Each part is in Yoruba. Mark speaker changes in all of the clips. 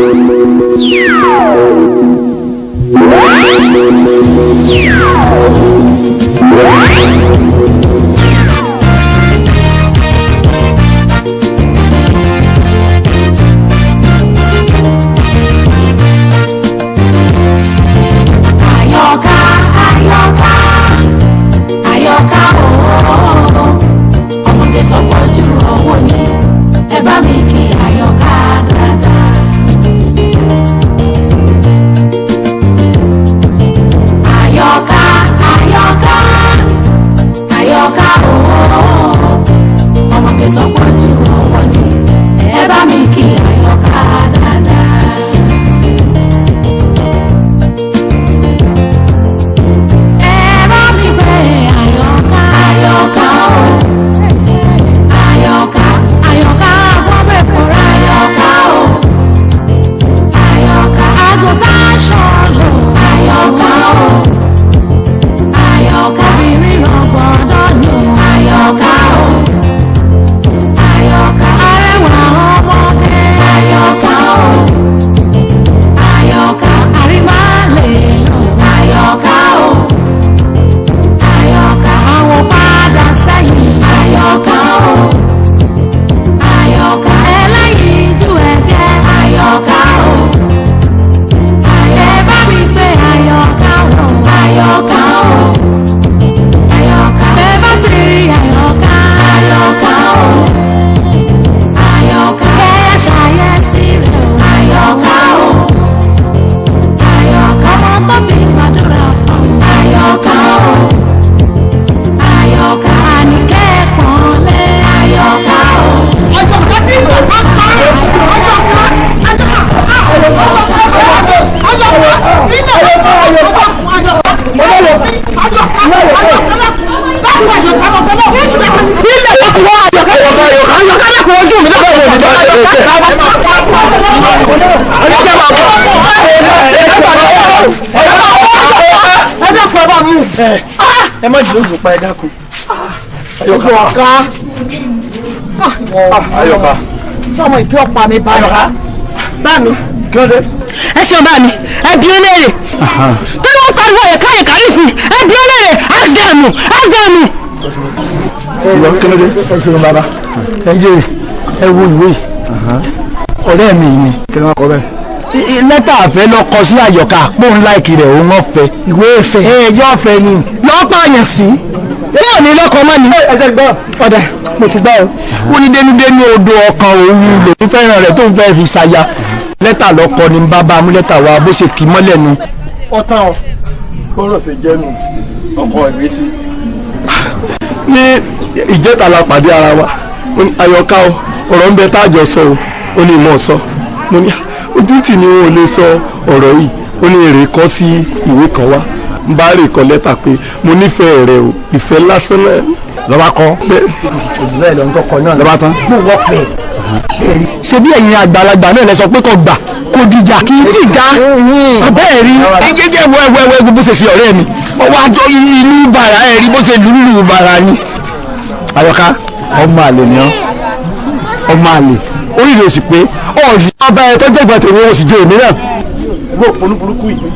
Speaker 1: Yeah!
Speaker 2: lóògùn pa ẹ̀dá kan. ayọ̀ká ọ̀ká.
Speaker 3: Ah, ah. ayọ̀ká.
Speaker 2: sọmọ ìgbé ọ̀pá mi bá mi. bá mi. kí ló dé. ẹ ṣeun bá mi ẹ bí ó léèrè. kí ló ń pariwo ẹ̀ka ẹ̀ka yìí sí ẹ bí ó léèrè asgamu asgamu. ìwọ kí ló dé. ẹ ṣeun bàbá ẹ jèrè ẹ wo ìwé yìí ọ̀rẹ́ mi ni. kí ló ń kọ bẹ́ẹ̀ lẹ́tà àfẹ́ lọ kọ sí àyọ̀ká àpòun láìkì rẹ̀ òun ọ̀fẹ́. ìwé ìfẹ́ ẹ yọ ọ̀fẹ́ ni lọ́ọ́ pààyàn sí yóò ní lọ́kọ̀ọ́ mọ́ ni. ẹsẹ̀ gbọ́ ọ̀dà mo ti gbọ́ o. ó ní dénúdénú odò ọkàn òun lòún fẹ́ràn rẹ̀ tó ń fẹ́ fi ṣaya lẹ́tà lọ́kọ ni bàbá mú lẹ́tà wá bó ṣe kì í mọ́lẹ̀ nu. ọ̀tàn ọ̀ bọ́rọ̀ ṣe jẹ́nu ọkọ ìrísí. ní ìjẹta la pàdé ara wa àyọ̀ká ọ̀rọ̀ ń bẹ tá a sọ o ó ní ìmọ̀ sọ mo ní à ojú tì ní sọ ọ̀rọ̀ yìí ó ní èrè kọ́ sí ìwé kan wá n bá rè lẹ́tà pé mo rẹ o ìfẹ́ lásán náà. lọ́ba kọ́. náà lọ́ba tán. mo wọ́ ṣe bí ẹ̀yin àgbàlagbà náà lẹ sọ pé kò gbà kò dìjà kì í dìjà mm-hmm. bẹ́ẹ̀ rí ẹgẹ́gẹ́ wẹ́wẹ́wẹ́ bó ṣe ṣe ọ̀rẹ́ mi ọwọ́ àjọ bàrà ẹ̀ rí bó orí rẹ̀ sì pé ọ̀sìn ọba ẹ̀ tó jẹ́ ìgbà tèmi o sì ju èmi náà. ìwé òpònú burúkú yìí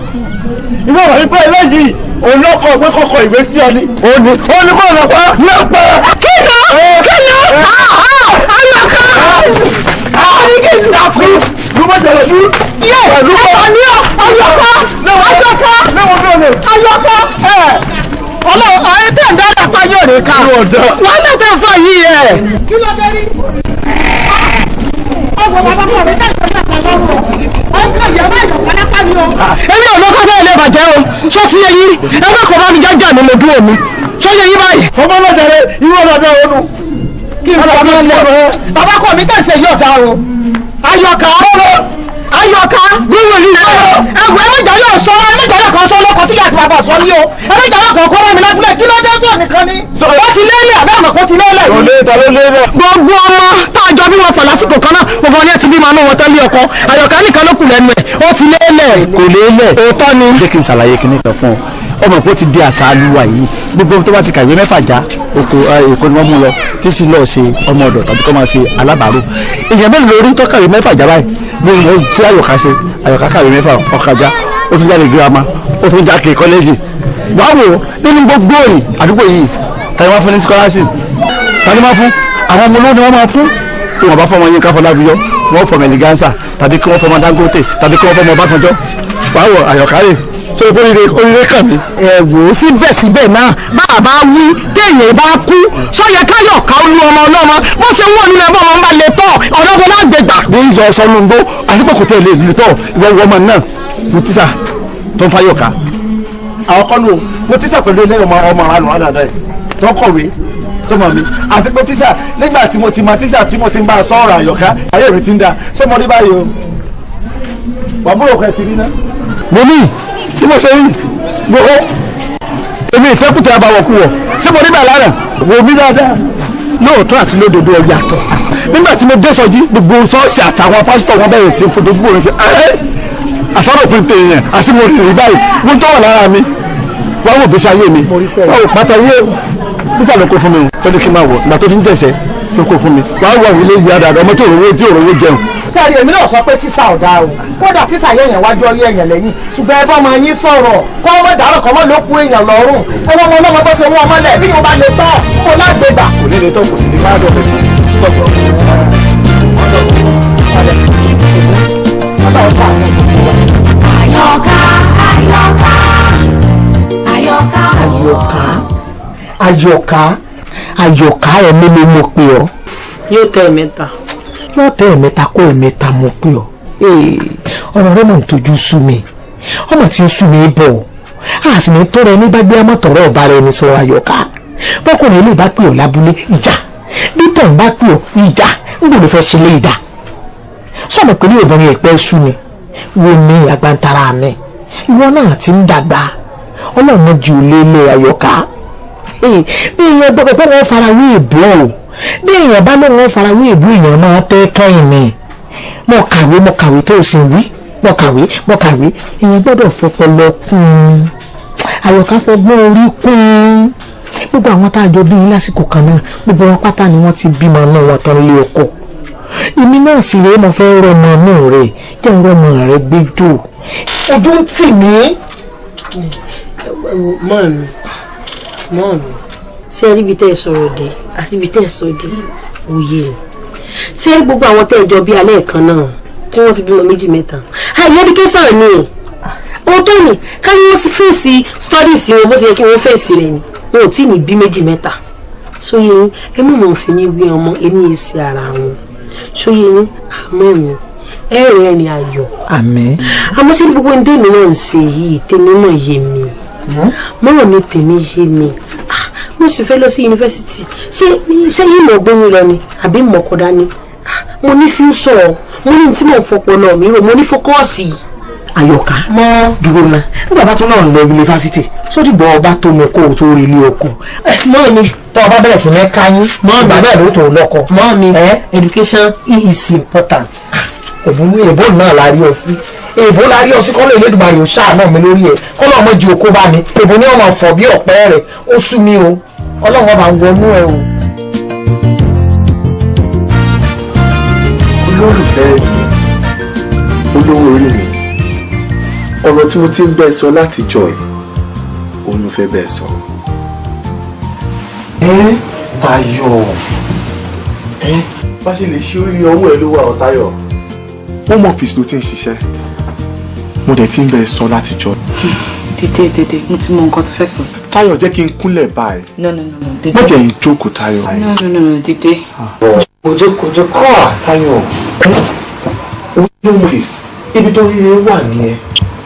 Speaker 2: ìwé ọ̀rọ̀ ìgbà eléyìí òun náà kọ ìwé kọ̀ọ̀kan ìwé sí ọ ni. ó ní ó ní kọ́ ọ̀nà pa náà pa. kí ló kí ló alaka àríkìndàkú lùmọ̀jẹ̀lẹ̀dú. yẹ ẹ̀rọ ni ọ ọlọ́pá ọlọ́pá ọlọ́pá ẹ̀ ọlọ́ ayé tẹ̀ ń dára pa yóò rí ká wọ́n náà tẹ̀ fà yí ẹ̀. kí ló dé rí ọgbọ èmi ò lọ́kọ́ sẹ́yìn lè bàjẹ́ o sọ fún yẹ yín ẹ má kọ̀ bá mi jájà mi lè dúró sọ yẹ yín báyìí. ọmọ lọ́jọ́rẹ́ ìwọ lọ́dọ̀ ọ̀nù. kí n bàbá mi lẹ́rọ̀ bàbá kọ mi káyọ̀ ayọ̀ká gbogbo yìí lọ ẹ̀wọ̀ ẹ̀mẹ̀jà yóò sọ ẹ̀mẹ̀jà yóò kan sọ lọ́kọ tí yàtí bàbá sọ ní o ẹ̀mẹ̀jà yóò kan kọ́ mọ́ mi lábúlẹ̀ kí ló dé tó nìkan ni. ó ti lélẹ̀ àbẹ́ àmọ́ kó ti lélẹ̀ yìí. gbogbo ọmọ tá a jọ bí wọn pọ̀ lásìkò kan náà gbogbo wọn ni ẹ ti bí màánú wọn tẹ́lẹ̀ ọkọ ayọ̀ká nìkan ló kù lẹ́nu ẹ̀ ó ti lélẹ̀. kò lélẹ̀ òótọ́ ni. jẹ́ kí n ṣàlàyé kinní kan fún ọ ọmọ pé ó ti di àṣà àlùwà yìí gbogbo tó bá ti kàwé mẹ́fà já oko èkó ni wọ́n mú lọ tí sì lọ́ọ́ ṣe ọmọ ọ̀dọ̀ tàbí kọ́ máa ṣe alábàárò èèyàn mélòó lórí tọ́kàwé mẹ́fà já báyìí mo ti àyọ̀ká ṣe àyọ̀ká kàwé mẹ́fà ọ̀kadà ó tún jáde girama ó tún jáde kọ́lẹ́jì wàá wò nínú gbogbo òyìn àdúgbò yìí tani wá fún ní scholarship tani wá fún àwọn ọmọ olóòdì wọn máa fún tí wọn bá fọmọ yín káfọ lábíyọ wọn fọmọ ẹlẹgánsà tàbí kí wọn fọmọ Dangote tàbí kí wọn fọmọ Ọbásanjọ́ wàá wò àyọ̀ká rè ṣe oríire oríire kàn mí. ẹ wò ó síbẹ̀síbẹ̀ náà bàbá wí téèyàn bá kú sọyẹ káyọ̀ ká ó lu ọmọ ọlọ́mọ bó ṣe wọ́n nílẹ̀ bọ́ ọmọ ń bá lè tọ̀ ọ̀rọ̀ bó lágbè gbà. bí ìyá ọsàn ló ń gbó àti pé kò tẹ̀ lè lè tọ̀ ìwọ ìwọ ọmọ náà mo ti sà tó ń fa yọ̀ká. àwọn kọ́nù mo ti sà pẹ̀lú ilé ọmọ ọmọ àánú àdàdà ẹ̀ tó kọ̀wé sọmọ mi àti pé tíṣà nígbà tí mo ti ma tíṣà tí mo ti ń bá a sọ ọ̀rọ̀ àyọ̀ká ayé mi ti ń da sọmọdé báyìí o wàá búrò kẹ́ ti rí náà. mo ní bí mo ṣe rí gbogbo èmi ìtẹ́kùtẹ́ abawọ̀kú wọ̀ ṣé mo rí bàá lára wò mí dáadáa lóòótọ́ àti lódodo ẹ yàtọ̀ nígbà tí mo dé sọjí gbogbo ṣọ́ọ̀ṣì àtàwọn pásítọ̀ wọn bẹ̀rẹ̀ sí fojú gbòòrò pé ẹ àsọ̀rọ̀pin tèèyàn àti mo rìnrìn báyìí mo tọ́wọ̀ lára mi wọ́n wò bísí ayé mi wọ́n wò pátá yé sísà ló kó fún mi tọ́jú kí n máa wọ̀ ìgbà tó fi ń jẹ̀sẹ̀ ló kó fún mi wọ́n wọ̀ wílé yàrá ọmọ sẹ́ẹ̀rì èmi náà sọ pé tíṣà ọ̀dà o kódà tíṣà yẹ̀yàn wájú ọlé ẹ̀yàn lẹ́yìn ṣùgbọ́n ẹ bá ọmọ yín sọ̀rọ̀ kọ́ ọmọ ìdárọ̀ kọ́ ọmọ ló kú èèyàn lọ́rùn ọmọ ọmọ ọlọ́mọ bó ṣe wọ́n ọmọ lẹ̀ bí mo bá lè tọ́ mo lágbègbà. kò ní lè tọ́ kò sì ní bá dọ̀
Speaker 3: àyọ̀ká àyọ̀ká ẹ̀mí ló mọ̀ pé ọ́. yóò tẹ mẹ́ta
Speaker 2: látẹ̀ ẹ̀mẹ́ta kó ẹ̀mẹ́ta mo pè
Speaker 3: ọ́ ọ̀rọ̀ rẹ mọ̀ nítojú sú mi ọmọ tí ó sú mi bọ̀ a sì ní tó rẹ ní bá gbé amọ̀tọ̀rọ̀ ọ̀bá rẹ ní sọ̀rọ̀ àyọ̀ká bọ́kùnrin ilé bá pè ọ́ lábúlé ìjà bítọ̀ ń bá pè ọ́ ìjà ń gbòdò fẹ́ ṣe lé ìdá sọ̀mù pé ní obìnrin ẹ̀pẹ́ sú mi wo ní agbántara mi ìwọ náà ti ń dàgbà ọlọ́run ju lé ilé àyọ̀ká bí ìyẹn gbọ́dọ̀ pé wọ́n fara wí ìbọn bí èèyàn bá lóun ó farawé ìlú èèyàn máa tẹ́ káyìn ni mo kàwé mo kàwé tó o sì ń wí mo kàwé mo kàwé èèyàn gbọ́dọ̀ fọpọlọ kún un àyọ̀ká fọgbọ́n orí kún un gbogbo àwọn tá a jọ bí yín lásìkò kan náà gbogbo wọn pátá ni wọ́n ti bímọ náà wọn tán lé ọkọ èmi náà sì rèé mo fẹ́ rọmọ inú rẹ jẹ́ ń rọmọ rẹ gbé jò ojú ń tì mí. mọ́ọ̀nù mọ́ọ̀nù ṣe rí ibi tẹ́ ẹ sọ̀rọ̀ dé àti ibi tẹ́ ẹ sọ dé òye ni ṣe rí gbogbo àwọn tẹ́ ẹ jọ bí alẹ́ kan náà tí wọ́n ti bímọ méjì mẹ́ta àyè ẹdíkẹ́sàn ni ohun tó ní ká ní wọ́n fèsì studies wọn bó ṣe yẹ kí wọ́n fèsì rẹ̀ ni wọn ò tí ì ní bí méjì mẹ́ta sóyè yín ẹ mọ̀ mọ̀ òfin mi wí ọmọ èmi yìí sí ara wọn sóyè yín àmọ́ mi ẹ rẹ̀ rìn ayọ̀ àmín àmọ́ ṣe gbogbo ní tèmi náà ń ṣe yìí tèmi náà yé mi mọ́rọ̀ mi tèmi yé mi ah mo sì fẹ́ lọ sí yunifásitì ṣé ṣé yìí mọ̀ gbóyún lọ ni àbí mọ̀ kọ́dá ni ah, mo ní fi ń sọ mo ní tí mò ń fọpọlọ mi rò mo ní fọkọ́ọ̀sì. àyọkà mọ dúró na nígbà bá tún náà lọ
Speaker 2: yunifásitì sódì gbọ́ ọba tó mọ kó o tó rí ilé ọkọ. náà eh, ni tó ọba bẹ̀rẹ̀ sí ní káyín ìgbà bẹ́ẹ̀ ló tó lọ́kọ. mọ́ mi eh? education is important ah, kò burú èbó náà la rí ọ sí èbó la rí ọ sí kọ́lọ́ ìlédùmarè ò ṣáà náà mi lórí ẹ̀ kọ́lọ́ ọmọ ju okó bá mi èbó ni ọmọ ọ̀fọ̀ bí ọ̀pẹ́ rẹ̀ ó sú mi o ọlọ́run ọba ń wọnú ẹ o. olólùfẹ́ olówó orí mi ọ̀rọ̀ tí mo ti ń bẹ́ẹ̀ sọ látijọ́ ẹ̀ òun ló fẹ́ bẹ́ẹ̀ sọ. ẹ Táyọ̀ ẹ bá ṣe lè ṣe orí ọwọ́ ẹ ló wà ọ́ Táyọ̀. wọ́n mọ ọ́fíìsì ló ti ń ṣiṣẹ́ mo dẹ̀ ti ń bẹ́ẹ̀ sọ látijọ́. dìde dìde mo ti mọ nǹkan tó fẹ́ sọ. Táyọ̀ jẹ́ kí n kúnlẹ̀ báyìí. no no no dìde. má jẹ́ n jókòó Táyọ̀. no
Speaker 3: no no dìde. Ah. jókòó jókòó. Ah, Táyọ̀
Speaker 2: wíwọ́n fèsì ibi tó rí rẹ wà nìyẹn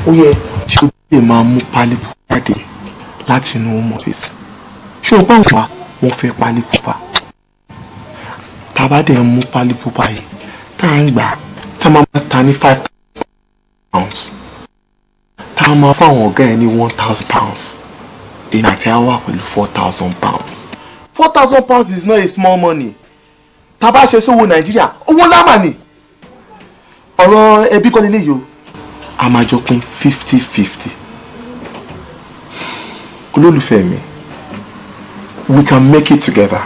Speaker 2: ó yẹ. tí o lè máa mú pálí pupa dé láti inú ọmọ fèsì ṣé o gbọ́n wá wọ́n fẹ́ pálí pupa tàbá dẹ̀ ń mú pálí pupa yìí tá à ń gbà tá a máa ta ní five thousand pounds tá a máa fáwọn ọ̀gá ẹ̀ ní one thousand pounds. In a tower with four thousand pounds four thousand pounds is not a small money tá a bá ṣe sówó nàìjíríà owó lámà ni ọ̀rọ̀ ẹbí kọ́ lélẹ́yìí o a máa jọ pín fifty fifty olólùfẹ́ mi we can make it together.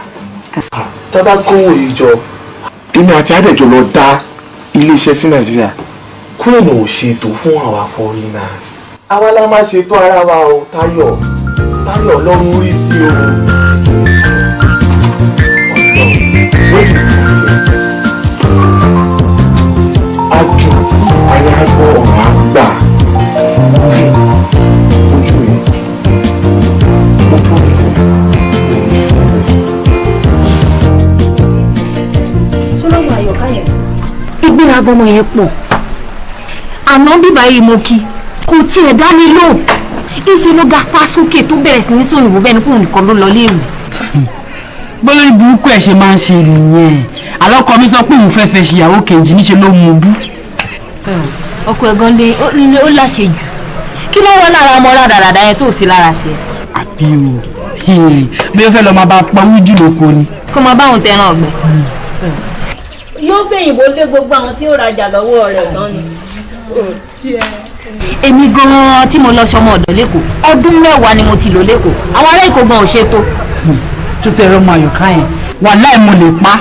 Speaker 2: tá a bá kówó ìjọ. èmi àti àdẹ̀jọ lọ dá iléeṣẹ́ sí nàìjíríà kúrò ní òṣètò fún àwa foreigners. àwa la máa ṣètò ara wa o Táyọ̀ táyà ọlọ́run rí sí o. àjò ayágbọ́ ọ̀rọ̀ àgbà ojú ẹ̀ ó tó rí sí. sọlọ́wọ́ àyọ̀ká yẹn.
Speaker 3: ìgbéraga ọmọ yẹn pọ̀ àná bíbá yìí mo kí kò tiẹ̀ dá mi lóhùn ìṣe ló ga pa sókè tó bẹ̀rẹ̀ sí ní sòyìnbó bẹ́ẹ̀ ni kóun nìkan ló lọ léèwé. bọ́lá ìbúrúkú ẹ̀ ṣe máa ń ṣe nìyẹn àlọ́kọ mi sọ pé òun fẹ́ fẹ́ ṣìyàwó kejì níṣẹ́ ló mú bú.
Speaker 2: ọkọ ẹ̀gán lé ní ó láṣẹ jù kí ló wọ́n lára ọmọ rádaràda yẹn tó sí lára tiẹ̀. àbí o bí ó fẹ́ lọ́ọ́ máa bá pọ́nwú jù lóko ni. kó máa bá òun tẹran ọ̀gbẹ́.
Speaker 3: yóò fẹ̀yìnbó lé gbogbo àwọn tí ó rajà lọ́wọ́ rẹ̀ tán ni
Speaker 2: èmi gan-an tí mo lọ sọmọ ọ̀dọ̀ lẹ́kọ̀ọ́ ọdún mẹ́wàá ni mo ti lò lẹ́kọ̀ọ́ àwọn ará èkó gan-an ò ṣe tó. Hmm. tó tẹ ẹrọ ọmọ àyọká yẹn wà láì mo lè pa.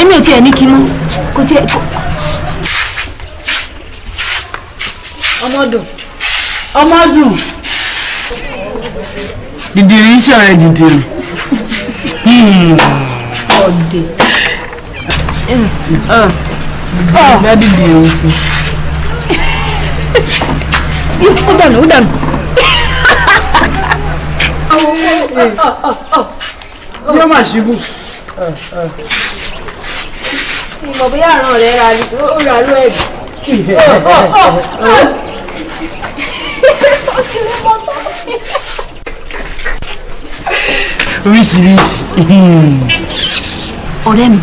Speaker 2: èmi ò tiẹ̀ ní kí mú kó tiẹ̀.
Speaker 3: ọmọdún ọmọdún. dìdìrì iṣẹ́ rẹ̀ dìdìrì. Hmm. ọ̀dẹ̀. Hmm dádì di òfin. ó dànù ó dànù. ní ọmọ àṣìbù. ìmọ̀ bóyá àrùn rẹ̀ ra ó ra ló ẹ̀dì. Oh, oh, oh. oríṣiríṣi. ọ̀rẹ́ mi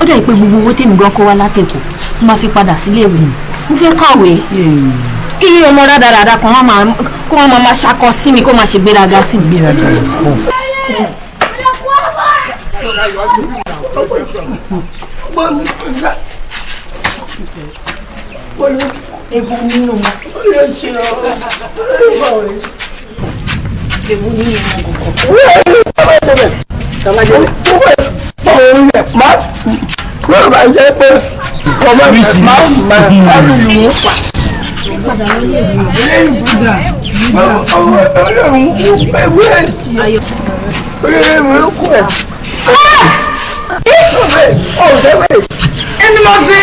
Speaker 3: ó dà pé gbogbo owó tèmi gan kó wá látẹ̀kọ̀ọ́ mo máa fi padà sílé ìwé mi mo fẹ́ kàwé
Speaker 2: kí ọmọ rádaràda kan kó wọn máa ṣakọ sí mi kó máa ṣe gbéraga sí mi.
Speaker 3: Ewu ni ẹran kọ̀ọ̀kan. Wúwo
Speaker 2: ẹni tó bá débẹ̀. Tó bá débẹ̀. Báwo ni ẹ̀ máa wọ́n máa jẹ́ pé ọmọ ìfẹ́ máa ń máa ń bá mi lù ú pa. ọmọ ọlọ́run kú pẹ̀lú ẹ̀ olórí mi ló kú ẹ̀. Ẹni lọ sí ẹ. Ẹ ṣe.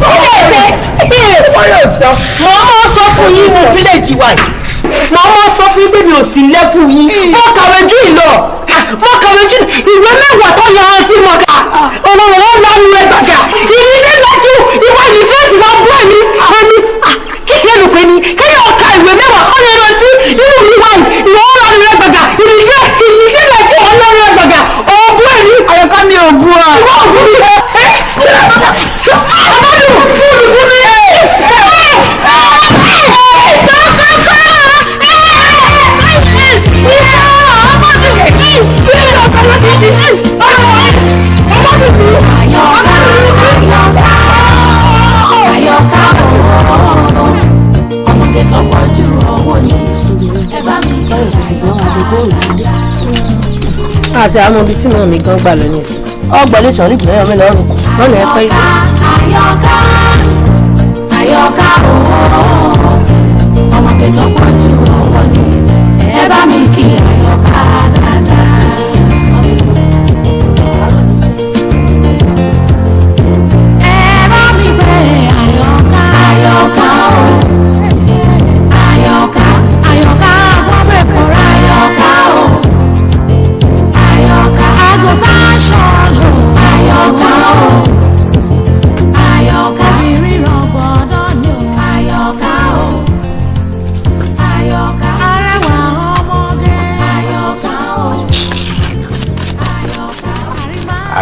Speaker 2: Wọ́n yóò sọ. Mo máa sọ fún yín mo fi lè jí wáyé màá mọ sọ fún pé mi ò sí lẹ́fù yìí hmm. mo kàwé jù ìlọ ah, mo kàwé jù ìwé mẹ́wàá tó yọ ọtí mọ̀ ká ọlọ́run wọn máa ń lu ẹgbàgà ìrìn nígbà tó ìwọ yìí tí ó ti máa bú ẹ̀mí ẹ̀mí kékeré ló pé ni kéde ọ̀ka ìwé mẹ́wàá kọ́ lẹ́nu ọtí nínú mi wà ìwọ ọlọ́run ẹgbàgà ìrìn tí ìrìn tí ìgbà tó ọlọ́run ẹgbàgà ọ̀bú ẹ̀mí àyọ̀ká mi ò bú ọ. ìwọ ọ̀bú mi ẹ ẹ
Speaker 3: àti àwọn ibi tí mọ̀ mi gan gbà lọ nìyí ọgbà lè sọ̀rí ìbùdó ẹ̀yọ́ mẹ́lẹ̀ ọ̀rùn
Speaker 4: lọ́nà ẹ̀pẹ́ ìlú. àyọká àyọká òwò.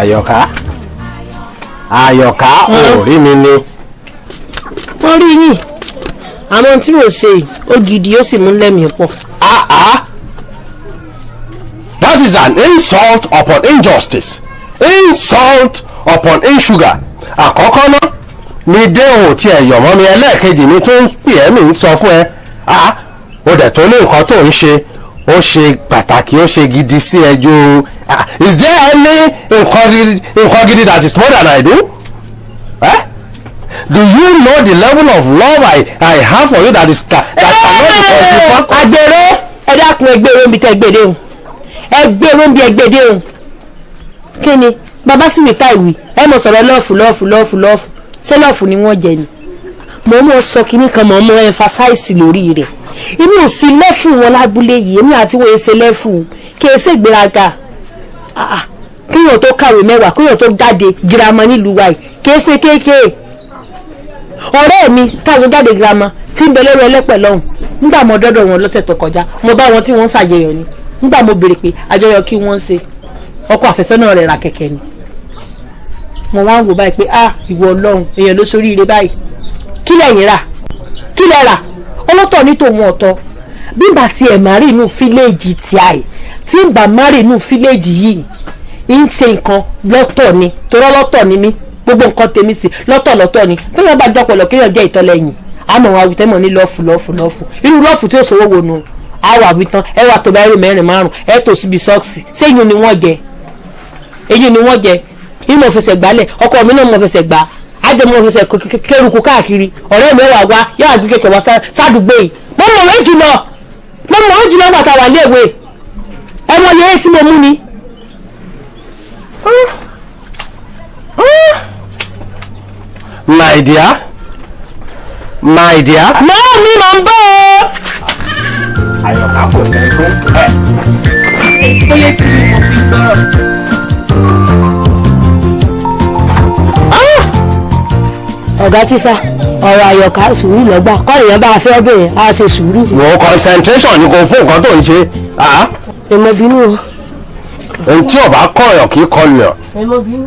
Speaker 2: àyọ̀ká àyọ̀ká ò rí mi ni.
Speaker 3: wọ́n rí yìí àwọn tí mo ṣe ó gidi ó sì mú lẹ́mìí pọ̀. ah ah
Speaker 2: that is an insult upon injustice insult upon insugar àkọ́kọ́ náà mi dé òun tí ẹ yọ̀ mọ́ mi ẹlẹ́ẹ̀kejì mi tó ń pè ẹ́ mi ń sọ fún ẹ ah, ah. o dẹ̀ tó ní nǹkan tó ń ṣe ó ṣe pàtàkì ó ṣe gidi sí ẹjọ́ is there any incongruity that is more than I do? Eh? Do you know the level of love I, I have for you that is ca that cannot be quantified? Eh, eh, eh, Àgbèrè ẹ dákun ẹgbèrè omi tẹ gbèdé o.
Speaker 3: Ẹgbèrè omi ẹgbèdé o. Kí ni bàbá sì mi táìwì ẹ mọ̀ sọ̀rọ̀ lọ́ọ̀fù lọ́ọ̀fù lọ́ọ̀fù lọ́ọ̀fù ṣé lọ́ọ̀fù ni wọ́n jẹ ni? Mo mọ̀ sọ kinní kan mọ̀ mọ̀ emphasize lórí rẹ̀. Èmi ò sí lẹ́fù wọn lábúlé yìí, èmi àti wọn èsè lẹ́fù, kì í ṣègbéraga. Ah, ah. kíyàn tó kàwé mẹ́wàá kíyàn tó jáde girama nílùú wa
Speaker 2: yìí kìí ṣe kéékèé ọ̀rẹ́ mi táwọn jáde girama ti ń bẹ lórí
Speaker 3: ẹlẹ́pẹ̀ lọ́hùn nígbà mo dọ́dọ̀ wọn lọ́sẹ̀ tó kọjá mo bá wọn tí wọ́n ń ṣàjọyọ̀ ni nígbà mo béèrè pé àjọyọ̀ kí wọ́n ń ṣe ọkọ àfẹ́sọ́nà rẹ̀ ra kẹ̀kẹ́ ni mo wá ń wò báyìí pé ah ìwọ ọlọ́run èèyàn ló ire báyìí kílẹ̀ yín rà kílẹ̀ rà ọlọ́tọ̀ ní tòun ọ̀tọ̀ bíbà tí ẹ̀ má rí inú fíléèjì tí a yìí tí ń bà má rí inú fíléèjì yìí ń ṣe nǹkan lọ́tọ̀ ni torọ́ lọ́tọ̀ ni mí
Speaker 2: gbogbo nǹkan tèmi sí lọ́tọ̀ lọ́tọ̀ ni tó yẹn bá jọpọ̀lọ̀ kéèyàn jẹ́ ìtọ́lẹ́yìn àmọ́ àwọn àwùtẹ́mọ̀ ní lọ́ọ̀fù lọ́ọ̀fù lọ́ọ̀fù inú lọ́ọ̀fù tí ó sọ owó nu àwọ̀ àwìtán ẹ wà tó bá rí mẹ́rin márùn ẹ tó síbi sọ́ọ̀sì sẹ́yìn ni wọ́n jẹ eyín ni wọ́n jẹ inú òfẹsẹ̀ gbálẹ̀ ọkọ mi náà mo fẹsẹ̀ gbà ajẹ́ mo fẹsẹ̀ kéruku káàkiri ọ̀rẹ́ mi wà wá yàrá gbígbé kẹwàá sádùgbò yìí mo mọ̀ wẹ́ jùlọ mo mọ̀ ọ́ jùlọ gbàtà wà léèwé ẹ mọ iye tí mo mú ni. my dear my dear. náà mi máa ń bọ́ ọ. kò sẹ́yìn tó ń pẹ́.
Speaker 3: ó yẹ
Speaker 1: kí n mọ̀ fi gbọ́rọ̀.
Speaker 3: ọ̀gá tíṣà ọ̀rọ̀ àyọ̀ká sùúrù lọ́gbà kọ́ èèyàn bá a fẹ́ bẹ̀rẹ̀ á ṣe sùúrù. wò ó concentration ni kò fún nǹkan tó ń ṣe. èmo ah, ah. bínú o.
Speaker 2: ohun tí ọba kọyọ kì í kọlọ. èmo bínú.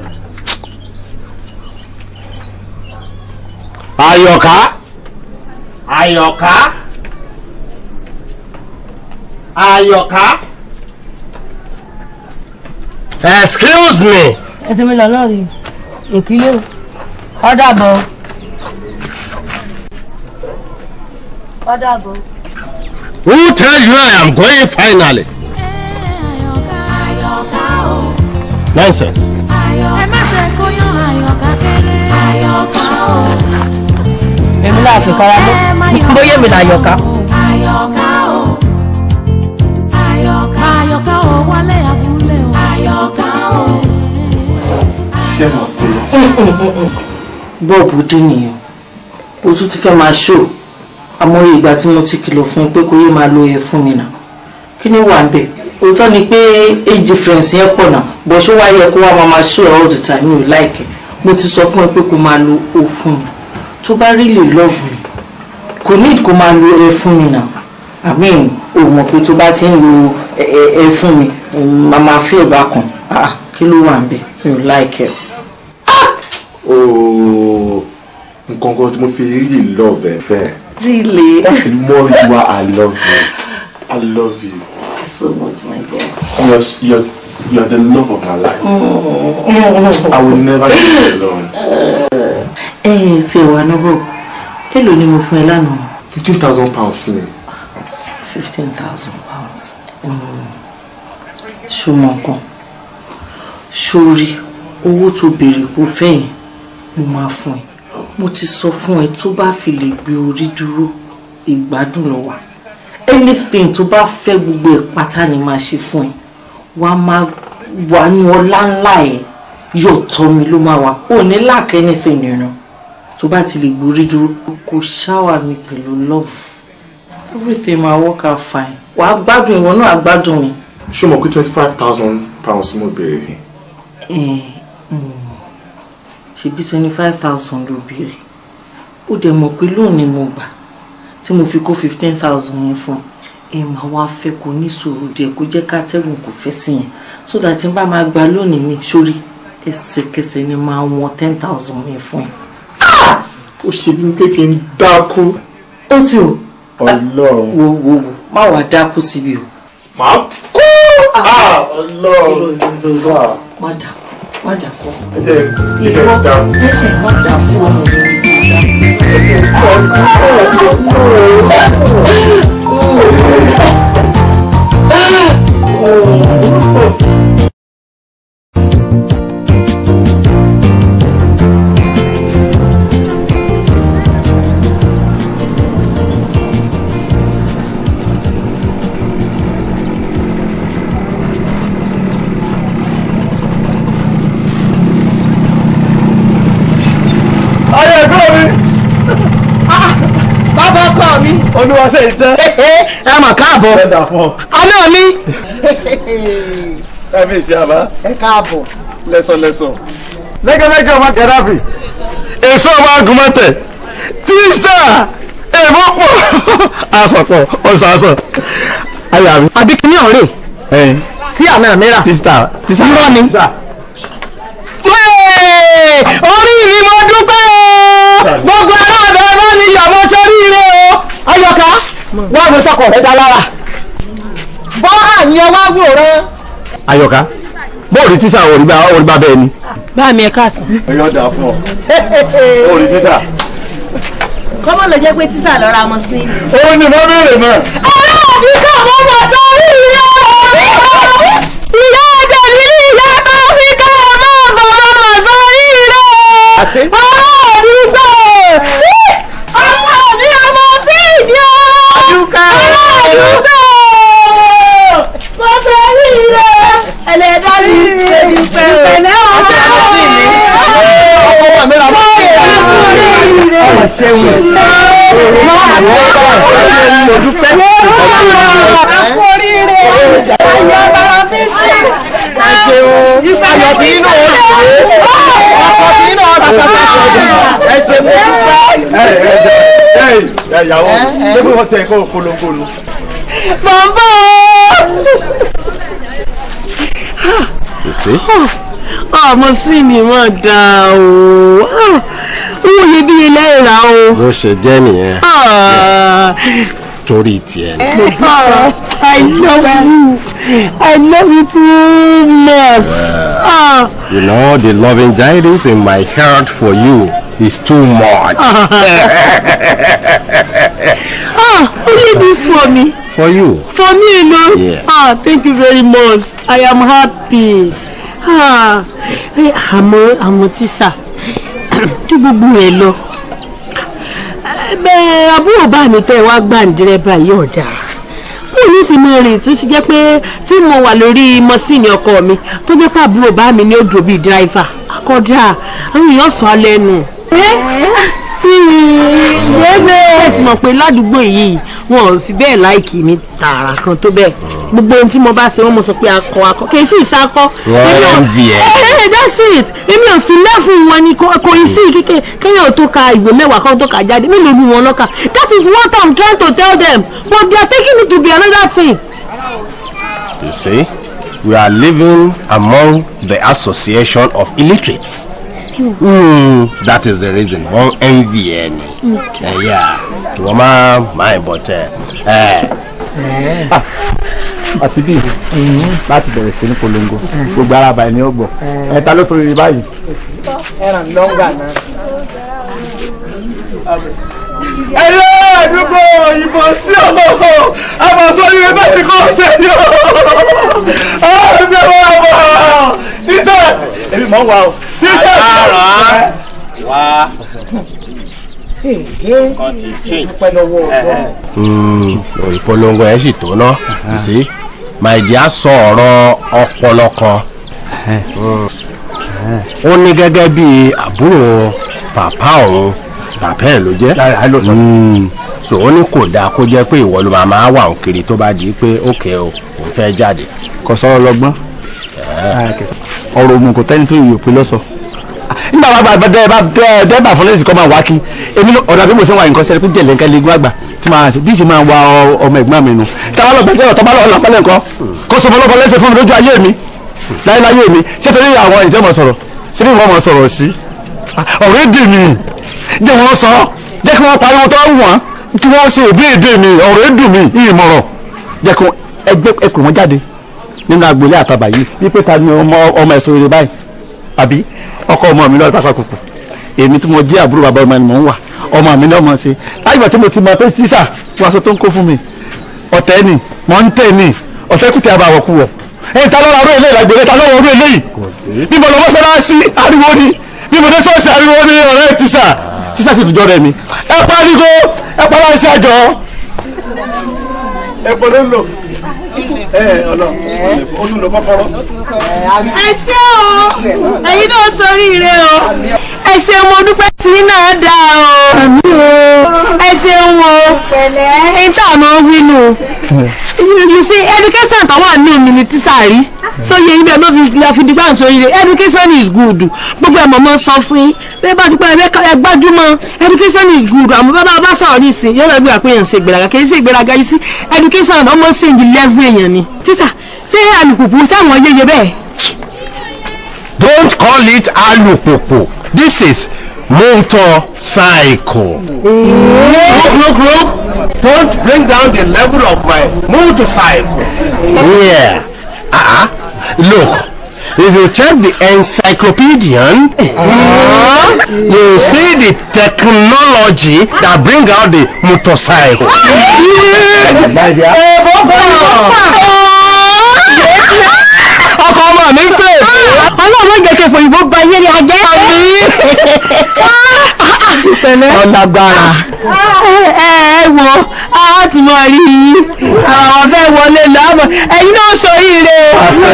Speaker 2: àyọ̀ká àyọ̀ká àyọ̀ká. excuse me.
Speaker 5: ẹ ti mi lọ lọ́ọ̀rì ìkílẹ̀ ọ̀dà bọ̀.
Speaker 4: Who tell you
Speaker 2: I am going finally? Nonsense. Ẹ
Speaker 4: má ṣe kóyán àyọ̀ká kéré. Àyọ̀ká o. Èmi náà fi kára mọ́. Bóyá èmi làyọ̀ká. Àyọ̀ká o. Àyọ̀ká o wálé abúlé o. Àyọ̀ká o.
Speaker 3: Ṣé mo pè Bọ́ọ̀bù dín nìyẹn. O ti fẹ́ máa ṣó àmọye ìgbà tí mo ti kìlọ̀ fún un pé kò yé máa lo oyè fún mi nà kí ni wà ń òótọ́ ni pé age difference yẹn pọ̀ náà bọ̀ ṣó wá yẹ kó máa máa ṣó all the time mi ò láìkẹ́ mo ti sọ fún ẹ pé kó máa lo o fún mi tó bá really love mi kò need kó máa lo ẹ e fún mi nà àmì ò mọ̀ pé tó bá ti ń lo ẹ e, e, fún mi màmá fíìl bá kàn ah kí ló wà ń mi ò láìkẹ́
Speaker 2: ah! o. Oh, nǹkan kan tí mo fi really love ẹ fẹ́ ẹ̀.
Speaker 3: Really? That's
Speaker 2: the more you are. I love you. I love you. so much, my dear. You're, you're, you're the love of my life. Mm. I will never leave you alone.
Speaker 3: Eh, ṣé wà ná bro. Èló ni mo fún ẹ lánàá? Fifteen thousand pounds ni. Fifteen thousand pounds. Mm. Ṣùgbọ́n nǹkan. Ṣorí owó tó béèrè kò fẹ́yìn mo máa fún ẹ mo ti sọ fún ẹ tó bá fi lè gbé orí dúró ìgbádùn lọ wà anything tó bá fẹ́ gbogbo ẹ̀ pátá ni máa ṣe fún ẹ wà á máa wà ní ọlá ńlá ẹ yóò tọ́ mi ló máa wà ò ní lack anything ìran tó bá ti lè gbórí dúró kò ṣáwà mi pẹ̀lú love
Speaker 5: everything ma work out fine
Speaker 3: wà á gbádùn ìwọ náà á gbádùn mi. ṣé o mọ̀ pé twenty
Speaker 2: five thousand pounds mo béèrè.
Speaker 5: ẹ ẹ eh, mm
Speaker 3: ṣebí twenty five thousand ló béèrè ó dẹ̀ mọ̀ pé lóun ni mo gbà tí mo fi kó fifteen thousand yẹn fún ẹ máa wá fẹ́ kó ní sùúrù díẹ̀ kó jẹ́ ká tẹ́gùn kò fẹ́ sí yẹn so that tí n bá máa gba lónìí mi sórí ẹsẹ̀kẹsẹ̀ ni máa wọn ten thousand yẹn fún ẹ. ó ṣe bí kékeré ń dákú. ó ti o.
Speaker 2: Ọlọ́run wo wo wo má wàá dákú síbi o. màá kú. Ah! Ah,
Speaker 3: Ọlọ́run ah. má dákú. 걸 잡고 이제 이거 대체
Speaker 4: 예, 뭐, 걸 잡고
Speaker 1: 우
Speaker 2: bàbá pa mi. olúwa ṣe ìtẹ́. ẹ mà káàbọ̀. ẹ dà fún ọ. ọmọ mi. kábíyèsí àbá. ẹ káàbọ̀. lẹ́sọ̀lẹ́sọ̀. lẹ́gẹ́lẹ́gẹ́ ọmọ gẹ̀dáfì. èso ọmọ agùnmọ̀tẹ̀ tíṣà èèmọ̀ pọ̀ àsọ̀pọ̀ ọ̀sàsọ̀ àyà mi. àbí kí ni ọ̀rẹ́ tí àmì àmìrà. tíṣà tíṣà irọ́ ni. orí mi mo dúpẹ́ o gbogbo aráàlú ní ìyàwó sórí ire o ayọ̀ká wá wo sọkọ̀ rẹ̀ dá lára bọ́ àyẹ̀ wá wòran. ayọ̀ká bóòrí tísà òrìbá òrìbá bẹ́ẹ̀ ni. bá mi ẹ káàsán. ẹyọ dà fún ọ bóòrí tísà. kọ́mọ ló jẹ́ pé tísà lọ́ra ọmọ sí. òun ni wọ́n béèrè náà. aláàbí kò mọ mọ sórí ire o ìyá àjẹlí
Speaker 1: ìyá tó fi ká ọmọ bọ̀ mọ mọ sórí ire o. olùdó
Speaker 4: mo fẹ́ rí rẹ ẹlẹ́dá mi èmi pẹ̀lẹ́ náà ọkọ wa mi ra mọ́ ìlàkùnrin rẹ mo àgbẹ̀
Speaker 2: mo dúpẹ́ àkórí rẹ ayọ̀ bàrà fi sí ayọ̀ tí inú oṣù ọkọ̀ tí inú ọ̀rọ̀ kàkà ẹ̀ṣẹ̀ mo dúpẹ́. ẹ ẹ ẹ ìyàwó ṣé bí wọ́n tẹ̀ kó polongo lu mò You see?
Speaker 3: o. èsì. ọmọ sí mi mọ̀ dáa o wọ́n yẹ bí ilé ìra o.
Speaker 2: ló ṣe jẹ́ nìyẹn.
Speaker 3: Ah.
Speaker 2: torí tiẹ̀ ni.
Speaker 1: Ah, I love you. I love you too much. Uh, ah.
Speaker 2: you know the loving gyrus in my heart for you is too much. ah,
Speaker 3: only this for me. For you? For me,
Speaker 2: no? Yeah.
Speaker 3: Ah, thank you very much. I am happy. Ah, eh, àmọ́ àwọn tíṣà tí gbogbo ẹ̀ lọ. Eh, bẹ́ẹ̀ àbúrò bá mi tẹ́ wá gbàǹdírẹ́bà yìí ọ̀dà mo ní sinmi rìn tó ti jẹ́ pé tí mo wà lórí mọ́sìnì ọkọ mi tó jẹ́ pé àbúrò bá mi ní odò bíi dírẹ́fà kọ́dà àwọn èèyàn sọ lẹ́nu. Eh? bẹ́ẹ̀ sì mọ̀ pé ládùúgbò yìí wọn ò fi bẹ́ẹ̀ láìkì mi tààrà kan tó bẹ́ẹ̀ gbogbo ohun tí mo bá ṣe wọ́n mo sọ pé akọ akọ kì í sì ṣakọ. wọ́n ń ẹ eh, eh, that's it èmi ò sí lẹ́fún wọn ni kò í sí kíkẹ́ kéèyàn tó ka ìwé mẹ́wàá kan tó kà jáde mélòó ni wọn lọ́kà that is what I'm trying to tell them but they are taking it to be another thing.
Speaker 2: you see we are living among the association of illiterates. Mm. Mm, that is the reason wọ́n envy ẹ ni ẹ yà kí wọ́n máa máa bọ̀ tẹ ẹ. Eh.
Speaker 3: Eh. Ah, àti bí eh.
Speaker 2: láti bẹ̀rẹ̀ sí ní polongo gbogbo ara bàyẹ̀ ni ó gbọ̀ ẹ ta ló fẹ́rẹ̀ báyìí.
Speaker 1: ẹran lọ́ngà náà. ẹyẹ àdúgbò ìbọn sí ọlọ́wọ́ àbàṣọ ìrètí kò ṣe ni ó. àwọn
Speaker 2: ah, ẹgbẹ́ wa bọ̀ èmi mọ̀ wá o. alára wá. kan ti change. Hmm, ìpolongo ẹ̀ sì tó ná sí màìjíà sọ ọ̀rọ̀ ọpọlọ kan ó ní gẹ́gẹ́ bí àbúrò bàbá òun bàbá ẹ̀ ló jẹ́ hmm. so ó ní kò dáa kó jẹ́ pé ìwọ ló máa máa wà òun tó bá di pé ókè o òun fẹ́ jáde. kò sọ̀rọ̀ ọ̀rọ̀ ògùn kò tẹ́ni tó yòyò pé lọ́sọ̀ nígbà wàá gba dẹ́ẹ̀bà fún lẹ́sìn kọ́ máa wá kí èmi ọ̀dà bí mo ṣe ń wà nǹkan sẹ́ni pé jẹ̀lẹ̀ nǹkan legun àgbà tí màá ṣe bí ṣe máa wa ọmọ ẹ̀gbọ́n mi nù táwa lọ gbẹdẹ ọ̀tọ́ bá lọ ọ̀nà pẹ́lẹ́ nǹkan kó so mọ́lọ́kọ lẹ́sẹ̀ fún mi lójú ayé mi láyé mi ṣé torí àwọn ìjọba sọ̀rọ̀ sí ni wọ́n mọ̀ sọ̀rọ̀ sí ọ̀rọ̀ èdè mi jẹ́ wọ́n sọ jẹ́ kí wọ́n pariwo tó wọ́n tí wọ́n ṣe èdè mi ọ̀rọ̀ èdè mi ìmọ̀ràn jẹ́ kí ẹgbẹ́ ẹkùn wọn jáde nínú agboolé àtàbà yìí wípé ta ni ọmọ ọmọ ẹ̀sọ́ rere báyìí àbí ọkọ ọmọ mi lọ́ọ́ tàkàkùkù èmi tí mo jẹ́ àbúrò bàbá ọmọ ni mò ń wà ọmọ mi náà mọ̀ ṣe láyìnbá tí mo ti mọ pé tíṣà wọ́n aṣọ tó ń kó fún mi ọ̀tẹ́ ni mọ̀ ń tẹ̀ ni ọ̀tẹ́ kùtẹ́ àbàwọ̀ kù wọ̀ ẹ̀ ta lọ́ra ọ̀rọ̀ eléyìí àgbèrè ta lọ́wọ́ ọ̀rọ̀ eléyìí níbo lọ́wọ́ sọ́ra sí ariwo ni níbo dé sọ́ọ̀sì ariwo ni ọ̀rẹ́ tíṣà tíṣà sì mi ẹ parigo ẹ parí iṣẹ́ àjọ ẹ pọ̀ ló ń ẹ Ọlọ́run ó tún lọ kọ́kọ́rọ́.
Speaker 3: ẹ ṣé o ẹ̀yin náà ṣoríire o ẹ ṣé mo dúpẹ́ tí náà dá o ẹ ṣeun o
Speaker 2: ẹ̀yin tá a máa ń wí nù you see education tàwọn àánú mi ni tíṣà rí so yẹ ibẹ̀ ló fi la fi dìgbà tó yẹ education is good gbogbo ẹ̀ mọ̀mọ́ sọ fún yín bẹ́ẹ̀ bá ti pẹ́ ẹ gbájúmọ́ education is good àmọ́ bàbá bá sọ̀rọ̀ ní ìsìn yóò lọ gbé àpéyàn ṣe ìgbéraga kì í
Speaker 3: ṣe ìgbéraga yìí sí education ọmọ ṣe ń di level èèyàn ni títà ṣé alùpùpù sáwọn yẹyẹ bẹ́ẹ̀.
Speaker 2: don't call it alùpùpù this is motorcycle. look look look don't bring down the level of my motorcycle. yeah. Uh -huh. Look, if you check the encyclopedian, uh, you see the technology that bring out the motorcycle. Ah, eh, oh, ah. ọkọ ọmọ mi ń fèèfé ọlọ́run jẹ́ kẹfọ́ ìbò bá yẹ́rì ajẹ́ ọ̀làgbára. ẹ ẹ wo a ti mọ rí i àwọn fẹ́ wọlé lọ́mọ ẹ̀yin náà ṣoríire ọmọ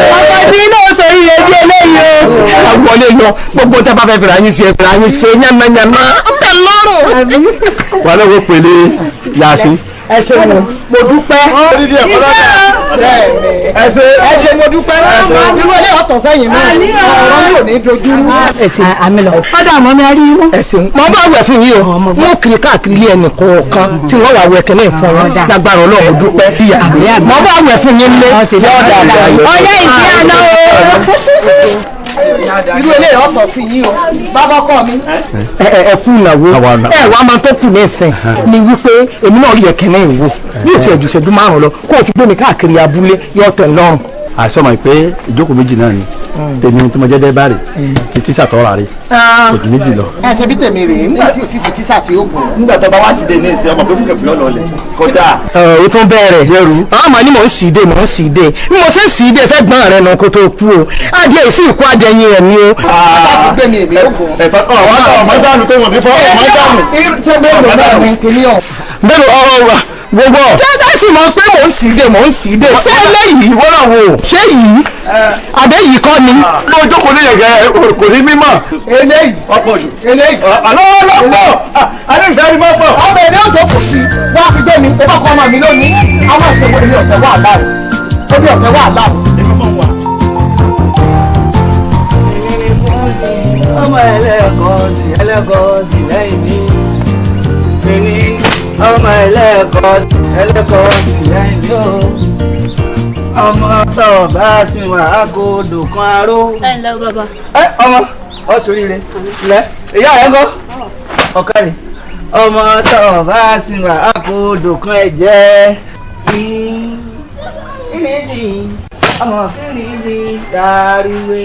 Speaker 2: ẹ̀yin náà ṣoríire bí eléyìí o. a wọlé lọ gbogbo tá a bá fẹ́ fìrà yín sí ẹ fìrà yín ṣe yánmayànmá. ọ̀tẹ̀ lọ́rùn. wàá lọ́wọ́ pẹ̀lẹ́ yàtí ẹ ṣé mo dúpẹ́ ẹ ṣé ẹ ṣé mo dúpẹ́ irú ilé
Speaker 3: ọ̀tọ̀ sẹ́yìn mọ́ ọ̀rọ̀ mi ò ní dojú rú. ẹ ṣé àmì lọ ọ̀dà àmọ́ mi á rí inú. ẹ ṣeun mo bá wẹ̀ fún yín o mo kiri káàkiri ilé ẹnì kọ̀ọ̀kan tí wọ́n wà wẹ̀ kẹ́lẹ́ fún wọn lágbára Ọlọ́run dúpẹ́ bíyà mo bá wẹ̀ fún yín lé yọ̀ọ̀dà ọ̀yẹ́ ìdí àná o
Speaker 2: irú eléyìí ọ̀tọ̀ sí yìí o bàbá kọ́ mi. ẹ kú ìnáwó ẹ wàá máa tó kù lẹ́sìn ni wípé èmi náà rí ẹ̀kẹ́ náà wò ní ìtẹ̀jú ìṣẹ́jú márùn-ún lọ kó o fi gbé mi káàkiri abúlé yọ ọ̀tẹ̀ ńlọrùn àṣọmọ pé ìjókòó méjì náà ni tèmi tí mo jẹ́ dẹ́bà rè ti tíṣà tọ́ra rè kò ju méjì lọ. ẹ ṣe bí tèmi rèé nígbà tí o ti ṣe tíṣà tí ó gùn. nígbà tó bá wá sí de ní ìsìn ọmọ pé fúnkẹ́ fúlọ́ lọlẹ̀ kódà. o tún bẹ̀rẹ̀ ọmọ ni mò ń sì dé mò ń sì dé bí mo ṣe ń sì dé fẹ́ gbọ́n rẹ̀ nà kó tó kú o adìẹ ìsì ìkú adẹyin rẹ̀ ni o. bẹ́ẹ̀ ni ọ̀rọ̀ gbogbo. tẹ́tà sì mọ̀ pé mò ń síde mò ń síde ṣé eléyìí wọ́rọ̀ wo ṣé yìí àbẹ́ yìí kọ́ ni. Ah. ló jókòó ní yẹ̀gẹ́ kò ní mímọ̀. eléyìí ọ̀pọ̀ jù eléyìí àlọ́ ọlọ́pọ̀ àdéhùnsẹ́ ni wọ́n pọ̀. ọbẹ̀ ni ọ̀tọ̀ kò sí wá fi gbé mi ó bá kọ́ ọmọ mi lónìí a máa ṣe omi ọ̀fẹ́ wà láàrú omi ọ̀fẹ́ wà láàrú.
Speaker 5: ọmọ ẹlẹ́kọ̀ọ́ sí ọmọ ẹlẹ́kọ̀ọ́ ẹlẹ́kọ̀ọ́ tìyá ilé o ọmọ tó bá sin wà á kó odò kan aró. ẹ ǹlẹ́ bàbá. ẹ ọmọ ọ sórí rẹ lẹ ìyá rẹ ń kọ ọkàrẹ ọmọ tó bá sin wà á kan ẹ jẹ ọmọ kìrìjì tàríwé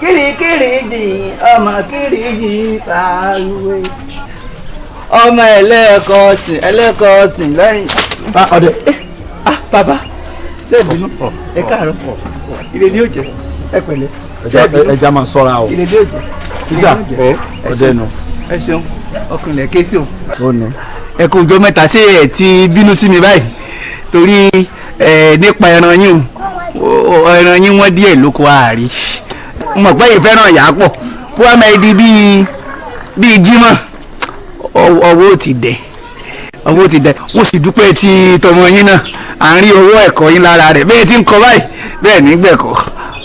Speaker 5: kìrìkìrìjì ọmọ kìrìjì tàríwé ọmọ ẹlẹ́ẹ̀kan ọ̀sìn ẹlẹ́ẹ̀kan ọ̀sìn lẹ́yìn
Speaker 2: ọ̀dẹ̀ eh, ah, bàbá ṣé ìbínú ẹ káàárọ̀ ìrèdí òjẹ ẹ pẹ̀lẹ́ ẹja máa sọ́ra o ìrèdí òjẹ tíṣà ọ̀dẹ̀ nù. ẹ ṣeun ọkùnrin ké sí o. ó nu. ẹ kò jọ mẹ́ta ṣé ẹ ti bínú sí mi báyìí torí ẹ nípa ẹran yín o ẹran yín wọ́n díẹ̀ lóko àárí mo pẹ́ yìí fẹ́ràn ìyá pọ̀ pọ́ àmọ́ ẹ di bíi bíi jímọ̀ ọwọ́ ò ti dẹ̀ ọwọ́ ò ti dẹ̀ mo sì dúpẹ́ ti tọmọ yín náà à ń rí owó ẹ̀kọ́ yín lára rẹ̀ bẹ́ẹ̀ ti ń kọ báyìí bẹ́ẹ̀ ní gbẹ̀kọ́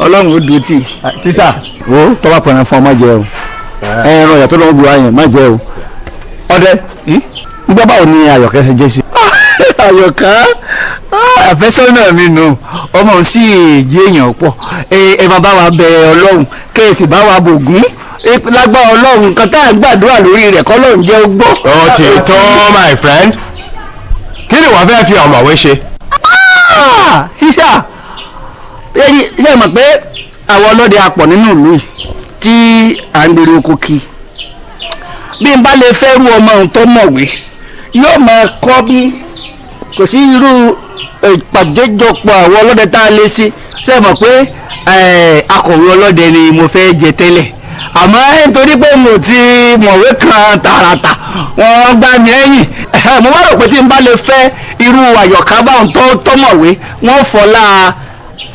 Speaker 2: ọlọ́run ó dúró tì í. tíṣà wo tọ́ba pẹ̀lú fún ọ má jẹ o ẹran ọ̀yà tó lọ́wọ́ gbé wáyẹn má jẹ o ọdẹ hm? nígbà báwo ni àyọ̀kẹ́ ṣe jẹ́ sí. àyọ̀ká ah, àfẹ́sọ́nà mi nù ọmọ sí èjì èèyàn pọ̀ ẹ bá bá wa bẹ ọlọ́run kẹ́ ẹ sì bá wa bògún lágbára ọlọ́run nǹkan tá à ń gbàdúrà lórí rẹ̀ kọ́ lóun jẹ́ ó ó ti tán my friend kí ni wọ́n fẹ́ fi ọ̀mọ̀wé ṣe. sísà ah, ẹni ṣe mọ̀ pé àwọn ọlọ́dẹ apọ̀ nínú ìlú yìí tí à ń gbèrè oko kì í bí n bá lè fẹ́ rú ọmọ òun tó mọ̀wé yóò máa kọ́ bí kò sí irú ìpàdéjọpọ̀ àwọn ọlọ́dẹ tá a lè ṣe ṣe mọ̀ pé akọ̀wé ọlọ́dẹ ni mo fẹ́ jẹ tẹ́lẹ̀ àmọ́ nítorí pé mo ti mọ̀wé kan tààràtà wọ́n gbá mi ẹ̀yìn mo wá rò pé tí n bá lè fẹ́ irú àyọ̀ká bá tó tó mọ̀wé wọ́n fọlá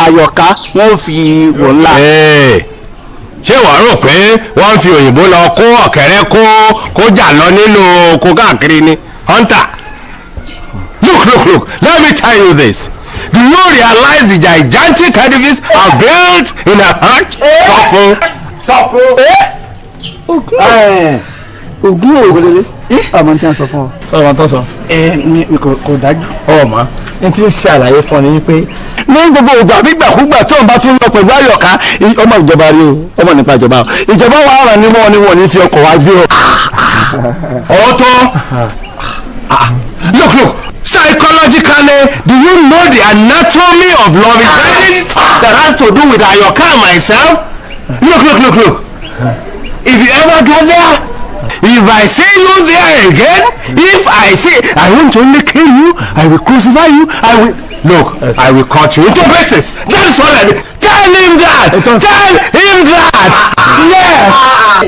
Speaker 2: àyọ̀ká wọ́n fi wò ńlá. ṣé wàá rò pé wọ́n fi òyìnbó lọ kó ọ̀kẹ́rẹ́ kó kó jà lọ nínú oko káàkiri ni hunter look look look let me tell you this. Do you realize the gigantic edifice I built in a hut? Awful. Eh? Sàfó. Ògún òwòlélé. Àmọ́ tí wọ́n sọ fún ọ. Sọ̀rọ̀ wọn tó sọ. Ẹ mi kò dájú. Ọmọ n ti ṣe àlàyé fún ọ ni pé. Ní gbogbo ìgbà gbígbàkúgbà tí ọba tún lọ pẹ̀lú àyọ̀ká ọmọ ìjọba rí o ọmọ nípa ìjọba o ìjọba wa ọ̀ràn ni wọ́n ni wọ́n ní ti ọkọ̀ wa gbé o. Ọ̀tọ̀ ah, look look psychologically do you know the anatomy of love is ah. that has to do with àyọ̀ká myself. Look, look, look, look. If you ever go there, if I see you there again, if I see, I won't only kill you, I will crucify you, I will. Look, yes, I will cut you into pieces. That's all I mean. Tell him that. Tell him that. Yes.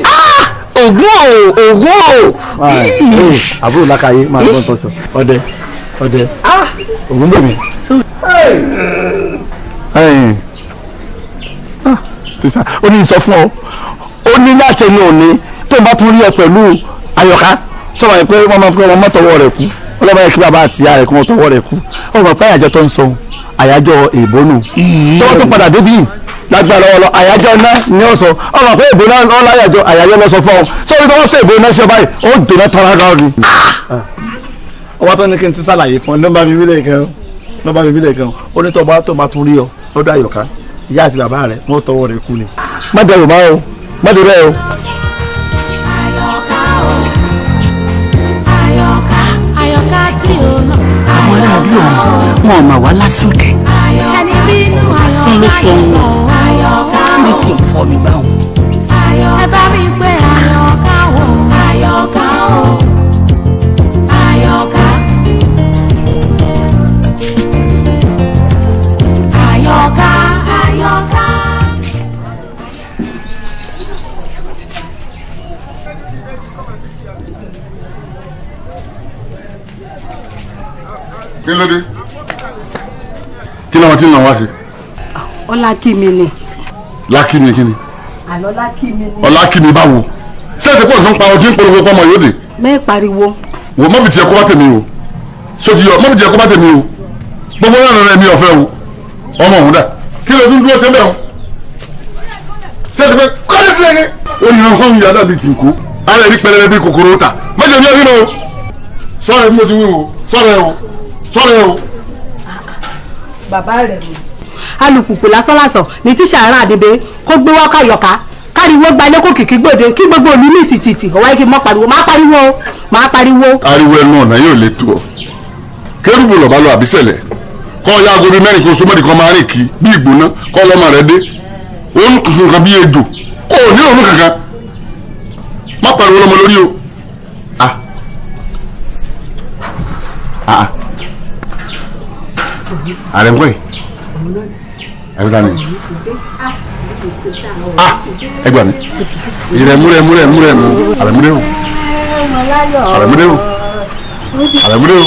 Speaker 2: Ah! Ògún o, Ògún o. Àbúrò Lákàyé máa gbọ́n tó sọ. Ọdẹ, ọdẹ. Ògún bèmí. Ẹyìn tòṣà ó ní sọ fún ọ ó ní láti ẹni òní tó bá tún rí ẹ pẹ̀lú àyọ̀ká sọ̀rọ̀ yẹn pé wọ́n máa fi ọmọ mọ́tọ́wọ́ rẹ̀ kú ọlọ́ba yẹn kí bàbá àti ìyá rẹ̀ kí wọ́n tọwọ́ rẹ̀ kú ọmọ pé àyájọ́ tó ń sọ àyájọ́ ìbónú tó wọ́n tún padà débí yìí lágbára ọlọ àyájọ́ ná ni ó sọ ọmọ pé ìbò náà ọlọ àyájọ́ àyájọ́ lọ sọ fún ọ sọ̀rọ̀ tó wọ́n sọ ìbò náà sí ọba yìí ó dènà tara rọ ni. ọwọ́ tó ní kí n ti sàlàyé fún ọ nọ́mbà bíbí lẹ́ẹ̀kan nọ́mbà bíbí lẹ́ẹ̀kan ó ní tọ́ba tó bá tún rí ọ lọ́dọ̀ àyọ̀ká ìyá àti bàbá rẹ wọ́n tọwọ́ rẹ kú ni. má dẹrù má o má dẹrù ẹ o. àyọkà o
Speaker 4: àyọkà àyọkà tí o lọ. àwọn ẹ̀rọ bí òun wọn ò mà wá lásán kẹ. ẹni bínú àyọkà yìí lọ àyọkà sì ń fọ mi báwọn. ẹ bá mi pé àyọkà o àyọkà o.
Speaker 5: kí ló
Speaker 2: dé kí lọ́wọ́ tí ń nà wá sí.
Speaker 5: ọlákì mi ni.
Speaker 2: lákì mi kí ni.
Speaker 5: àlọ́ lákì mi ni.
Speaker 2: ọlákì mi báwo ṣé ẹ ti pọ̀ nǹkan pa ọtí ń polówó pọ́nmọ yóò dé.
Speaker 3: mẹ́ẹ̀ pariwo.
Speaker 2: wò mọ́bì tiẹ̀ kó bá tèmi o sotí yọ mọ́bì tiẹ̀ kó bá tèmi o gbogbo náà rẹ̀ mi ọ̀fẹ́ o ọmọ òun dà kí ló tún dúró sẹ́ńbẹ̀ o ṣé ẹ ti pẹ́ kọ́lé sílẹ̀ ni. ó ní ọ̀hún yàrá mi ti kú ara ẹni pẹlẹbẹ bíi kòkòrò ta mẹ́jọ ní ọdún náà sọ̀rọ̀ ẹ sọ́rẹ́ o.
Speaker 3: bàbá rẹ̀ mi.
Speaker 2: alùpùpù lásánlàsàn ní tíṣà ara àdébẹ kó gbé wá káyọ̀ká káriwo gbalẹ̀ kó kìkì gbòde kí gbogbo òní ní ìsìtìtì ọ̀wá igi mọ́ pariwo má pariwo má pariwo. ariwo ẹnu ọ̀nà yóò le tó ọ kérúbù lọ́ba lọ àbísẹ̀lẹ̀ kọ́ ya aago bíi mẹ́rin kó so mẹ́rin kan máa rìn kí bí ìgbóná kọ́ lọ́mọ rẹ dé òun tuntun kan bíi ejò kó o ní òun kankan má pariwo lọ́mọ lórí o. ah ah, ah ààrẹ ń pè ẹ̀rọ ta ni a ẹ gbà mí ìrẹ̀mú rẹ̀mú rẹ̀mú rẹ̀mú àrẹ̀mú rẹ̀mú àrẹ̀mú rẹ̀mú àrẹ̀mú rẹ̀mú.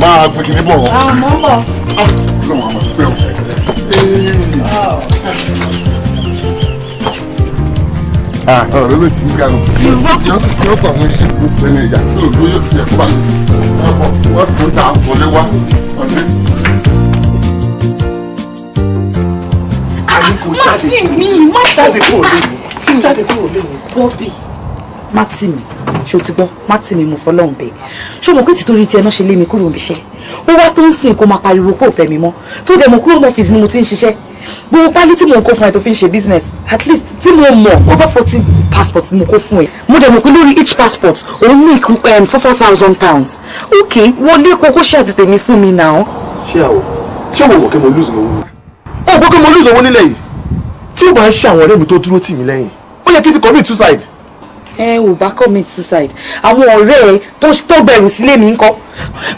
Speaker 2: máa fi kìíní bọ̀ wọ́n. Ah,
Speaker 4: àmọ́ bọ̀. Ah, ọlọ́run àmọ́ pẹ́ o. Eh.
Speaker 2: Ah, ọ̀rọ̀ ló sì ń ga nù. yóò fà mí sí gbogbo ẹni ìyá tí òun yóò fi ẹ̀fà wọ́n tún tà wọlé wá ọdún. Mátì mi, má jáde kúrò
Speaker 3: lé mi, jáde kúrò lé mi, Bọ́bí, Mátì mi ṣó ti gbọ́ má tì mí mo fọlọ́hún bẹ́ẹ̀ ṣó mọ̀ pé títorí tiẹ̀ náà ṣe lé mi kúrò níbi iṣẹ́ ó wá tó ń sìn kó máa pariwo kó fẹ́ mi mọ́ tó dẹ̀ mọ̀ kúrò mọ́ fìsì ni mo ti ń ṣiṣẹ́ gbogbo pálí tí mo ń kó fún ẹ tó fi ń ṣe business at least
Speaker 2: tí mo mọ̀ over fourteen passports mo kó fún ẹ mo dẹ̀ mọ̀ pé lórí each passport òun ní ìkún um, four four thousand pounds ok wọlé kókó ṣe àti tèmi fún mi náà. ṣé àwọ̀ ṣé mo mọ̀ kí mo lose owó. ó gbọ́ pé mo lose owó nílẹ̀ yìí tí ó bá ń ṣe àwọn ọ̀rẹ́ mi tó dúró tì mí lẹ́yìn ó ẹ ò bá commit suicide àwọn ọ̀rẹ́ ẹ tó bẹ̀rù sílé mi ńkọ́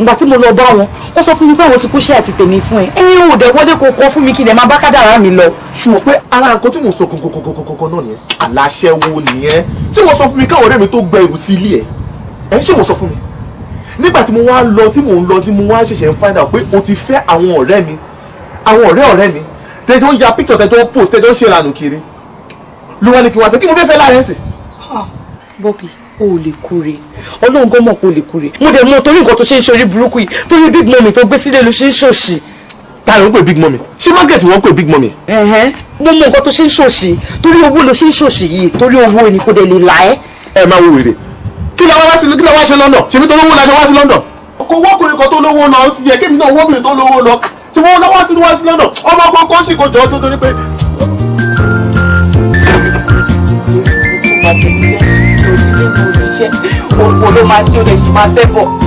Speaker 2: ìgbà tí mo lọ bá wọn wọ́n sọ fún mi pé àwọn ti kó ṣe àti tèmi fún ẹ ẹ ò dẹ̀ wọlé kó kọ́ fún mi kí n dẹ̀ máa bá kádàrá mi lọ. ṣùgbọ́n pé ara nǹkan tí mo sọ kọ̀kọ̀kọ̀kọ̀kọ̀ náà nìyẹn aláṣẹ́wó nìyẹn ṣé wọ́n sọ fún mi káwọn ọ̀rẹ́ mi tó gba ẹrù sí ilé ẹ̀ ẹ̀ ṣé wọ́n sọ fún mi nígbà tí mo wá lọ tí mo ń lọ tí mo wá ṣẹ̀ṣẹ̀ ń find out pé o ti fẹ́ àwọn ọ̀rẹ́ mi àwọn ọ̀rẹ́ ọ̀rẹ́ mi tẹjọ́ ń ya picture tẹjọ́ ń post tẹjọ́ ń ṣe ìlànà kiri ló wá ní kí wọ́n fẹ́ kí mo fẹ́ fẹ́ láàrin sí
Speaker 3: i Bobby o ò lè kúre ọlọ́run gan
Speaker 2: mọ̀ pé o lè kúre mo dẹ̀ mọ̀ torí nǹkan tó ṣe ń ṣorí burúkú yìí torí big mommy tó gbé sílé ló ṣe ń ṣòṣì. ta ló ń pè big mommy ṣé market wọn pè big mommy. mo mọ̀ nǹkan tó ṣe ń ṣòṣì torí owó ló ṣe ń ṣòṣì yìí torí owó ni kò dẹ̀ lè là ẹ́. ẹ máa wo wèrè kí ló wá sí kí ló wá ṣe London ṣèbí tó lówó la ṣe wá sí London. ọkọ wọ́kùnrin kan tó lówó lọ ó ti yẹ kí lórí ilé mo lè ṣe òpó ló máa ṣe ó Okay. ṣì máa tẹ́bọ̀ ọmọ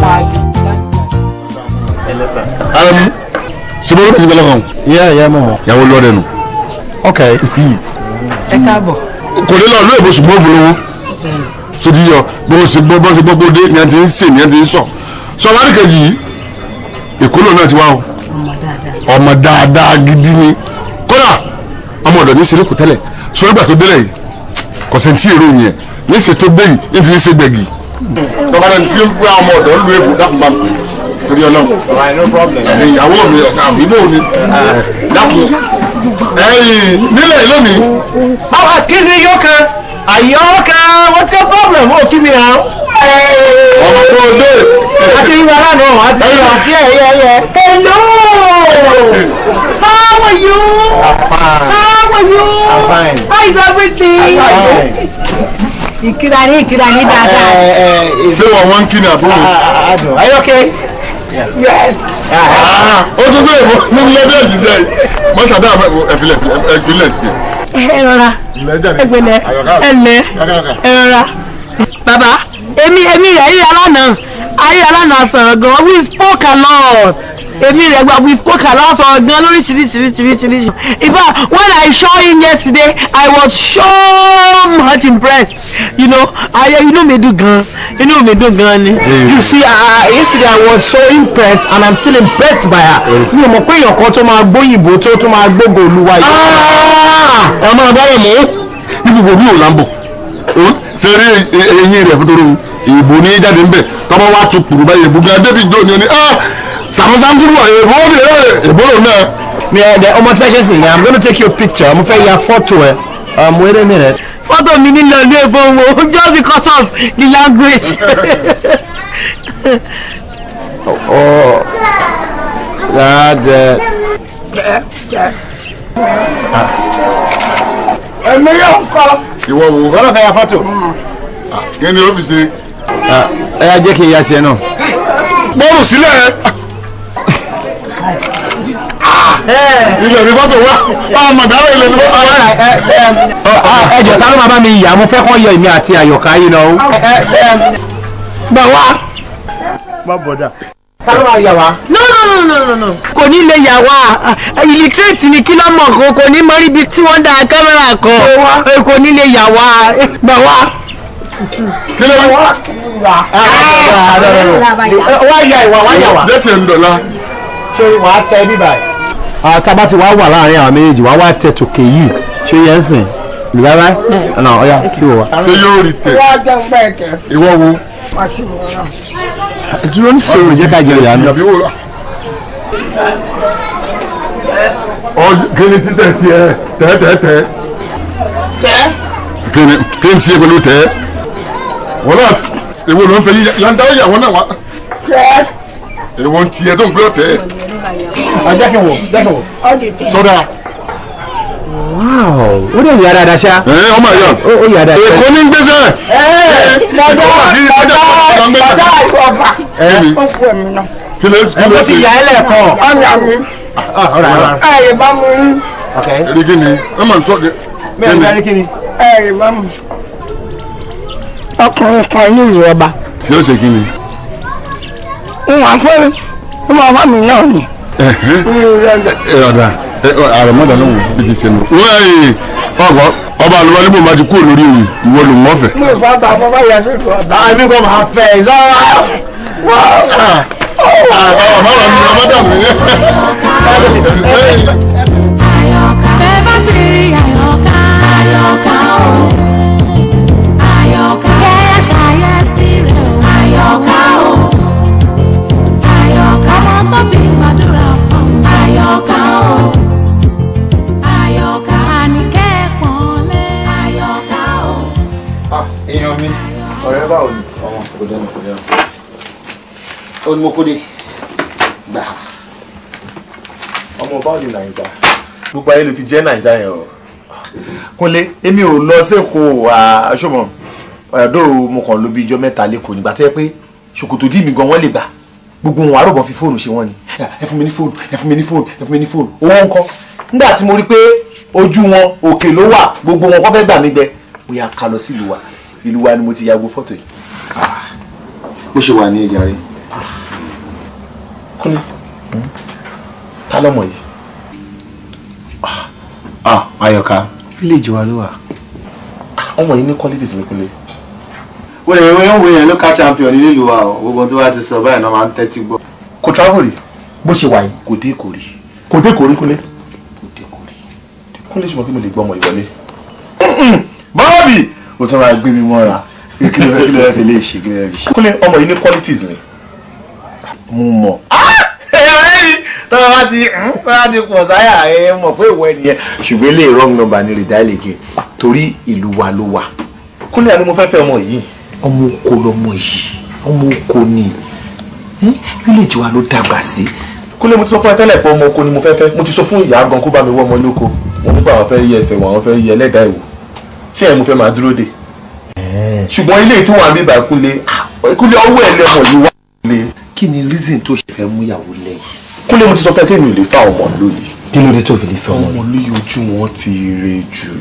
Speaker 2: àlè. alamu sebo ló ń gbẹlẹ kan. yẹ yẹ mọ. yàwó lọrẹ nù. ok. ẹ káàbọ̀. kò ní lọ lóye bó ṣùgbọ́n fún lówó tó ti yọ bó ṣe gbọ́ bó ṣe gbọ́ bóde ni a ti ń sè ni a ti ń sọ sọ wárí kejì yìí ìkóló náà ti wá o ọmọ dáadáa gidi ni kódà ọmọ ọ̀dọ̀ ní sẹ́lẹ̀kù tẹ́lẹ̀ sọ nígbà tó délẹ̀ yìí kọ̀sẹ̀ntì èrò yẹn níṣẹ́ tó gbé yìí níṣẹ́ níṣẹ́ gbẹ̀gì. tọ́ba náà tí ó gbé àwọn ọmọ ọ̀dọ́ lu èbù dákun bá mi torí ọlọ́run ìyàwó mi ọ̀sán àbí mò ń ní dákun ẹ̀yìn nílẹ̀ lónìí. oh excuse me yọ̀ọ̀kan àyọ̀ọ̀kan what's your problem ó oh, kí mi hàn ọmọ kò dé.
Speaker 4: a ti rí wa lánàá a ti
Speaker 2: rí wa hello how are is everything. ìkíra ní ìkíra ní dáadáa. ṣé wọn wọn ń kí ni àbúrò. Ah, ah, ah, are you okay? yes. Eh. ó tún bẹ́ẹ̀ mo ní lọ́dọ̀ ẹ̀jì jẹ́ mo ṣàdá ẹ̀fílẹ̀ ẹ̀fílẹ̀ sí. Eh, ẹ rọra ẹgbẹlẹ ẹlẹ ẹ rọra. bàbá èmi èmi
Speaker 3: ayé alánà ayé alánà sọ̀rọ̀ gan we spoke a lot èmi rẹ̀ gba with coca lọ́sọ̀ gan lóríṣiríṣiríṣiríṣiríṣi in fact when I saw him yesterday I
Speaker 2: was so much impressed you know I, you know, me do gan inú mi dùn gan ni. you see uh, yesterday I was so impressed and I'm still impressed by her mi ò mọ̀ pé èèyàn kan tó máa gbóyìnbó tó tó máa gbógo olúwa yìí. ọmọ ah! abáyọ̀ mọ́ níbi wo ò láǹbọ̀ ṣe rí eyín rẹ̀ fún ìbò ní jáde ń bẹ̀ tọ́mọ wa tún kùrù báyìí ìbò gan débi jò ní ọ ah! ní. Sàmúsà ń kúrò èbó de èbó lò náà. Mi ẹ̀ dẹ̀ ọmọ tí fẹ́ ṣe sìn yà, I'm gonna take your picture, mo fẹ́ ya fọ́tò ẹ̀, um, wait a minute. Fọ́tò mi nílò ní èbó wo just because of the language.
Speaker 4: oh, oh, that.
Speaker 2: Ẹ̀mí ah. yóò kọ́. Ìwọ wo? Wọ́n lọ fẹ́ ya fọ́tò. Ah, kí ni ó fi ṣe? Ah, ẹ jẹ́ kí n ya tiẹ̀ náà. Bọ́ọ̀lù sílẹ̀. Eh. ilẹ̀ ní fọ́tò wá ọmọ mọ̀dáró ilẹ̀ ní fọ́tò wá. Eh, eh, um, ẹjọ ta ló máa bá mi yà mo fẹ́ kọ́ yọ èmi àti àyọ̀ká yìí lọ. Um, gbà wá. má bọ̀dà.
Speaker 3: ta ló máa yà wá. no no no no no. kò
Speaker 2: ní lè yà wá illiterate ni kí ló mọ̀ kó kò ní mọ ibi tí wọ́n dá kámẹ́rà kọ kò ní lè yà wá. gbà wá. kí ló wá. wá yà wá wá yà wá. jẹ́ ṣé wàá tẹ bíbáyìí tábà ti wá wà láàrin àwọn méjèèjì wá wá tẹ tòkè yìí ṣé yẹn ń sìn ìgbàlá ọ̀nà ọ̀yà kí wò wá. ṣé yóò rí tẹ ìwọ wo. dúró ní sòrò jẹ́ ká jẹ ìyá mi. kíni títẹ̀ tí ẹ tẹ́ tẹ́ tẹ́. tẹ́. kíni kíni tí ẹ pẹ̀lú tẹ́. wọ́n náà ìwọ ló ń fẹ́ yíyá yàtọ̀ ìyàwó náà wá. tẹ́ èwo ti ẹ tó ń gbé ọ̀tẹ̀. ajá ah, kí n wọ ajá kí n wọ. sọdá. ó dẹ̀ yà dáadáa
Speaker 5: ṣá. ẹ ọmọ ẹ̀yọ ó yà dáadáa. èkó ní gbèsè.
Speaker 2: lọ́dọ̀ lọ́dọ̀ lọ́dọ̀ àìkọ́ba. ẹ
Speaker 5: ó fún ẹ̀mí náà. kí ló ṣe. ẹ̀kọ́ ti yà ẹ́ lẹ́ẹ̀kan. ọ̀nà ah,
Speaker 2: ah, mi.
Speaker 5: ẹ̀yẹ̀ bá mu yín.
Speaker 2: ẹ̀rí kí ni ẹ máa ń sọ de. mẹ́rin ẹ̀rí kí ni. ẹ̀yẹ̀ bá mu. ọkùnrin kan ní ìrọba. tí ó ṣe kí ni
Speaker 1: ń wà fún mi ń wà fún mi náà ni.
Speaker 2: ọ̀dà àrẹ̀mọ́dà ló ń bí ṣe nù. wẹ́ẹ̀ ọ̀gbọ́ ọba àlùbọ́lẹ́bù máa ti kúrò lórí ìwọ ló mọ́ fẹ́. mi ò fà bá a sí ìtura bá. kò máa fẹ́ ẹ̀ sára. ọ̀bá wà ní ọmọdé
Speaker 1: àmì yẹn.
Speaker 4: bẹ́ẹ̀ bá ti rí àyọ̀ká àyọ̀ká o àyọ̀ká kẹ́ ẹ̀ ṣàyẹ̀sí rẹ̀ o àyọ̀ká.
Speaker 2: onímọ̀kọ́dé gbà. ọmọ báwo ni nàìjà. gbogbo ayé ló ti jẹ́ nàìjà yẹn o kúnlé èmi ò lọ sẹ́kọ̀ọ́ àṣọmọ ọ̀dọ́ mo kàn ló bí ijọ́ mẹ́ta lẹ́kọ̀ọ́ nígbà tó yẹ pé ṣòkòtò dí mi gan wọ́n lè gbà gbogbo wọn àròbọ̀ fi fóònù ṣe wọ́n ni ẹ fún mi ní fóònù ẹ fún mi ní fóònù ẹ fún mi ní fóònù owó ń kọ́ nígbà tí mo rí pé ojú wọn òkè ló wà gbogbo wọn kọ́ gbà mí gbẹ mo yà ká lọ sí ìlú wa ìlú wa ni mo ti yàgò fọ́tò yìí. Ah, bó ṣe wà ní ìjà rẹ̀ kúnlé ta lọ́mọ yìí ah, ah, ayọ̀ká fíléèjì wa ló wà ọmọ yìí ní qualities mi kúnlé. wẹ̀rẹ̀ wẹ̀rẹ̀ wẹ̀rẹ̀ ló ká champion nílùú wa o gbogbo tó bá ti sọ báyìí náà máa ń tẹ́tí gbọ́. kò travel rí bó ṣe wà yìí. kò dé kò rí. kò dé kò rí kúnlé. kò dé kò rí. kúnlé ṣùgbọ́n kí mo lè gbọ́ ọmọ ìwọlé. bọ́ọ̀bì o tún máa gbé mi mọ́ra kí ló fẹ́ kí ló fẹ́ fi lè ṣe kí ló fẹ́ mo mọ̀ ẹ̀yọ̀ ah! ẹ̀yìn tọ́wọ́ bá ti hmm, tọ́wọ́ ti pọ̀ sáyà ẹ̀ mọ̀ pé ìwọ ẹnìyẹn ṣùgbọ́n ilé wrong number ni rìdáìlì kì torí ìlú wa ló wà kúlẹ̀ ni mo fẹ́ fẹ́ ọmọ yìí ọmọ oko lọmọ yìí ọmọ oko ni village wa ló dàgbà sí kúlẹ̀ mo ti sọ fún ẹ tẹ́lẹ̀ pé ọmọ oko ni mo fẹ́ fẹ́ mo ti sọ fún ìyá gan kó bá mi wọ́ ọmọ lóko mo nípa àwọn fẹ́ yí ẹsẹ̀ wọn àwọn fẹ́ yí ẹlẹ́dàá ìwò ṣé ẹ̀ mo fẹ́ máa dúró dè ṣùgbọ́n ilé tí wọ́n á kúlẹ̀ ah, ọwọ́ ẹ̀ lẹ́mọ̀ yìí wá kí ni reason tó ṣe fẹ́ mú ìyàwó lẹ́yìn. kúnlẹ̀ mo ti sọ fẹ́ kí èmi ò lè fa ọmọ lóyè. kí ló dé tó fi lè fẹ́ ọmọ lóyè. ọmọ lóyè ojú wọn ti re jù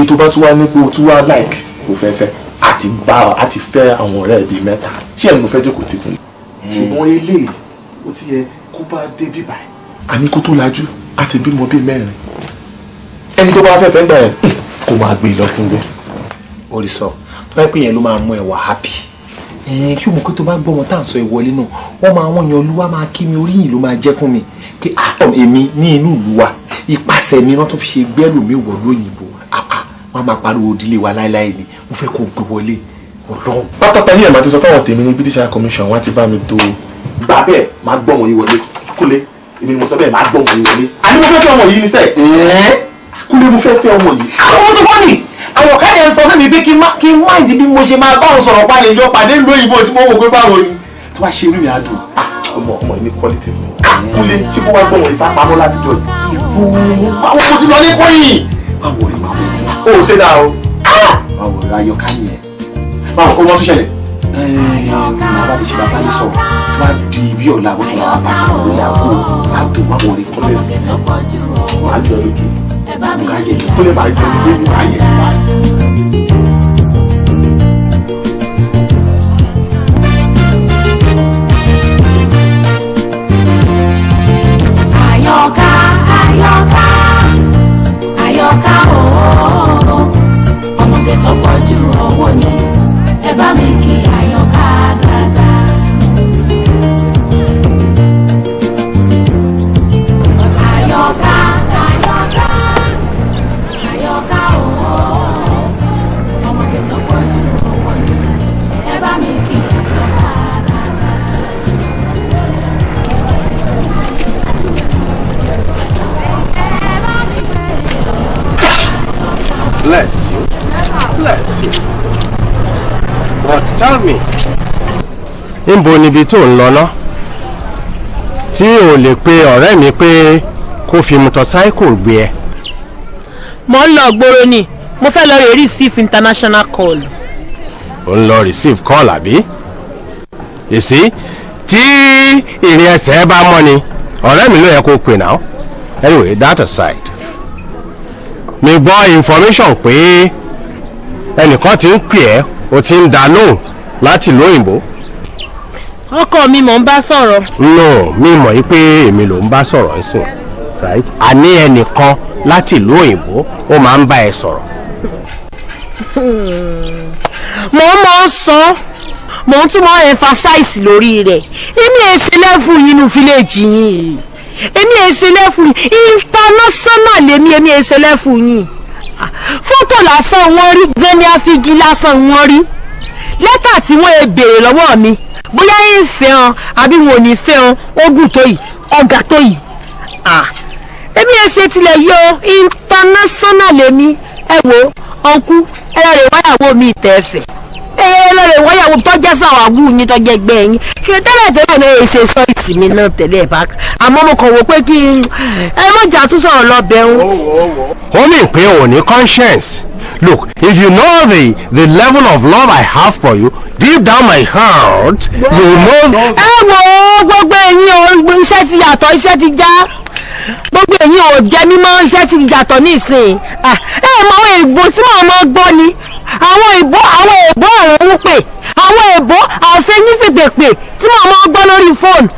Speaker 2: ètò bá tún wá nípò tún wá like kò fẹ́ fẹ́ àti gbà àti fẹ́ àwọn ọ̀rẹ́ bíi mẹ́ta ṣé ẹ̀ mo fẹ́ jókòó tìkun. Hmm. ṣùgbọ́n eléyìí ó ti yẹ kó bá dé bíbá ẹ̀. àní kó tó lajú àti bímọ bíi mẹ́rin ẹni tó bá fẹ́ fẹ́ gbà yẹn kó máa gbé e lọ́kùnrin. orí sọ tó yẹ happy ẹ̀ẹ́n kí òmùkú tó bá gbọ́ ọmọ tá à ń sọ ìwọlé náà wọ́n máa wọ́n yan olúwa máa kí mi oríyìn ló máa jẹ́ fún mi pé àtọ̀ ah, èmi ní inú ìlú wa ìpasẹ̀ mi rántó fi ṣe gbẹ́rù mi wọ̀ lóyìnbó àpá ah, ah, wọ́n máa pariwo ìdílé wa láéláé ni mo fẹ́ kó gbé wọlé ọ̀dọ́n. pátápátá ní ẹ̀ma ti sọ fáwọn tèmi ní British commission wọ́n ti bá mi do. gbà bẹ́ẹ̀ máa gbọ́ ọmọ yìí wọlé kúlé èmi ni mo sọ bẹ́ẹ̀ máa gbọ́ ọmọ yìí wọlé. àní mo fẹ́ fẹ́ ọmọ yìí ní sẹ́ẹ̀. Eh? kúlé mo fẹ́ fẹ́ ọmọ yìí. àwọn àwọn ọ̀kadà ń sọ fún mi pé kí n máìndì bí mo ṣe máa bá òun sọ̀rọ̀ palẹ̀ ìjọ pàdé ìlú òyìnbó tí mo wò pé báwo ni tó bá ṣe inú mi á dùn ah, ọmọ ọmọ ní quality kó lè ṣe kó wá gbọ́ wọ̀nyí sápamọ́ láti jọ ìbú àwọn ọmọ ti lọ ní kọ́yìn báwo rí báwo rí o ò ṣe dáa o ah! báwo rí ayọ̀ ká nìyẹn báwo kó wọ́n tún ṣẹlẹ̀ bàbá mi ṣe bàbá mi sọ̀rọ̀ tó bá di ibi ọ̀la wọ́n tún bá bá sọ̀rọ̀ lórí àgọ́ Ayoka,
Speaker 4: Ayoka, Ayoka. bàa jẹun
Speaker 2: níbi tó ń lọ tí ò lè pe ọ̀rẹ́ mi pé kó fi motorcycle gbé ẹ. mo ń lọ gbòòrò ni mo fẹ́ lọ rè receive international call. ó ń lọ receive call àbí? èsì tí ìrìn ẹsẹ̀ bá mọ́ ni ọ̀rẹ́ mi ló yẹ kó pè náà anyway that aside mi gbọ́ information pé ẹnìkan ti ń pè ẹ́ o ti ń dà lóhùn láti lóyìnbó ọkọ mi mò ń bá sọ̀rọ̀. no mi mọ̀ yí pé èmi ló ń bá sọ̀rọ̀ ẹ̀ sìn right àní ẹnìkan láti ìlú òyìnbó ó máa ń bá ẹ sọ̀rọ̀.
Speaker 3: mo hmm. mọ̀ ń sọ mo ń tún mọ̀ emphasize lórí rẹ̀ èmi èsì lẹ́fù yínú fílẹ̀jì yìí èmi èsì lẹ́fù yìí international lèmi èmi èsì lẹ́fù yìí fọ́tò lásán wọ́n rí gẹ́ni àfigi lásán wọ́n rí lẹ́tà tí wọ́n e béèrè
Speaker 2: lọ́wọ́ mi bóyá yín fẹ́ ọ àbí wọn ò ní fẹ́ ọ ogun tó yìí ọ̀gá tó yìí
Speaker 3: èmi ẹ ṣe tilẹ̀ yìí o international èmi ẹ wo ọ̀nkú ẹ lọ́ọ́ rè wáyàwó mi ìtẹ́ ẹ̀fẹ̀ ìwọ́yàwó tọ́jẹ́ sàwọn
Speaker 2: àbúrò yín tọ́jẹ́ gbẹ́ yín ṣe tẹ́lẹ̀ tẹ́lẹ̀ náà èsè sọ́ọ̀sì mi náà tẹ́lẹ̀ bá àmọ́ mo kàn wò pé kí n ẹ mọ̀jà tún sọ̀rọ̀ lọ́bẹ̀ ń. ó ní pé o ní conscience look if you know the the level of love I have for you deep down my heart you know. ẹ wo gbogbo ẹ̀yin o iṣẹ́ ti yàtọ̀ iṣẹ́ ti já gbogbo ẹ̀yin ò jẹ́ mímọ́ iṣẹ́ ti yàtọ̀ nísìnyí ah, ẹ mọ̀ àwọn tí màá mọ́ gbọ́ ni àwọn ìbò àwọn èbó ọ̀rọ̀ ń pè àwọn èbó àfẹnífètèpè tí màá máa gbọ́ lórí fóònù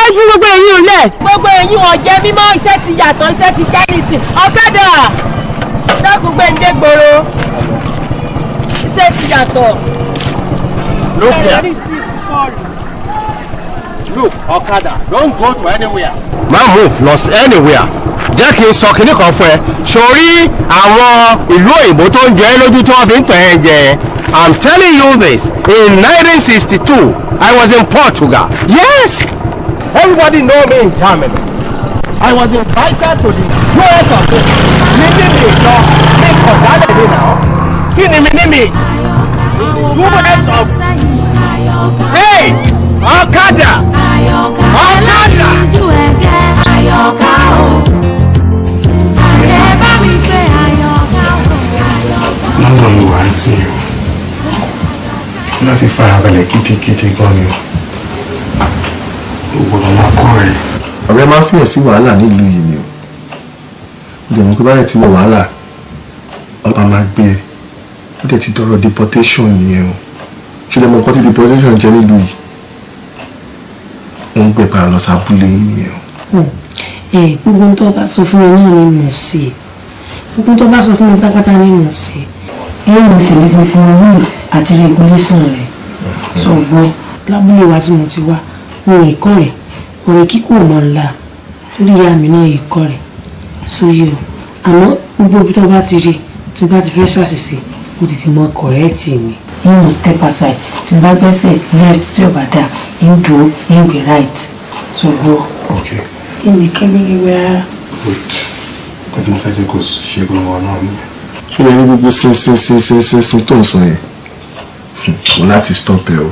Speaker 2: ẹ ju gbogbo èyí ò lẹ̀. gbogbo èyí wọn jẹ mímọ̀ iṣẹ́ ti yàtọ̀ iṣẹ́ ti kẹ́rìsì ọ̀kadà dákun gbẹ̀ǹdé gbòòrò iṣẹ́ ti yàtọ̀. look here look ọ̀kadà don't go to anywhere. ma move lọ sí anywhere jẹ́ kí n sọ kinní kan fún ẹ sórí àwọn ìlú òyìnbó tó ń jẹ ẹ́ lójú tí wọ́n fi ń tẹ̀ ẹ́ jẹ I'm telling you this in 1962 I was in Portugal yes everybody know me in Germany I was invited to the tourist of this mi ní ìjọ mi kọ̀ mi nà kí ni mi ní mi tourist of
Speaker 4: hey ọ̀kadà ọ̀kadà.
Speaker 2: london ló wá sí o láti farabalẹ̀ kítíkítí gan ni o gbọ́dọ̀ máa kọ́ rẹ̀. ọ̀rẹ́ máa ń fìyàn sí wàhálà nílùú yìí ni o ìdèmí pé báyìí ti wọ wàhálà ọba máa gbé e ó dẹ̀ ti dọ̀rọ̀ deportation nìyẹn o ṣùgbọ́n mo kọ́ ti deportation jẹ́ nílùú yìí ó ń gbẹ̀bà lọ sábúlé yìí nìyẹn o.
Speaker 3: Hmm. ẹ gbogbo tó bá sọ fún mi náà ni mò ń ṣe gbogbo tó bá sọ fún mi pátápátá ni mò ń yóò mú tẹ̀lé gbogbo rúùlù àti rẹguléṣàn rẹ̀ mm-hmm. sọ gbọ́ lábúlé wa tí mo ti wá òye kọ́ rẹ̀ òye kíkó mọ̀ ńlá lórí ìyá náà èyí kọ́ rẹ̀ sóyè o àmọ́ gbogbo ibi tó bá ti rí tí bá ti fẹ́ ṣàṣìṣe kò tètè mọ kọ̀rẹ́ẹ̀tì mi yín mo step aside tí bá gbẹ́sẹ̀ left tí ò bá dà yín dúró yín gbé right sọ gbọ́. okay. kí ni wait
Speaker 2: kí ni mo fẹ́ jẹ́ kó gbọ́n wọn náà nìyẹn ṣé lè ní gbogbo sínsínsínsínsín tó ń sọ yẹn mo hm, láti stop ẹ o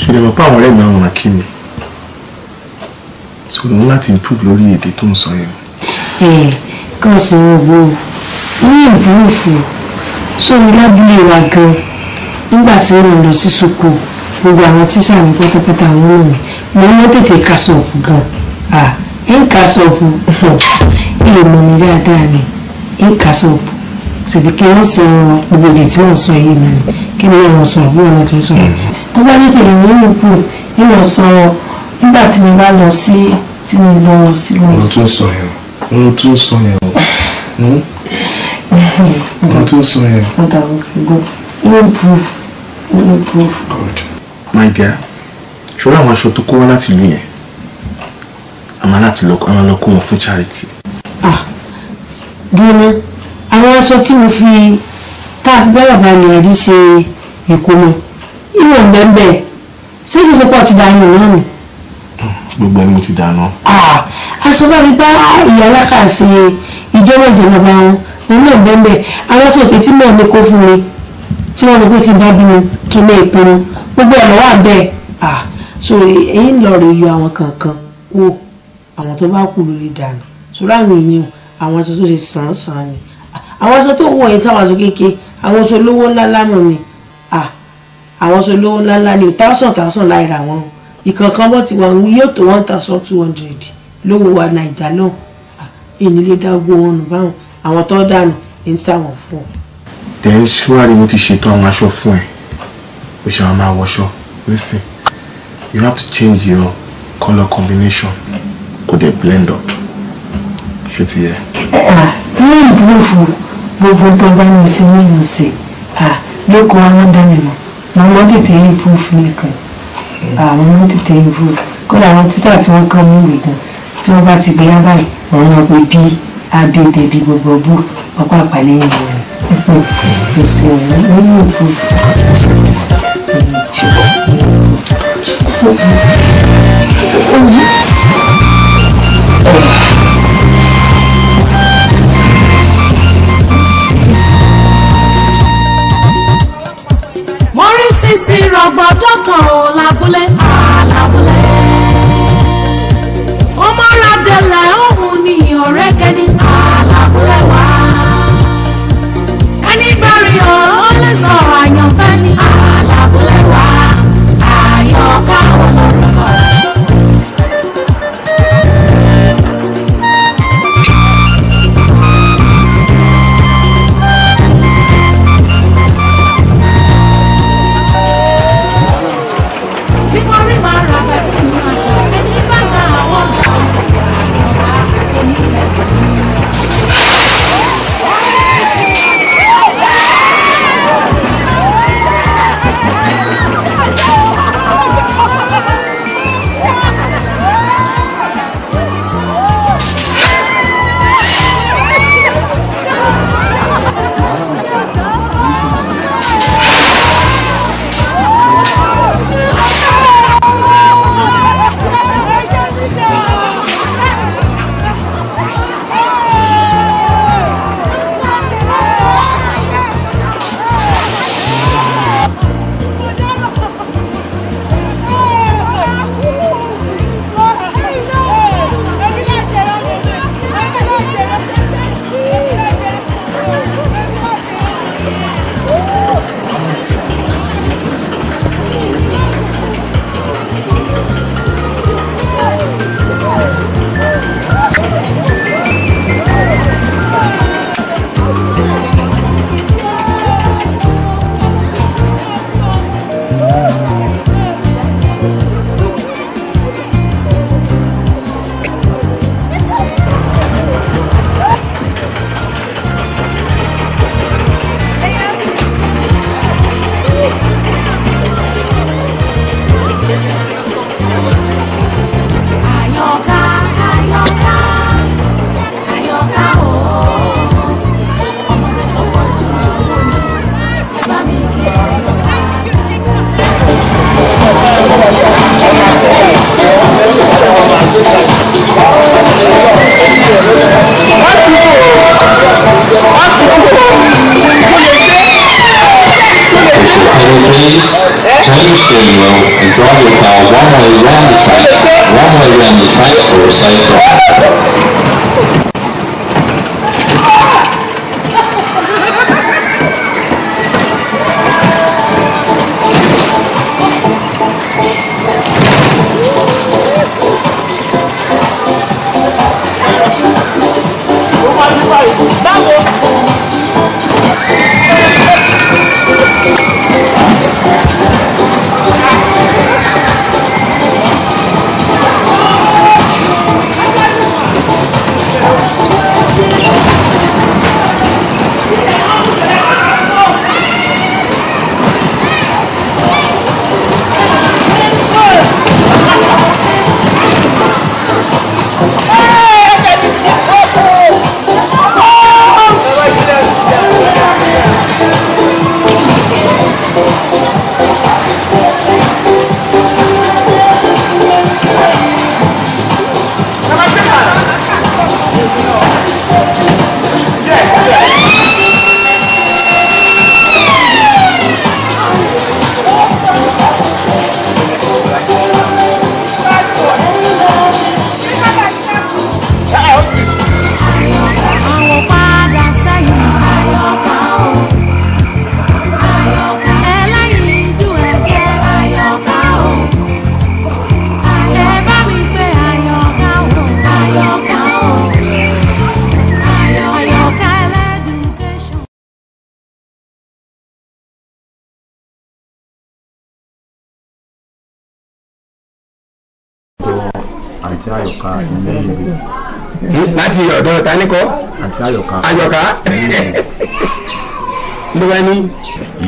Speaker 2: ṣé lè mọ̀ pé àwọn ọ̀rẹ́ mi àwọn kí so mo láti improve lórí èdè tó ń sọ yẹn.
Speaker 3: ẹ kàn sí gbogbo ní ìbúròfò sórí lábúlé wa gan nígbà tí mo lọ sí soko gbogbo àwọn tíṣà mi pátápátá wọn lò mí mo ní tètè kà sọ̀kù gan à ń kà sọ̀kù ìlú mọ̀ mi dáadáa ni ń kà sọ̀kù ṣèbí kí wọ́n sọ gbogbo èdè tí wọ́n sọ yìí ni kí ni wọ́n sọ bí wọ́n ti sọ. tó bá ní kèrè ní ìlú ìlọ sọ nígbà tí mo bá lọ sí tí mo lọ sí lọ sọ. ohun
Speaker 2: tó sọ yẹn ohun tó sọ yẹn o ohun tó sọ yẹn.
Speaker 3: Hmm?
Speaker 2: ọ̀dà
Speaker 3: ò ti gbọ́ improve improve. good
Speaker 2: my dear ṣọlá àwọn aṣọ tó kó wá láti ìlú yẹn àmọ́ láti lọ kó wọn fún charity.
Speaker 3: ah gbọ́dọ̀ aṣọ tí mo fi tá a fi bẹ́ẹ̀ bá mi rí ṣe ìkómọ ìwọ gbẹ́ngbẹ́ ṣé kí n ṣe pọ̀ ti dànù náà nù. gbogbo ẹ̀ mo ti dànù. aṣọ bá mi bá ìyá aláka ṣe ìjọba ìjọba bá wọn òun náà gbẹ́ngbẹ́ aláṣọ òkè tí mò ń lè kó fún mi tí wọ́n lè pé ti bá bí mi kí n lè pinnu gbogbo ẹ̀ lọ́wọ́ àbẹ́ ẹ̀ so ẹ̀yìn lọ rè yọ àwọn kankan wo àwọn tó bá kú lórí dànù sórí àwọn èèyàn àwọn ṣe sàn-án sàn-án ni àwọn aṣọ tó ń wọ̀ yẹn táwọn aṣọ kéèké àwọn aṣọ olówó ńlá lánàá ni àwọn aṣọ olówó ńlá ńlá ni thousand thousand láìra wọn ìkọ̀ọ̀kan bọ́ ti wà yóò tó one thousand two hundred lówó wa nàìjà náà èyí lè dá ogun wọn nù báwọn àwọn tó dànù ń sáwọn fún ọ.
Speaker 2: tẹ̀yìn ṣúwárí mo ti ṣètò àwọn aṣọ fún ẹ o ṣe àwọn máa wọṣọ listen you have to change your colour combination kò dé blend up ṣé ti yẹ. ẹ
Speaker 3: ẹ ní ìdúró fún mi gbogbo tó bá mi sí ní ìrìnsè lóko àwọn dání mọ àwọn ọmọ tètè improve nìkan àwọn ọmọ tètè improve kódà àwọn títà tí wọ́n kàn mú ìwé gan tí wọ́n bá ti gbé yá báyìí àwọn ọmọ pé bí abébè bí gbogbo bú ọ̀pọ̀ àpàlẹ́ yẹn wọ̀nyí kò sí ọ̀rọ̀ lórí òkú.
Speaker 1: Oh,
Speaker 4: ti rọ̀gbọ̀dọ̀ kan ò lábúlé. alábúlé. ọmọ radẹlẹ̀ òun ni ọ̀rẹ́ kẹ́ni. alábúlé wa. ẹni bá rí ọ ó lè sọ àyànfẹ́ ni. alábúlé wa àyọ̀ká ọlọ́run.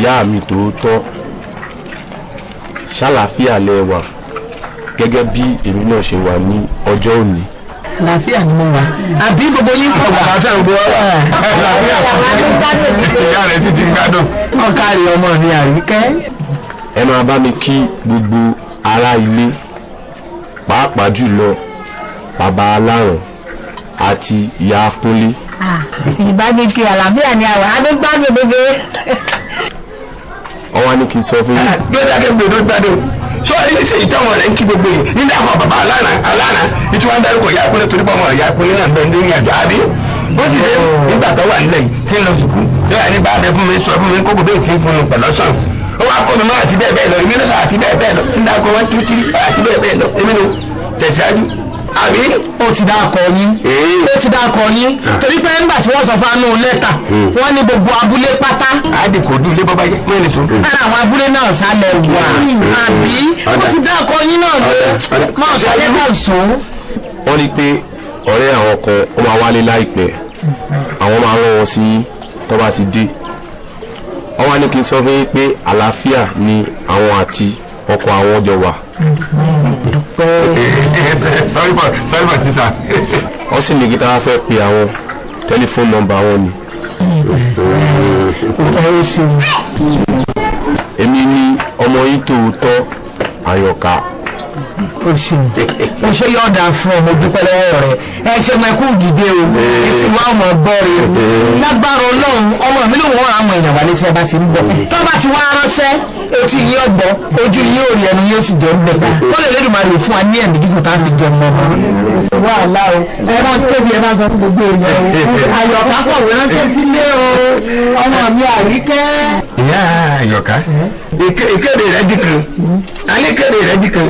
Speaker 2: ìyá mi tòótọ́ ṣàlàáfíà lẹ wà gẹ́gẹ́ bí èmi náà ṣe wà ní ọjọ́ òní.
Speaker 3: àlàáfíà ni mo wà àbí gbogbo yín kọ̀ wá. àlàáfíà gbogbo wa wà eh. àlàáfíà
Speaker 2: ìyá rẹ̀ sì ti gbádùn. wọn kárí ọmọ mi àríkẹ́. ẹ máa bá mi kí gbogbo ará ilé pàápàá jùlọ bàbá alárùn àti ìyá kúnlé.
Speaker 3: ìbá mi kí àlàáfíà ni àwa a ló
Speaker 2: ọwọ́ ni kì í sọ fún yín. bí ó dákẹ́ gbèrò gbàdé o sọ èyí ṣe ìtàwọn rẹ̀ ń kí gbogbo yìí nínú àwọn bàbá alára alára ìtura ń dárúkọ ìyá ìpínlẹ̀ torí pọ́nmọ́ ìyá ìpínlẹ̀ náà bẹ́ẹ̀ ní ìrìnàjò àbí bó sì dé nígbà tó wà nílẹ̀ yìí tí ń lọ sùkú bẹ́ẹ̀ tí ń àbí ó ti dá akọ yín eh. ó ti dá akọ yín ah. torí pé nígbà tí wọ́n sọ fún anú lẹ́tà hmm. wọ́n ní gbogbo abúlé pátá. àdìkòdú ilé bọ́bá jẹ́ mẹ́rin fún. ara àwọn abúlé náà sálẹ̀ wà hmm. Hmm. àbí ó ti dá akọ yín náà lé máa sọ lẹ́tà sùn. wọ́n ní pé ọ̀rẹ́ àwọn kan ó máa wálé láìpẹ́ àwọn máa rán wọn sí tó bá ti dé wọ́n wá ní kí n sọ fún yín pé àlàáfíà ni àwọn àti ọkọ àwọn jọ wà dúpẹ́. sọ́rífà sọ́rífà tíṣà. wọ́n sì ní kí táwọn fẹ́ pe àwọn tẹlifóònù nọ́mbà wọn ni. èmi ni ọmọ yín tòótọ́ àyọ̀ká
Speaker 3: o ṣeun o ṣe yọ ọ̀dà fún ọmọ dúpẹ́ lọ́wọ́ rẹ ẹ ṣe mọ ẹkú dìde o ẹ ti wá ọmọ gbọ́ rẹ lágbára ọlọ́run ọmọ mi ló wọ́n àwọn èèyàn wà létí ọba ti ń bọ̀ tó bá ti wá ránṣẹ́ etí yín ọgbọ́ ojú yín ò rí ẹnu yóò sì jẹ́ ń bẹ̀ kó lè lédùn máa lò fún wa ní ẹ̀mí gígùn tá a fi jẹun ọmọ. wàhálà o ẹ máa ń tóbi ẹ máa sọ fún gbogbo èèyàn o àyọ̀ká kọ̀wé ránṣẹ́ sílé o ọmọ mi àríkẹ́.
Speaker 5: ìyá àyọ̀ká
Speaker 3: ìkéde rẹ dìkan
Speaker 2: alékèrè rẹ bí kan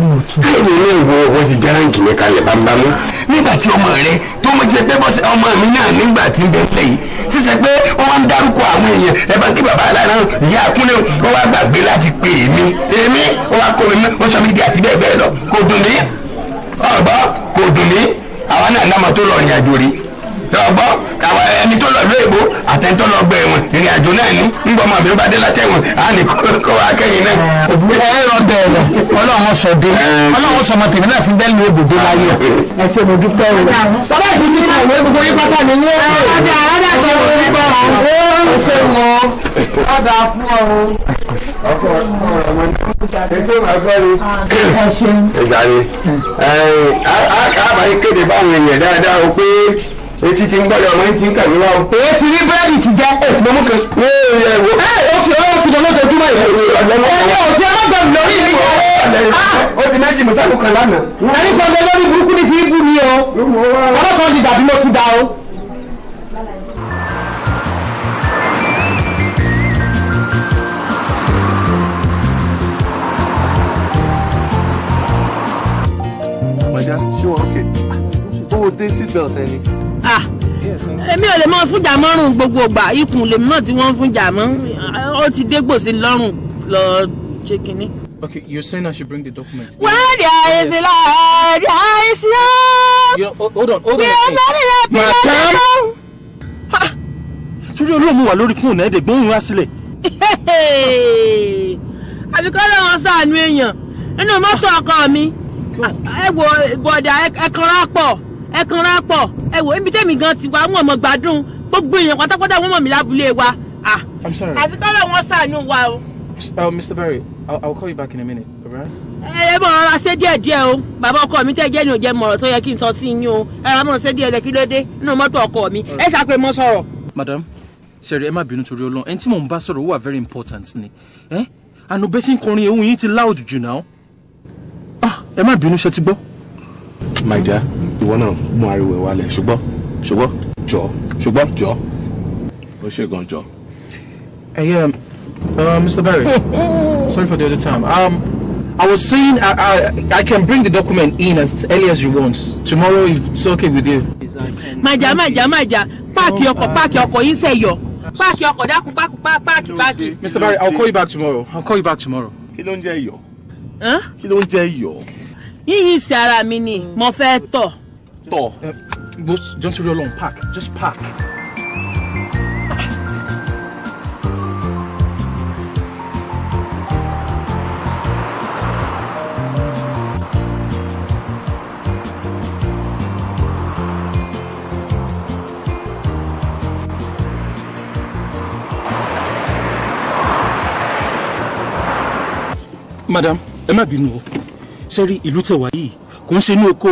Speaker 2: léde ilé ìwò wọn ti jẹ́ ránkì mi kalẹ̀ bámbámú nígbà tí ọmọ rẹ tó mọ jẹ pé bọ́sẹ̀ ọmọ mi náà nígbà tí ń bẹ fẹ́ yìí sísẹ pé wọ́n wá ń dárúkọ àwọn èèyàn ẹ bá ń kí bàbá alára ìyá akúnlẹ̀ wọ́n wá gbàgbé láti pè mí èmi wọ́n wá kó mi mọ́ wọ́n sọ mi di àti bẹ́ẹ̀ bẹ́ẹ̀ lọ kò dùn mí ọ̀gbọ́ kò dùn mí àwọn náà náà tó lọ ìrìn rí ọ̀gbọ́ àwọn ẹni tó lọ lóyìnbó àtẹ̀tọ́ lọ gbẹ ẹ̀wọ̀n ìrìn àjò náà ní ńgbọ́ ọmọ mi bá dé látẹ̀wọ̀n á ní kó wá kẹ́yìn náà. òbúrò ẹ lọ bẹ̀rẹ̀ ọlọ́run sọ dé ọlọ́run sọ ọmọ tèmi náà ti bẹ́ẹ̀ ní òbòdó láyé ẹ ṣe mo dúpẹ́ o. bàbá ìdí ti kà wé gbogbo yín pátá ni yín. ọ̀dà ọ̀dà tó ń bí bá ọ
Speaker 1: ṣe
Speaker 5: mọ ọ̀dà fún ọ. ọkọ ọmọ ẹ ṣeun. ìgbà ni àbáyé kéde báwọn
Speaker 2: èèyàn dáadáa o pé etí ti ń gbọ́dọ̀ ọmọ yín ti ń kàwé wá o. èyí ti rí búrẹ́dì ti jẹ́. ẹ mo mú kan. ẹ ẹ wo. ẹ o ti o ti dán lójoojúmọ́ yìí. ẹ ẹ o ti ọmọ gbọ̀n lórí mi o ti méjì mo sáré kan lánàá. ẹni kan lọ lórí burúkú ni fi ń bú mi o. ọlọ́sàn ti dàbí mo ti da o. ṣé wọn kè? Ó wo dé seatbelt ẹni. Ah, èmi ò lè mọ fúnjà mọ́rùn gbogbo ìgbà ikùn lèmi náà tí wọ́n fúnjà mọ́ ó ti dé gbòsí lọ́rùn lọ ṣe kínní. Okay, you're saying I should bring the documents. Well, there is a
Speaker 3: Lord, there is no.
Speaker 2: You hold on, hold on. Madam! Torí olóòmù wà lórí fóònù ẹ̀ẹ́dẹ̀ gbóhùn wá sílẹ̀. Àbíkọ́ lọ́wọ́ sàánú èèyàn nínú mọ́tò ọkọ mi. Ẹ wo bọ̀dà ẹ̀kanra pọ̀ ẹ kàn ra pọ̀ ẹ wò níbi tẹ́mi gan ti wá wọn mọ̀ gbádùn gbogbo èèyàn pátápátá wọn mọ̀ mí lábúlé wa. I'm sorry. àfi wọn ṣàánú wa o. Oh, Mr. Berry, I will call you back in a minute, alright? ẹ mọ ọ̀rọ̀ ṣe díẹ̀ díẹ̀ o bàbá ọkọ mi tẹ́ jẹ́ ní òjẹ́ mọ̀rọ̀ tó yẹ kí n sọ sí yín o ẹ rà mọ̀ ṣe díẹ̀ lẹ́kí lóde nínú mọ́tò ọkọ mi ẹ ṣàpè mọ́ sọ̀rọ̀. madam sẹ́rí ẹ má bínú torí ọlọ́run ẹni tí mò ń bá sọ̀rọ̀ wà very important ni ẹ àná bẹ́ẹ̀ ṣe ń kọrin ehun yín ti loud jù náà ah, ẹ má bínú ṣe ti gbọ́
Speaker 5: my dear ìwọ náà mú
Speaker 2: ariwo ẹ wálẹ̀ ṣùgbọ́n ṣùgbọ́n jọ ṣùgbọ́n jọ ó ṣe gan jọ. ẹyẹ Mr. Barry sorry for the other time um, I was saying I, I, I can bring the document in as early as you want tomorrow if it's okay with you. màjà màjà màjà páàkì ọkọ̀ páàkì ọkọ̀ yín sẹ́yọ̀ páàkì ọkọ̀ dákun páàkì páàkì páàkì. Mr. Barry I'll call you back tomorrow I'll call you back tomorrow. kí ló ń jẹ́ iyọ̀. kí ló ń jẹ́ iyọ̀ yíyí ìsì ara mi ni mo fẹ́ tọ̀. tọ̀ eh, jọ́n torí ọlọ́run park just park. madam ẹ má bínú o ṣẹ́rí ìlú tẹ̀wá yìí kò ń ṣe ní oko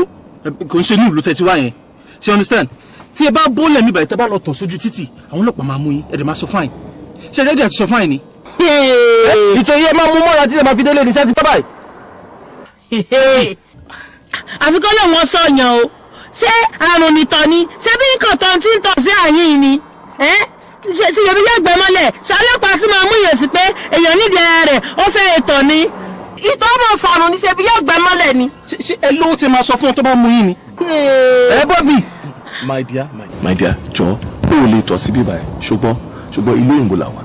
Speaker 2: kò ń ṣe ní ìlú tẹ̀tiwá yẹn ṣe understand tí ẹ bá bọ́ọ̀lẹ̀ mi báyìí tẹ́ bá lọ tọ̀ sójú títì àwọn ọlọ́pàá máa mú yín ẹ̀dẹ̀ máa sọ fáìn ṣẹ́rí ẹ̀dẹ̀ àti sọ fáìn ni. ìtòyí ẹ máa mú mọ́ra tí ẹ máa fi délé ní sẹ́ẹ̀tì bábà yìí. àfikún lè wọ́n sọ̀yàn o ṣé àrùn nìtọ̀ ni ṣé bí nǹkan tó ti ń tọ̀ sí àyín ni ṣe yẹbi yẹ gbẹmọlẹ ṣe ọlọ́pàá tún máa mú yẹn sí pé èèyàn nídìí ara rẹ̀ ó fẹ́ ètò ni ìtọ́bọ̀ sọnù ní ṣe bí yóò gbẹ mọ́lẹ̀ ni. ṣé ẹ lówó ti máa sọ fún ọ tó bá mú yín ni. ẹ bọ́ mi. my dear my dear jọ o ò lè tọ̀ sí bíbá ẹ̀ ṣùgbọ́n ṣùgbọ́n ilé òyìnbó làwà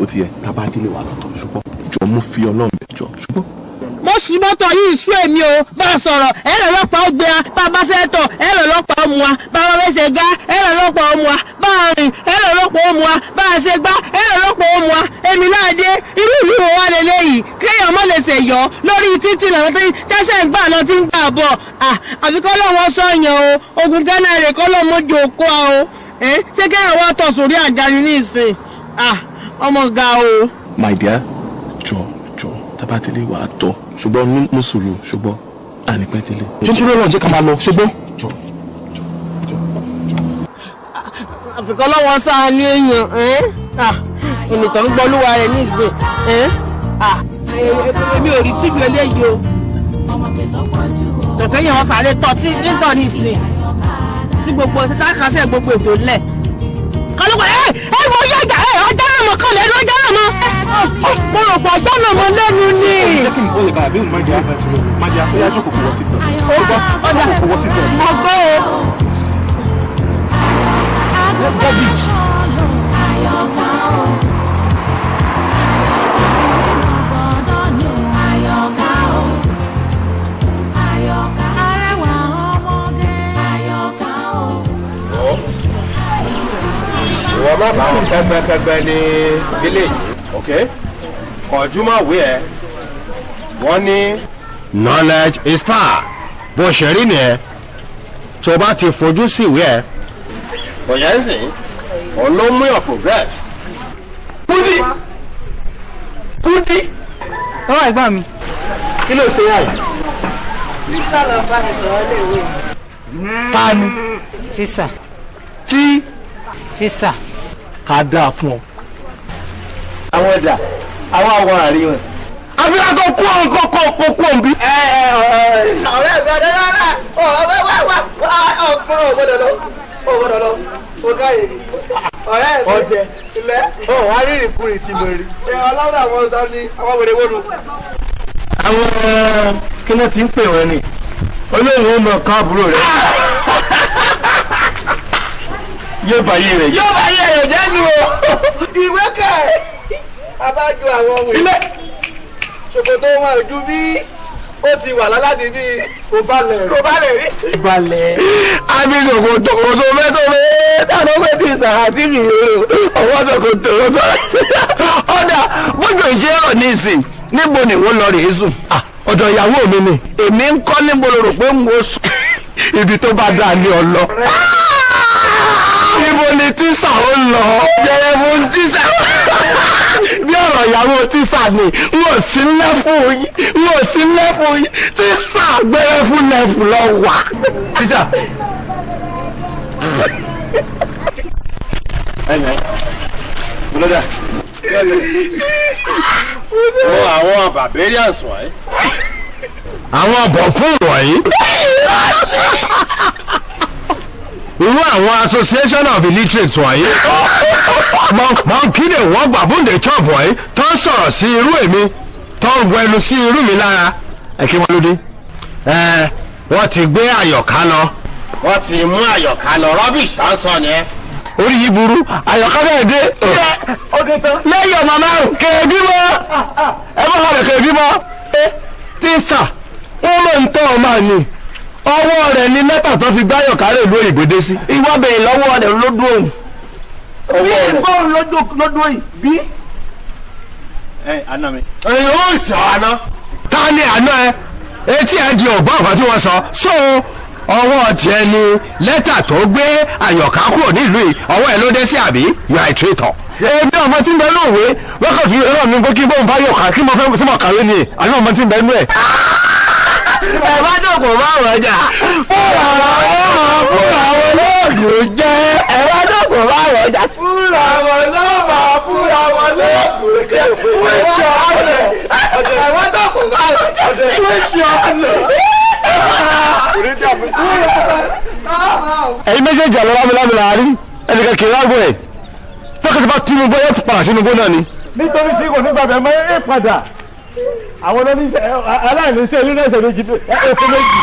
Speaker 2: ó ti yẹ tábà délé wà lọ́tọ̀ ṣùgbọ́n jọ mo fi ọlọ́run bẹ̀ jọ ṣùgbọ́n sí mọ́tò yìí sú èmi o bá a sọ̀rọ̀ ẹ lọ lọ́pàá ó wa bá a bá fẹ́ tọ̀ ẹ lọ lọ́pàá ó wa bá a fẹsẹ̀ ga ẹ lọ lọ́pàá ó wa bá a rìn ẹ lọ lọ́pàá ó wa bá a ṣe gbá ẹ lọ lọ́pàá ó wa èmi náà dé irú ìlú wo wá lélẹ́yìí kéèyàn mọ́ lè ṣe yọ lórí títì náà tí tẹ́sẹ̀ ń gbà náà ti ń gbà bọ̀ àfi kọ́ lọ́wọ́ sọ̀yàn o ogun ghana rè kọ́ lọ́mọ my dear jọ jọ tabatele wàá tọ́ ṣùgbọ́n ní sùúrù ṣùgbọ́n ànípẹ́ délé. tuntun ló rọ̀ jẹ́ ká máa lọ ṣùgbọ́n. àfikọ́ lọ́wọ́ sáà ní èèyàn ènìtàn ń gbọ́ olúwa rẹ̀ ní ìsìn èmi ò rí síbi eléyìí o tọ̀tọ̀ yẹn wọ́n fàárẹ̀ tọ́ tí nítorí ní ìsìn tí gbogbo títà kásẹ̀ gbogbo ètò lẹ̀ kọ́lọ́kọ́ ẹ ẹ wọ́n yọjà mọ̀ kan lẹ́nu ọjọ́ náà mọ́. mo rò pé ọjọ́ náà mọ lẹ́nu ni. jẹ́ kí n bọ́ ìka àbí òun má jẹ́ àbá ìṣòro má jẹ́ àbá ìyájọ́ kò fọwọ́ sí tẹ̀. ó gbọ́ ọjà kò fọwọ́ sí tẹ̀. mo gbọ́ o.
Speaker 4: Let's go beach.
Speaker 2: ìwọ má bá wọn pẹpẹpẹpẹ ní village ok kọjúmọ̀wé ẹ wọ́n ní. knowledge is power bó ṣe rí nìyẹn tó bá ti fojú sí ìwé ẹ. kò yẹn ń sìn òun ló mú your progress. kúndí kúndí. ọwọ́ ẹ̀gbọ́n mi.
Speaker 5: kí ló ṣe yàrá. tíṣà lọ bá mi sọ̀rọ̀ léèwé. ta ni. tíṣà. tí. tíṣà ká dáa fún ọ. àwọn ẹ̀dà àwọn àwọn àárín wọn. àfi àgọ́ kú ọ̀hún kó kó
Speaker 1: kó kú ọ̀hún bí.
Speaker 2: ọ̀rẹ́ mi ọ̀dọ́ rárá ọ̀rẹ́ wá wá ọ̀gbọ́n ògbọ́dọ̀ lọ ògbọ́dọ̀ lọ ọ̀gá yìí ọ̀rẹ́ mi ọ̀jẹ̀ ilẹ̀. ọ̀ wá rí ìrìnkúrìn tí mo rí. ọlọ́run àwọn ọ̀dọ́ ni àwọn wèrè wọ́nu. àwọn kí wọ́n ti ń pè wọ́n ni olóòwò mọ̀ káàbùrò rẹ̀. yóò bá yé rẹ jẹ. yóò bá yé rẹ jẹ nu o. ìwé kẹ abájọ àwọn òwe. ilé ṣòkòtò wọn ò bí ó ti wà láti bí kò balẹ̀ rí. kò balẹ̀ rí. balẹ̀. àbí ṣòkòtò òtò mẹ́tọ́mẹ́ dáná pé ti sàhátì mi o ọwọ́ ṣòkòtò òtò ọ̀dà bójú ìṣe ọ̀ ní ìsìn níbo ni wọ́n lọ rèé sùn. ọ̀dọ̀ ìyàwó mi ni èmi ń kọ́ níbo ló pé n kò sùn ibi tó bá dáa ni ọ lọ ibo ni tíṣà ó lọ bẹ̀rẹ̀ fún tíṣà bí ọ̀rọ̀ ìyàwó tíṣà ni n ò sí lẹ́fù yìí n ò sí lẹ́fù yìí tíṣà gbẹ̀rẹ̀ fún lẹ́fù lọ wà. tíṣà.
Speaker 1: àwọn barbarians
Speaker 2: wọ̀nyí. àwọn bọ̀ wọ̀nyí irú àwọn association of illiterates wọ̀nyí mọ̀nkídè wọ́n gbàbúndé chop wọ̀nyí tó ń sọ̀rọ̀ sí irú èmi tó ń bu ẹnu sí irú mi lára. ẹ kí wọn ló dé. ẹ wọ́n ti gbé àyọ̀ká lọ. wọ́n ti mú àyọ̀ká lọ rubbish tá ń sọ nìyẹn orí yìí burú àyọ̀ká bẹ́ẹ̀ dé. lẹ́yìn ọ̀mà márùn-ún kèébí mọ́ ẹ bá wọlé kèébí mọ́. tíṣà wọ́n ló ń tọ́ ọ máa ní ọwọ́ rẹ̀ ni lẹ́tà tó fi báyọ̀ kárẹ̀ ló ìgbòde sí. ìwọ bèrè lọ́wọ́ rẹ̀ lódú òun. bí ìgbóhùn lódú òyìn bí. ẹ àná mi. èyí ó sọ àná. ta ni àná ẹ etí ẹ di ọgbọ́n ọ̀gbọ́n tí wọ́n sọ so ọwọ́ tiẹ̀ ni lẹ́tà tó gbé àyọ̀ká kúrò nílùú yìí ọwọ́ ẹ ló dé sí àbí you are a traitor èmi ọmọ tí ń bẹ lóòwe wákàtí fi ẹ̀rọ mi kí bóun bá yọ̀ ká kí mo fẹ́ sí mo kàwé ni àná ọmọ tí ń bẹ nú ẹ̀. ẹ bá dòkò bá wọn
Speaker 4: jà fúnra wọn fúnra wọn lóògùn jẹ ẹ bá dòkò bá wọn jà fúnra wọn lọ́mọ
Speaker 2: fúnra wọn lóògùn jẹ fúnra wọn lẹ ẹ bá dòkò bá wọn jà fúnra wọn lẹ ẹ̀yin méjèèjì àlọ́ lámìlámì làárí ẹnìkan kì í lágbo ẹ̀ tọ́kẹ́tì bá Tinubu yóò ti padà Tinubu ni. nítorí tí kò ní gbàgbé mọ́ ẹ padà àwọn aláìníṣẹ́ ilé náà ṣe méjì ẹ̀fọ́ méjì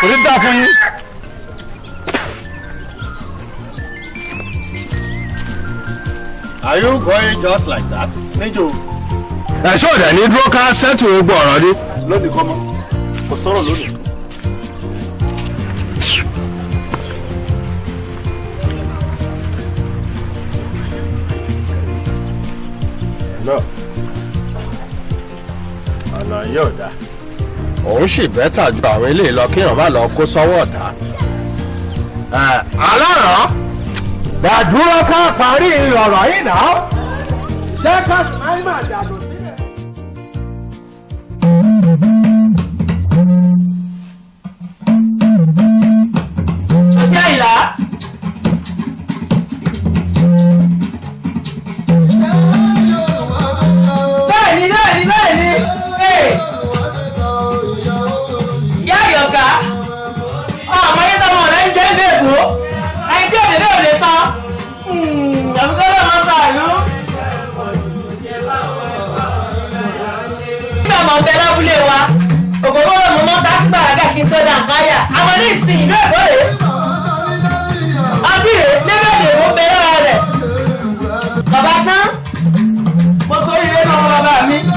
Speaker 2: kò ní dá fún yín. Are you going just like that? Níjó. Ẹ̀ṣọ́ ọ̀dẹ̀ ní dúró ká sẹ́tù gbọ́ ọ̀rọ̀ dé. Lónìí kọ́mọ, kò sọ̀rọ̀ lónìí. lọ ọ̀nà yóò dá. òun sì bẹ́tà ju àwọn eléyìí lọ kéèyàn má lọ kó sọ́wọ́ ọ̀tá. Eh, alárọ̀ gbàdúrà ká parí ọ̀rọ̀ yìí náà jẹ́ ká sùnmáì máa dànù Yeah. wò ó
Speaker 1: ẹni tí òdèdè ò lè sọ hmm, àbíkọ́ lè má sàánú. nígbà mọ̀ bẹ lábúlé wa ògògó rẹ̀ mọ́ mọ́ta sí gbàràgà kí n tó dà káyà àwọn ní ìsìn ìlú èkó rèé
Speaker 2: ọtí rèé níbẹ̀ ni èwo bẹ lára rẹ̀ bàbá tán mo sọ ilé náà bàbá mi.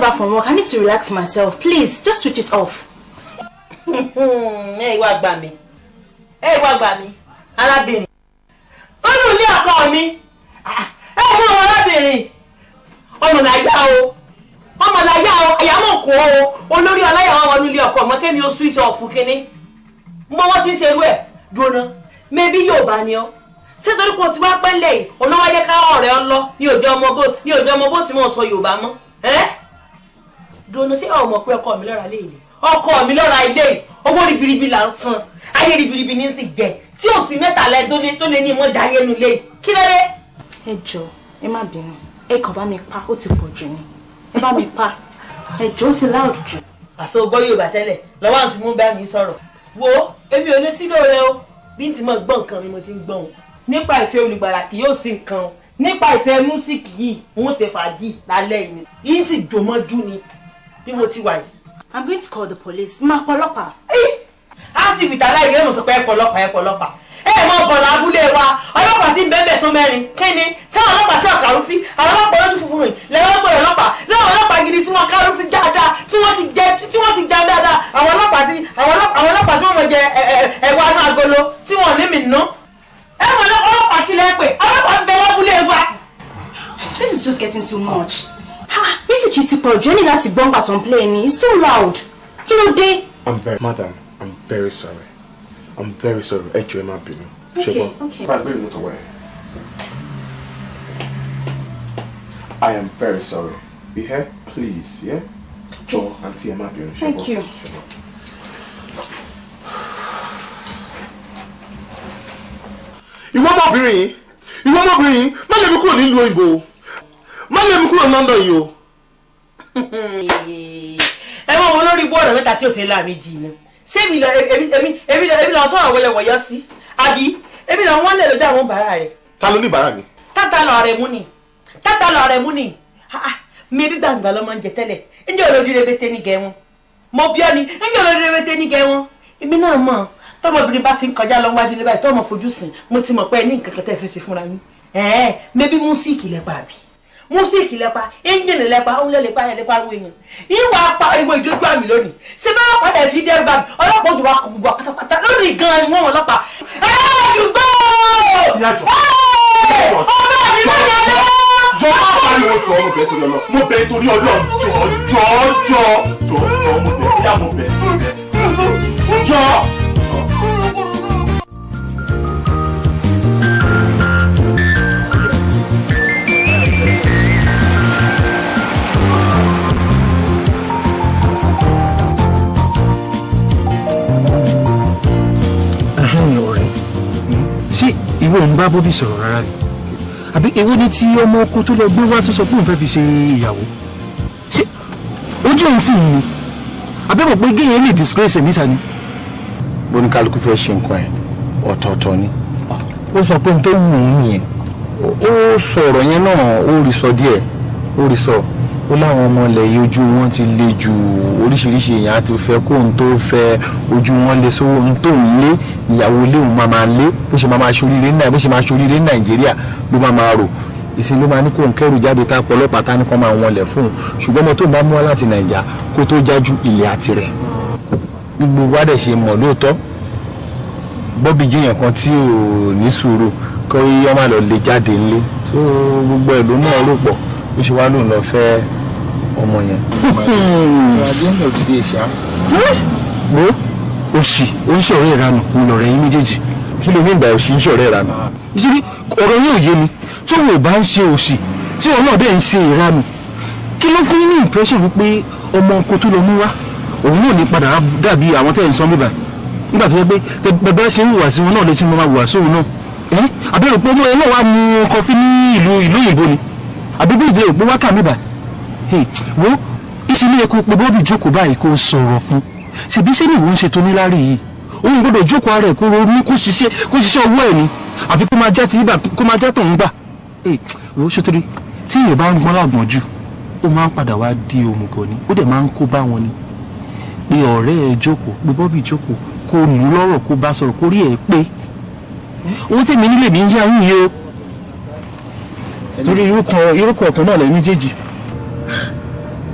Speaker 2: got back from work. I need to relax myself. Please, just switch it off. Hey, what Ẹ wá gbà mí. Ẹ wá gbà mí. Arábìnrin. Ó lù ní ọkọ mi. Ah, ẹ Oh no, arábìnrin. Ọmọ làyà o. Ọmọ làyà o. Àyàmọ̀ kò o. Olórí ọláyà wọn wọnú ilé ọkọ ọmọ kémi ó switch off kínní. Mo wọ́n ti ń ṣerú ẹ̀ dúró. Mẹ́bí yóò bá ni ọ́ ṣé torí kò tí wá pẹ́ lẹ́yìn ọ̀nà wáyé ká ọ̀rẹ́ ọ lọ ní òde ọmọ bó ti mọ̀ sọ Yorùbá mọ́ ẹ́ dùnú sí ọmọ pé ọkọ mi lọ́ra ilé yìí ọkọ mi lọ́ra ilé yìí
Speaker 3: owó ribiribi là ń fún ayé ribiribi ní sì jẹ tí ò sí mẹ́ta lẹ tó lé ní ìmọ̀jà ayé nu lé kí ló dé. ẹ jọ ẹ má bínú ẹ kàn bá mi pa ó ti pọ̀ jù ni
Speaker 2: ẹ bá mi pa ẹ jọ ó ti láòd jù. àṣọ gbọ́ Yorùbá tẹ́lẹ̀ lọ́wọ́ àfi mú bá mi sọ̀rọ̀ wo èmi ò lè sílò rẹ o bí n ti mọ gbọ́ nǹkan mi mo ti ń gbọ́ o nípa ìfẹ́ olùgbàlà kì yóò sí nǹkan o nípa ìfẹ́ músíkì yìí n ṣe fàájì lálẹ́ yìí bí ti wà yìí. I'm going to call the police. Máa pọ̀ ọlọ́pàá. A sì wìtà láì lè mọ̀ sọ pé ẹ pọ̀ ọlọ́pàá ẹ pọ̀ ọlọ́pàá. Ẹ mọ bọ̀lá abúlé wa, ọlọ́pàá ti ń bẹ́ẹ̀ tó mẹ́rin. Kí ni? Táwọn ọlọ́pàá tí ọ̀kà rúfin, àwọn ọlọ́pàá olójú funfun rìn, lẹ́wọ́n pọ̀ ọlọ́pàá. Láwọn ọlọ́pàá gidi tí wọ́n ká rúfin dáadáa, tí wọ́n ti jẹ tí wọ́n ti jẹ dáadáa. Àwọn ọlọ́pàá tí àwọn ọlọ́pàá tí wọ́n mọ̀ jẹ ẹ̀wà inú agolo tí wọ́n ní mì nú. Ẹ mọ̀ ọlọ́pàá kílẹ̀ pé ọlọ́pàá ń bẹ lábúlé wa. This is just getting too much ah music yìí ti pọ̀ jù ẹ́ ní láti gbọ́n pàtàn play ni it's too loud You know they. i'm very madam i'm very sorry i'm very sorry ẹ jọ̀ọ́ ẹ Okay. bínú.
Speaker 4: ṣùgbọ́n
Speaker 2: báyìí bẹ́ẹ̀ mo tọ̀ wẹ̀. i am very sorry Be here, please yeah? jọ̀ọ́ àǹtí ẹ má bínú ṣùgbọ́n. thank you. Ṣùgbọ́n. ìwọ ọmọbìnrin yìí ìwọ ọmọbìnrin yìí má lè mi kúrò nílùú go má lè mi kúrò ní London yìí o. ẹ mọ wọn lórí bọ́ọ̀rọ̀ mẹ́ta tí ò ṣe láàmì jì ni ṣé mi lọ èmi lọ sọ̀rọ̀ wọ̀yọ̀wọ̀yọ̀ sí àbí èmi lọ wọ́n lè lójú àwọn bàárà rẹ̀. ta ló ní bàárà mi. tata lọ rẹ mú ni tata lọ rẹ mú ni ah, ah, mi rí gbàǹgbà lọmọ ń jẹ tẹ́lẹ̀ ǹjẹ́ olórí rebete ní gẹ̀ wọn mo bí ọ ni ǹjẹ́ olórí rebete ní gẹ̀ wọn èmi náà mọ̀ tọmọbìnrin bá ti ń kọjá lọ wájú ní báyìí tọmọ fojú sìn mo ti mọ̀ pé ní nǹkan kẹtẹ́ fèsì fúnra yín ẹ̀ẹ́ mẹ́bí músíìkì lẹ́pàá bíi músíìkì lẹ́pa ẹ́ńjìnì lẹ́pa oúnjẹ lẹ́pa ẹ̀ lẹ́pa ariwo èèyàn ìwà apá ìwé ìdójú àmì lónìí ṣé bá padà fi dẹ́rù bá mi
Speaker 4: ọlọ́pàá òjò wa kò gbogbo àkàtàkàtà lónìí gan-an ni wọ́n wọ̀ lọ́pàá ẹ̀
Speaker 5: àdúgbò ọmọ mi lọ́dọ̀
Speaker 2: lọ́wọ́ jọ má pariwo jọ mo bẹ̀ torí ọlọ mo bẹ̀ torí ọlọ jọ jọ jọ jọ jọ mo bẹ̀ ẹyà mo bẹ̀ jọ. ìwọ ń bá Bobby sọ̀rọ̀ rárá ni àbí èwo ni ti ọmọ oko tó lọ gbé wá tó sọ pé òun fẹ́ fi ṣe ìyàwó ṣé ojú òun sì yìí ni àbẹ̀wò pé géèyàn lè disgrace ẹ̀mí sani. bóníkálukú fẹ́ ṣe nǹkan ẹ̀ ọ̀tọ̀ọ̀tọ̀ ni ó sọ pé n tó wù ú nìyẹn ó sọ̀rọ̀ yẹn náà ó rí sọ díẹ̀ ó rí sọ ó láwọn ọmọ ilẹ̀ yìí ojú wọn ti le ju oríṣiríṣi èèyàn àti fẹ́ kó n tó fẹ́ ojú wọn lé sówó n tó ń lé ìyàwó ilé òun máa máa lé bó ṣe máa máa ṣoríire náà bó ṣe máa ṣoríire nàìjíríà ló máa máa rò ìsìn ló máa ní kó n kẹrù jáde tá ọlọ́pàá tá ní kó máa wọn lẹ̀ fún un ṣùgbọ́n ọmọ tó ń bá mú wa láti nàìjà kó tó jájú ilé àti rẹ̀ gbogbo wa dẹ̀ ṣe mọ̀ lóòótọ́ bọ́bí jẹ́yàn kan tí ò ní sùúrù kó yọ́ máa lọ lè jáde ńlé so gbogbo ẹ̀ ló náà rò pọ̀ ó ṣe wá lóun lọ fẹ́ẹ́ ọmọ yẹn.
Speaker 1: ìrìnàjò
Speaker 2: náà dìde ìṣá. wo òṣì oníṣẹ́ ọ̀rẹ́ ìranù mo lọ rẹ̀ yín méjèèjì. kí ló ní ìgbà òṣì ń ṣe ọ̀rẹ́ ìranù. ìṣèlú ọ̀rọ̀ yóò yé mi tí òun ò bá ń ṣe òṣì tí òun náà bẹ́ẹ̀ ń ṣe ìranù kí ló fún yín ní impression wípé ọmọ ọkọ tó lọ mú wá òun náà ní padà dàbí àwọn tẹ́ ẹ̀ ń sọ bíbà nígbà tó yẹ pé bẹ̀bẹ̀ ṣe ń wùwà sí wọn náà lè ṣe máa wùwà sóun náà ẹ àbẹ̀rù pé ọmọ ẹ náà wà mú kọfí ní ìlú ìlú òyìnbó ni àbí bí ìdílé òpó wákà mìíràn wo ìsinmi ẹ̀kọ́ pé bóbi jókòó báyìí kó sọ̀rọ̀ fún ṣèbí sẹ́ni ìwọ ń ṣe tó níláárí yìí òun gbọ́dọ̀ jókòó ara ẹ̀ kó ronú kó kó ṣiṣẹ́ owó ẹ̀ ni àfi kó máa já ti ibà kó máa já tòun gbà wo ṣètìrí tí èèyàn bá ń gbọ́n làgbọ̀n jù ó máa ń padà wá di òmùgọ̀ ni ó dẹ̀ máa ń kó bá wọn ni pé ọ̀rẹ́ ẹ̀ jókòó pé jókòó kó mú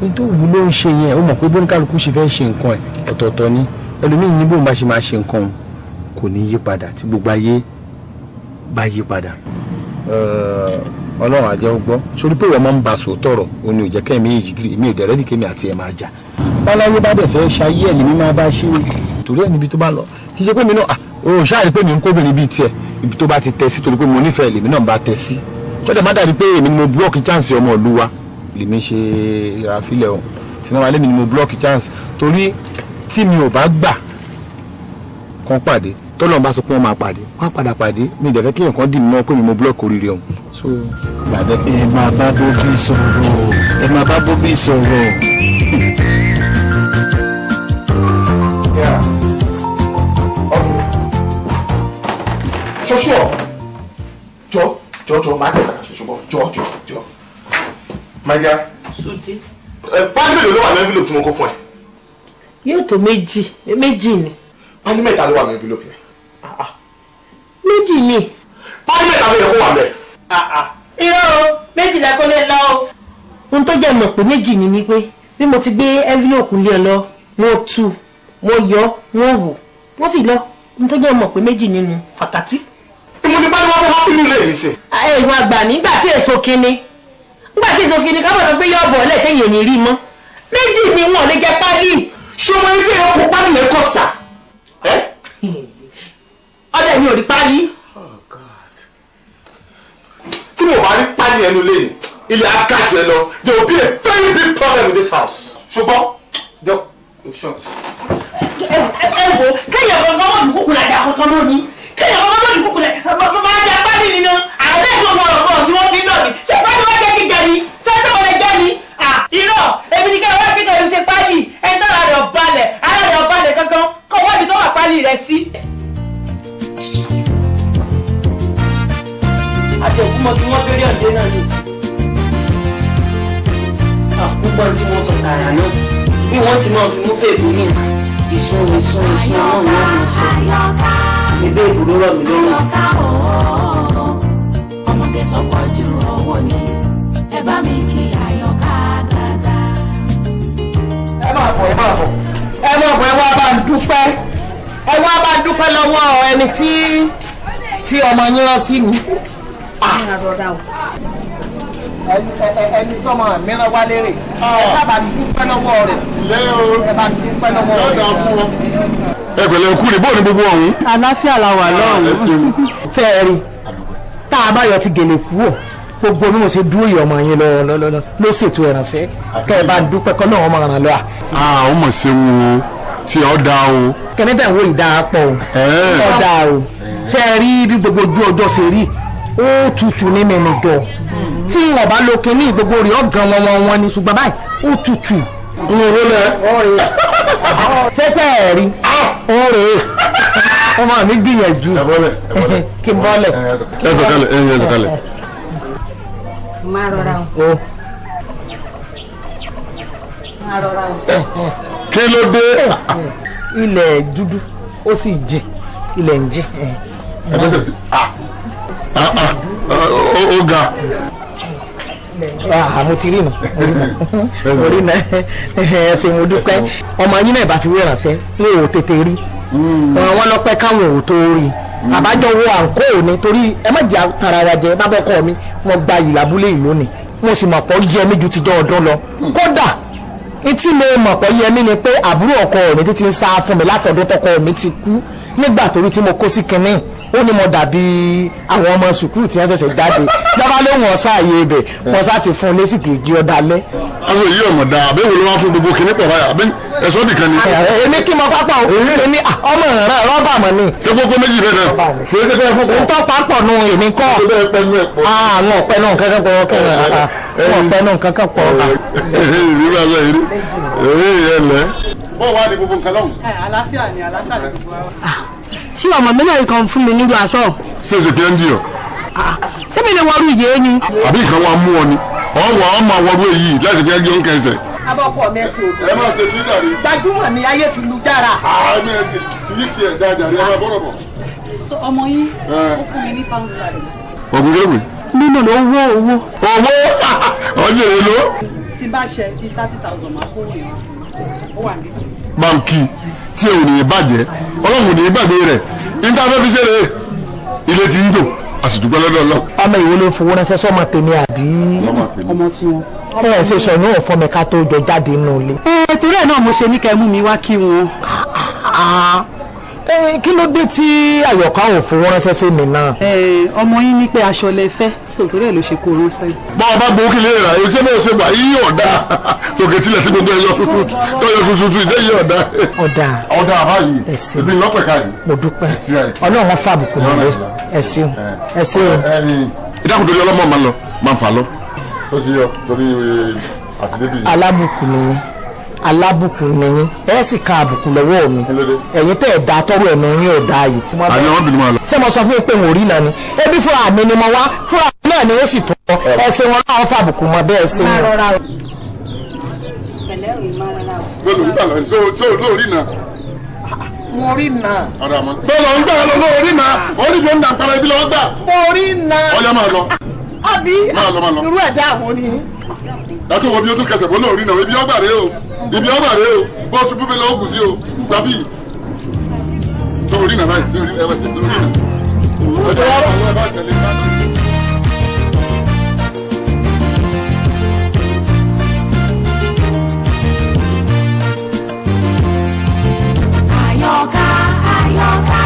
Speaker 2: pé tó wù ló ń ṣe yẹn ó mọ̀ pé bóńkálukú ṣe fẹ́ ṣe nǹkan ẹ̀ ọ̀tọ̀ọ̀tọ̀ ni ẹlòmíín ní bóun bá ṣe máa ṣe nǹkan òun kò ní yí padà tí gbogbo ayé bá yí padà. ọlọ́run àjẹ́ ó gbọ́ sórí pé ìwọ máa ń ba sòótọ́rọ̀ ó ní òjẹ́ kẹ́mi ìjìgìrì èmi ò dẹ̀rẹ́dì kémi àti ẹ̀ máa jà. báláyé bá dẹ̀ fẹ́ ṣayé ẹ̀ lèmi máa bá ṣe torí ẹ̀ níbi tó bá lọ kì ṣe pé mi náà òun ṣáà pé mi ń kóbìnrin bíi tiẹ̀ ibi tó bá ti tẹ̀ sí torí pé mo nífẹ̀ẹ́ lèmi náà bá tẹ̀ sí. fẹ́tẹ̀ má dàbí pé èmi mo búrọ́ọ̀kì chance ọmọ ìlú wa lèmi ṣe ìràfilẹ̀ o sinimá lèmi ni mo block chance torí tí mi ò bá gbà kàn pàdé tọ́lọ́n bá sọ pé wọ́n máa pàdé wọ́n á padà pàdé mi ìdẹ̀fẹ́ kí nǹkan dì mí mọ́ pé mi mo block oríire ọ̀hún so gbà bẹ́ẹ̀. ẹ máa bá bóbí sọ̀rọ̀ ẹ máa bá bóbí sọ̀rọ̀. jọ jọ jọ máa tẹ̀lé ṣùgbọ́n jọ jọ jọ my dear. suti. ẹ pálí mélòó ló wà ní envelope tí mo kó fún ẹ.
Speaker 3: yóò tó méjì méjì ni.
Speaker 2: pálí mẹ́ta ló wà ní envelope yẹn. Ah, ah. méjì ni. pálí mẹ́ta ló yẹ kó wà bẹ́ẹ̀. Ah, irọ́ o méjì la kó lè lọ o. ohun tó jẹ́ mọ̀ pé
Speaker 3: méjì ni ni pé bí mo ti gbé envelope lé ọ lọ wọ́n tú wọ́n yọ wọ́n wò wọ́n sì lọ ohun tó jẹ́ mọ̀ pé méjì nínú fàkàtì. ìmúdí bá ní wọ́n fọwọ́ sínú ilé yìí sí. ẹ ìwà àgbà nígbà tí èso kínní nígbà tí ìtòkì ni káwọn ọ̀sán pé yọ ọ̀bọ̀ ọ̀lẹ́
Speaker 2: tẹ̀yìn ní rí mọ́ méjì ni wọn lè jẹ pálí ṣọmọ etí ẹ̀rọ kó pálí Eh? kọ̀ sà ọ̀dà mi ò Oh God! tí mo bá rí pálí ẹnu lẹ́yìn ilé catch ẹ lọ there will be a very big problem in this house ṣùgbọ́n jọ insurance. ẹ ẹ wo kéèyàn kan kọ́ mọ́ dùkúkú la dà kankan mọ́ ni kéèyàn kan kọ́ mọ́ dùkúkú la bàbá dà pálí nínú àbẹ́ gbogbo ọ̀rọ̀ kan tí wọ́n fi ń lọ ni ṣé pálí wọ́n jẹ́ kí jẹ ni ṣé tí wọ́n lè jẹ ni irọ́ èmi ni kẹ́kẹ́ wọ́n fi tẹ̀lé ṣe pálí ẹni tó ara rẹ̀ ọ̀balẹ̀ ara rẹ̀ ọ̀balẹ̀ kankan kọ́ wọ́n ibi tó wà pálí rẹ̀ sí. àti òkú mọ kí wọ́n fi rí ọ̀dẹ́ náà ní
Speaker 3: àkúgbọ́n tí wọ́n sọ tààrà náà bí wọ́n ti máa fi mú fèèbù ní ìsun ìsun ìsun
Speaker 4: náà ní ọ̀nà ìṣẹ̀lẹ̀ ìbéèbù ló rọ̀ mí lọ́rùn ìpàdé tó pọ̀jù owó ni ẹ bá mi kí àyọká dáadáa. ẹ máa bọ̀ ẹ máa bọ̀ ẹ máa bọ̀ ẹ wá bá ń dúpẹ́
Speaker 2: ẹ wá bá dúpẹ́ lọ́wọ́ ẹni tí tí ọmọ yín rán sí mi. Ah. ẹni tó máa mìíràn wá lérè ah. ẹ sábà dúpẹ́ lọ́wọ́ rẹ̀ ẹ bá dúpẹ́ lọ́wọ́ rẹ̀. ẹ pẹ̀lẹ́ kúrè bóun ni gbogbo ọ̀hún. àlàáfíà la wà lọ́hùn-ún. Ah, ṣé ẹ rí i tá a bá yọ ti gèlè kúrò gbogbo bí mo ṣe dúró yìí ọmọ yín lọ ló ṣètò ìrànṣẹ́ kẹ́ ẹ bá dúpẹ́ kọ́ náà wọ́n máa ràn lọ́wọ́. àwọn ah, ọmọ ṣe wo tí ọ da o. kẹ́nẹ́tà wo ìdarapọ̀ o ọ da o ṣe é rí bí gbogbo ojú ọjọ́ ṣe rí ó tutù ní mẹ́nìdọ̀ tí wọn bá lo kínní gbogbo rẹ̀ ọ̀gàn wọn wọn wọn ni ṣùgbọ́n báyìí ó tutù. n ò wọlé. fẹ́fẹ́ rí ah! ó rèé ọmọ mi gbìyànjú kí n bọ́lẹ̀. ẹ sọ̀kalẹ̀ ẹ sọ̀kalẹ̀. máa rọra o. máa rọra o. kí ló dé. ilẹ̀ dúdú
Speaker 3: ó sì jì ilẹ̀ ń jì. Ah, ah, ah, ó ga mo ti rí nu mo rí nu ẹ ṣé mo dúpẹ́ ọmọ yín náà bá fi wé ránṣẹ́ n ò tètè rí
Speaker 2: Mm. wọn lọ pẹ́ káwọn ò tó rí mm. àbájọ wo àǹkó òní torí ẹ má jẹ́ tara ara jẹ bábọ́ ọkọ mi wọ́n gba ìlú abúlé ìlú ni mo sì mọ̀ pọ̀ yẹ mí ju tijọ́ ọdún lọ mm. kódà tí mo mọ̀ pọ̀ yẹ mí ni pé àbúrò ọkọ mi ti ń sá fún mi látọ̀dún tọkọ mi ti kú nígbà torí tí mo kó sí kinní ó ní mo dàbí àwọn ọmọ sùkúrù tí wọ́n ṣẹ̀ṣẹ̀ jáde lọ́ba ló wọ̀n sáàyè ibẹ̀ wọ́n sá ti fún un létí kìí jí ọ̀dà lẹ́. àwọn èyí ọmọ dáa àbẹ wo ló wá fún gbogbo kìnní pọ̀ báyà àbẹ ẹ̀sọ́ nìkan ni. èmi kí mo pápá o èmi ọmọ rẹ rọ́bà mọ́ ni. ṣé kókó méjì bẹ́ẹ̀ náà. ntọ́ pápọ̀ nù èmi kọ́. àwọn ọ̀pẹ náà kankan pọ̀ kankan ọ̀pẹ náà kankan pọ̀ bó wà ní gbogbo nǹkan lọ́hùn. àlàáfíà ni àlàáfíà
Speaker 3: ni gbogbo wa.
Speaker 2: ṣé ọmọ mi náà kan fún mi nílùú aṣọ. ṣé èsì kìí ń di ọ. Ah, ṣé mi lè wọrú ìyé ni. àbí ìkan wa mú ọ ni ọwọ ọmọ wọrú èyí láti fi ẹjọ ń kẹsẹ. abọ́kọ̀ mi ẹ̀sìn òbí. ẹ máa ṣe fídà rí. gbajúmọ̀ ni ayé ti lu dára. àmì ah, ẹ̀jẹ̀ tìyí tiẹ̀ dáadáa ni ẹ máa bọ̀rọ̀
Speaker 3: bọ̀. so ọmọ yín ó fún mi ní pound sterling.
Speaker 2: ògùnkẹ́wì. nínú owó owó. owó ọjọ́ èlò.
Speaker 3: tí bá ṣe bíi thirty thousand máa kó wọ̀nyí ó wà níbi
Speaker 2: bá ń kí tí ò ní bàjẹ́ ọlọ́run ò ní gbàgbé rẹ̀ níta fẹ́ fi ṣe rè ilé ti ń jò àṣìdúgbò lọ́dọ̀ lọ. ọmọ ìwo ló fowó ránṣẹ́ sọ́mọ tèmi àbí ọmọ tí wọn. ẹ ẹ ṣe sọnù ọ̀fọ́ mi ká tó jọ jáde nínú ilé. ẹ torí ẹ náà mo ṣe ní kẹ́ mú mi wá kí wọn. Ah, ah, ah kí ló dé tí àyọ̀ká ò fowó ránṣẹ́ sí mi náà. ọmọ yín ní pé aṣọ lẹ fẹ́ sòtúrẹ́ ló ṣe kó o ránṣẹ́. bá a bá gbowó kí lè rà yóò ṣe bẹ́ẹ̀ ṣe gbà yí ọ̀dà tòkè tilẹ̀ tí gbogbo ẹyọ tuntun tuntun ìṣe yí ọ̀dà. ọ̀dà ọ̀dà báyìí ìbí lọ́pẹ̀ká yìí. mo dúpẹ́ ọlọ́run fàbùkù nílé
Speaker 3: ẹ ṣeun ẹ ṣeun.
Speaker 2: ìdákùn torí ọlọ́mọ máa ń lọ máa ń fà lọ. tó ti yọ torí àtìlébì. alábùkù ni alábùkún ni yín ẹ sì ka àbùkún lọ́wọ́ mi ẹ̀yin tẹ́ ẹ̀ dá tọ́wọ́ ẹ̀nu yín ò dá yìí. àbí wọn bìnnú máa lọ. ṣé sọ fún yín pé n ò rí nàní ebi fúnra mi ni mo wá fúnra mi náà ni ó sì tún ọ ẹsẹ̀ wọn náà fà àbùkún mọ bẹ́ẹ̀ ṣe wọn.
Speaker 3: mo rí nà. bọ́lá ń
Speaker 2: gbà lọ lórí nà ó ní gbọ́ndà ń para ibi lọ́wọ́ gbà. mo rí nà. ọjà máa lọ àbí irú ẹ̀dá àwọn ni. ẹ tó wọ bí o tún kẹsẹ̀ bọ́ náà rí náà ibi ọgbà rẹ o ibi ọgbà rẹ o bó o ṣubú mi lọ́wọ́ kù sí o tàbí tó rí náà báyìí sí orí ẹwẹ́ sí tó rí náà. ọjọ́ wa wà wọ́n bá tẹ̀lé náà.
Speaker 4: Ayọ̀ká, Ayọ̀ká.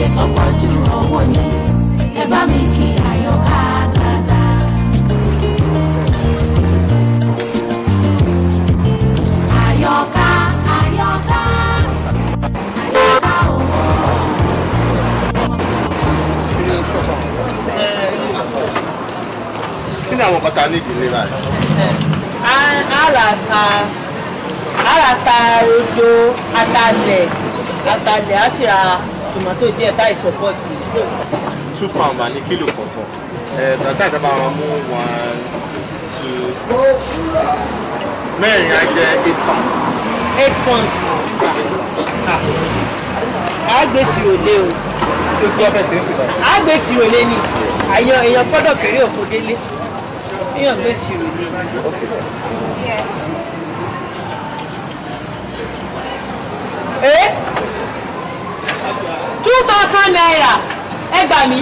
Speaker 4: ọmọdé tó pọ́njú owó ni ẹ bá mi kí àyọká dáadáa. àyọká àyọká àyọká owó
Speaker 2: kí ni àwọn kọta nídìí ní báyìí. àlàta àlàta odo atalẹ̀ atalẹ̀ á sì tòmátò díẹ̀ táì sọ́pọ̀tì. two pound ma ní kílò kọ̀ọ̀kan tàtà ìjọba àwọn mú one two mẹ́rin á jẹ́ eight pounds. eight pounds. àgbèsì ah. ah, ò lé o. kí ló fẹ́ ṣe é sí báyìí. àgbèsì ah, ò lé ni àyàn èèyàn gbọ́dọ̀ kéré òkú délé
Speaker 5: èèyàn gbèsì ò lé. ẹ. Eh? two
Speaker 2: thousand naira ẹ gbà mí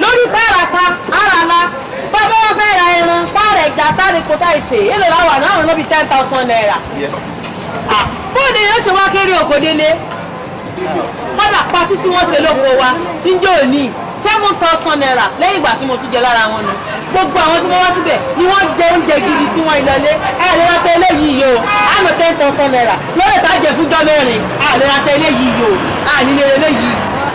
Speaker 2: lórí bẹ́ẹ̀rẹ̀ ta la bàbá wa fẹ́ ra ẹran táàrẹ̀ ìgbà táàrẹ̀ kò táì sè é lè la wà náà lóbi ten thousand naira. bóde yóò ṣe wá kéré òkò délé kọ́dà patí tí wọ́n ṣe lóko wa níjẹ́ òní seven thousand naira lẹ́yìn ìgbà tí mo tún jẹ lára wọn ni gbogbo àwọn tí wọ́n wá síbẹ̀ ni wọ́n jẹ oúnjẹ gidi tí wọ́n ìlọlé àìlera tẹ eléyìí yìí o àmọ̀ ten thousand naira lọ́rẹ̀ tá a jẹ fún jọ mẹ́rin àìlera tẹ eléyìí yìí o àìnílẹ̀ eléyìí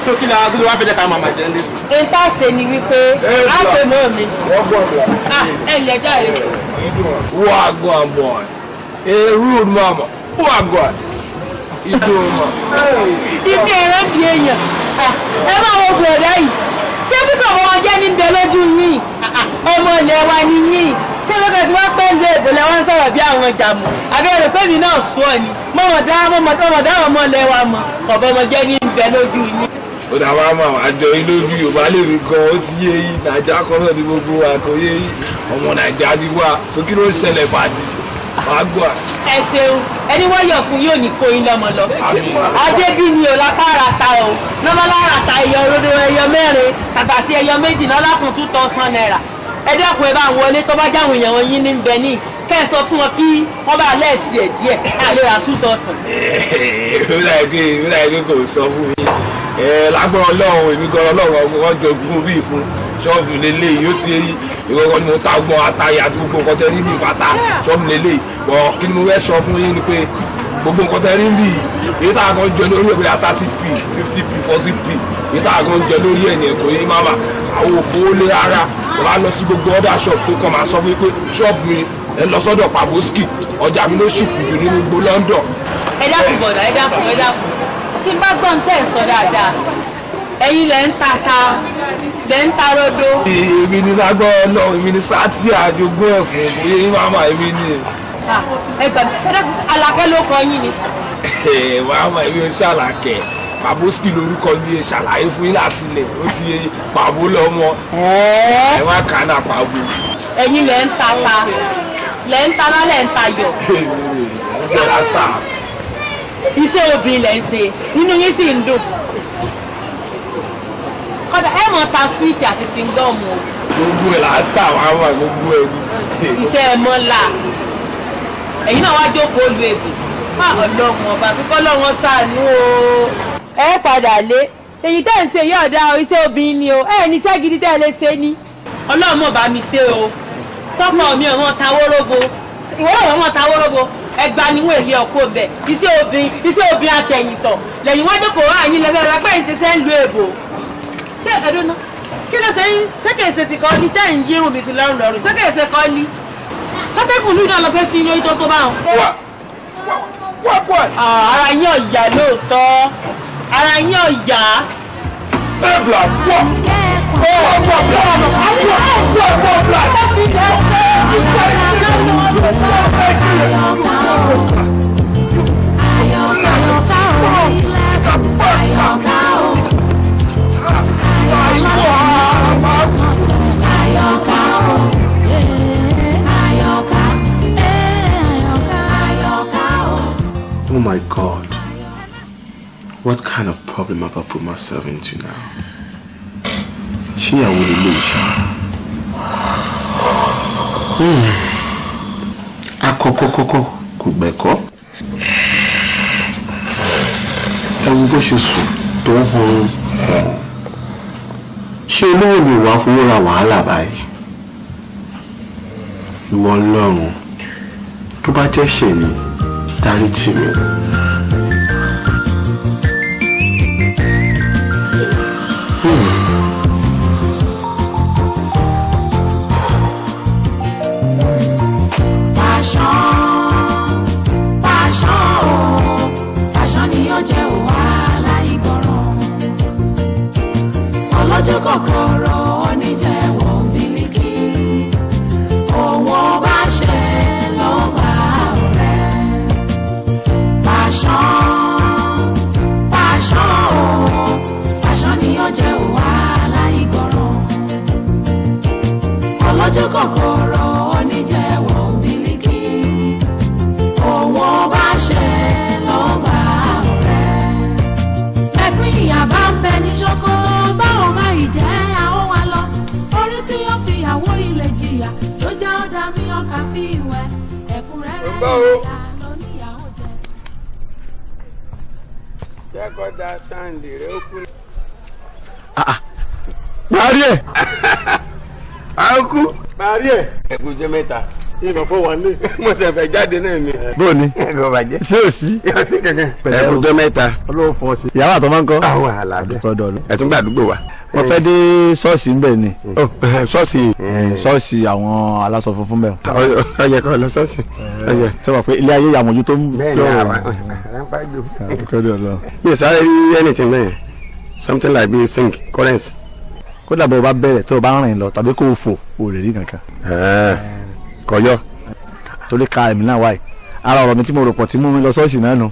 Speaker 2: so kí fẹ́ jẹ́ ká màmá jẹ́ lé n ta ṣe ni wípé a pè mọ́ mi. Ah, ẹ ǹlẹ́ jáde. wagwan boy a rude mama wagwan igbó ma. ibi ẹ̀rọ di èèyàn ah, ẹ máa wo gbọ̀dọ̀ yìí ṣé púpọ̀ bọ́ wọn jẹ́ ní bẹ lójú yìí ah, ọmọ ilẹ̀ wa ni yìí ṣé lókè tí wọ́n pẹ́ lu èbò lẹ́wọ́n sọ̀rọ̀ bí àwọn jàmù àbẹ̀rẹ̀ pé mi náà sọ ni mọ̀mọ̀dá mọ̀mọ̀dá ọmọ ilẹ̀ wa mọ̀ ọ̀bọ̀mọ̀jẹ́ ní bẹ lójú yìí ó dà wá mọ̀ àjọ yín lójú yorùbá lè rí gan ó ti yé yín nàìjà kan náà ní gbogbo wa kò ọmọ nàìjà ni wá sókè ló ń ṣẹlẹ̀ pàdé wàá gbọ́
Speaker 3: ẹ ṣeun ẹni
Speaker 2: wọ́n yọ̀ fún yóò ní kó yín lọ́mọ lọ. adébí ni ò lápá ara ta o lọ́mọlá ara ta ẹyọ rodo ẹyọ mẹ́rin tàtàsí ẹyọ méjì náà láfún two thousand naira ẹ dẹ́kun ẹ bá wọlé tó bá jáwọn èèyàn yín ní bẹ ní kẹ́ ẹ sọ fún wọn kí wọ́n bá lẹ́ẹ̀sì ẹ̀ díẹ̀ àlè
Speaker 5: ra two thousand.
Speaker 2: ó dàgbé ó dàgbé kò sọ fún mi lágbọ́n ọlọ́run èmi gan ọlọ́run wọ́n jọ gún bíi fún ṣọ́ọ̀bù lélẹ̀ yóò ti èyí ìwọ́kọ́ ni mo ta ọgbọ́n àtayé àti gbogbo nǹkan tẹ́ rí bíi bàtà ṣọ́ọ̀bù lélẹ̀ bọ̀ kí ni mo fẹ́ sọ fún yín ni pé gbogbo nǹkan tẹ́ rí bíi èyí tá a kan jẹ lórí ẹ̀ bóyá thirty p fifty p forty p èyí tá a kan jẹ lórí ẹ̀ ní ẹ̀kọ́ yín máma àwọn òfò lé ara wọ́n á lọ sí gbogbo other shop tó kàn máa sọ fún yín pé ṣọ́ọ̀bù mi ẹ lọ sọ́dọ̀ pàbóskì ọjà mi ló ṣùkùjù nínú gbogbo London. ẹ dákun bọ̀dọ̀ ẹ dákun ẹ dákun tí n bá gbọ́ ń tẹ̀ sọ dáadáa ẹ̀yin lẹ̀ ń ta ta lẹ̀ ń ta rodo. èmi ni lágbára Ọlọ́run èmi ni sátì àjogún ẹ̀fọ́ òye yín máa máa èmi ni. Ah, ẹ gbà Àlàkẹ́ ló kọ yín ni. ẹ máa máa èmi ò ṣàlàkẹ́ pàbósìkì lórúkọ mi ẹ ṣàlàyé fún yín láti ilẹ̀ ó ti yẹ pàbó lọ́mọ ẹ wá kánà pàbó. ẹ̀yin lẹ̀ ń ta lẹ̀ ń ta lálẹ́ ń ta iṣẹ́ obìnrin lẹ̀ ń ṣe nínú yín sì ń dùn kọ́dà ẹ mọ̀ ta swiiti àti singọ́ọ̀mù o. gbogbo ẹ̀ là ń tà wá wà gbogbo ẹ̀ ní.
Speaker 5: iṣẹ́ ẹ mọ́ là ẹ̀yin náà wáá jókòó lu èbè má ọlọ́run ọba kíkọ́ lọ́wọ́ sànú o. ẹ padà lé èyí tẹ́
Speaker 2: ń ṣe yí ọ̀dà iṣẹ́ obìnrin ni o ẹ ní iṣẹ́ gidi tẹ́ ẹ lè ṣe ni. ọlọ́run mọ̀ bá mi ṣe o tọ́pọ̀ mi ò mọ̀ ta wóróbo ìwọ́n ò mọ̀ ta wóróbo ẹgbàá ni wọn èlé ọkọ bẹ iṣẹ́ obìnrin iṣẹ́ obìnrin àtẹ̀yìntọ̀ lẹ́yìn wọn jókòó wá àyìn lẹfẹ lápẹ yìí ti ṣe èbò ṣé ẹdọ náà kí ló ṣe ń ṣékèèṣe ti kọ ní tẹ́yìn yírùn mi ti lọ́rùn lọ́rùn ṣékèèṣe kọ ní sọtẹ́kùn ní ìdáná fẹ́ sí lórí tó bá wọn. wà wà wà. ara yín ọ̀yà lóòótọ́ ara yín ọ̀yà. ẹ bla wà ọ wà bla wà wà wà bla.
Speaker 5: Oh my God. What kind of problem have I put myself into now? She I will lose.
Speaker 2: Hmm. Akọkọkọkọ kò gbẹ̀kọ́. Ẹ wo bó ṣe sùn tó ń horun fún un. Ṣé olówó mi wàá fowó ra wàhálà báyìí? Ìwọ Ọlọ́run To bá jẹ́ ṣèmi dáríjì mi. Hmm.
Speaker 4: ọjọ́ kọ̀ọ̀kan ọ̀rọ̀. àfihàn ẹ̀kúnrẹ́rẹ́ ìyá lọ́níyàwó aku
Speaker 1: jẹ́kọ̀dá sáǹdì rẹ̀
Speaker 2: ìmọ̀ fún wa lé. mo ṣe fẹ́ jáde náà ni. Eh. bó ni ṣé o sí. ẹkùn tó mẹ́ta. olówó fọ sí. ìyàwó àtọ́ máa ń kọ́. àwọn àlàbẹ̀ ẹ̀tún gbà àdúgbò wa. mo fẹ́ dé ṣọ́ọ̀ṣì ń bẹ̀ ni. Oh, eh, ṣọ́ọ̀ṣì. Eh, ṣọ́ọ̀ṣì àwọn aláṣọ funfun bẹ̀. ọyẹ kọ lọ ṣọ́ọ̀ṣì. ṣé wàá pé ilé ayé ìyàmójú tó ń lọ. mi sáré rí anything náà something like being sing currents. kódà bó o bá bẹ̀rẹ̀ tó o bá rìn lọ tàbí kó o fò o lè rí kankan. Ah kọyọ torí ka èmi náà wáyé ara ọ̀rọ̀ mi tí mo rò pọ̀ tí mú mi lọ ṣọ́ọ̀ṣì náà nù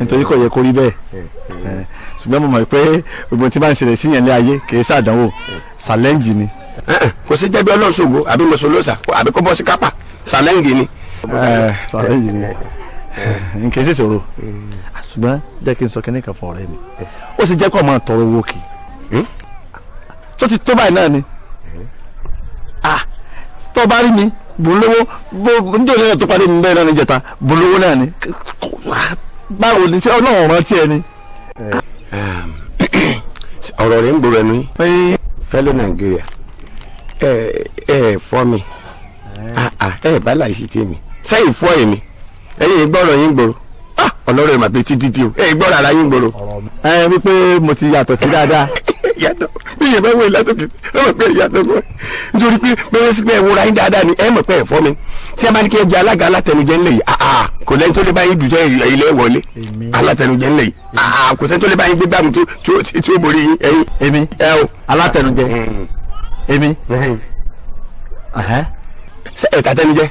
Speaker 2: nítorí kò yẹ kó rí bẹ́ẹ̀ ṣùgbọ́n mo mọ̀ pé gbogbo tí bá ń ṣẹlẹ̀ sí yẹn lé ayé kì í ṣàdánwò ṣàlẹ́ǹjì ni. kò sí jẹ́bi ọlọ́ṣogo àbí mọ̀ṣọ́lọ́ṣà àbí kó bọ́ sí kápá ṣàlẹ́ǹjì ni. ṣàlẹ́ǹjì ni n kì í ṣèṣòro ṣùgbọ́n jẹ́ kí n sọ kínní kan fún ọ̀rẹ́ mi ó sì jẹ́ kó máa tó bá rí mi bò ń lówó bó ń jò lẹ́yìn tó parí mi bẹ́ẹ̀ lọ́nà ìjẹta bò ń lówó náà ni báwo ni ṣé ọlọ́run rántí ẹ ni. ọ̀rọ̀ rẹ̀ ń gbòòrò Nigeria ẹ ẹ fọ́ mi ẹ ah, ah, bá láìsí tèmi sẹ́yìn fọ́ èmi ẹ̀yìn gbọ́rọ̀ yín gbòòrò ah, ọlọ́run ẹ̀ títí di o gbọ́rọ̀ ara yín gbòòrò. mo ti yàtọ̀ sí dáadáa. tí èèyàn bá wọ ìlàtọ̀kì ẹ mọ̀ pé ìyàtọ̀ kan nítorí pé bẹ́ẹ̀ sí pé ẹ wúra yín dáadáa ni ẹ mọ̀ pé ẹ fọ́ mi tí a bá ní kí ẹ jẹ alága alátẹnujẹ ńlẹ̀ yìí àà kò lẹ́yìn tó lè bá yín dùjọ́ ilé wọlé alátẹnujẹ ńlẹ̀ yìí àà kò sẹ́ni tó lè bá yín gbé báàmù tí ó borí yín ẹ̀yin.
Speaker 5: èmi ẹ o alátẹnujẹ hmm. èmi hmm. ṣe ẹ̀ tàtẹnujẹ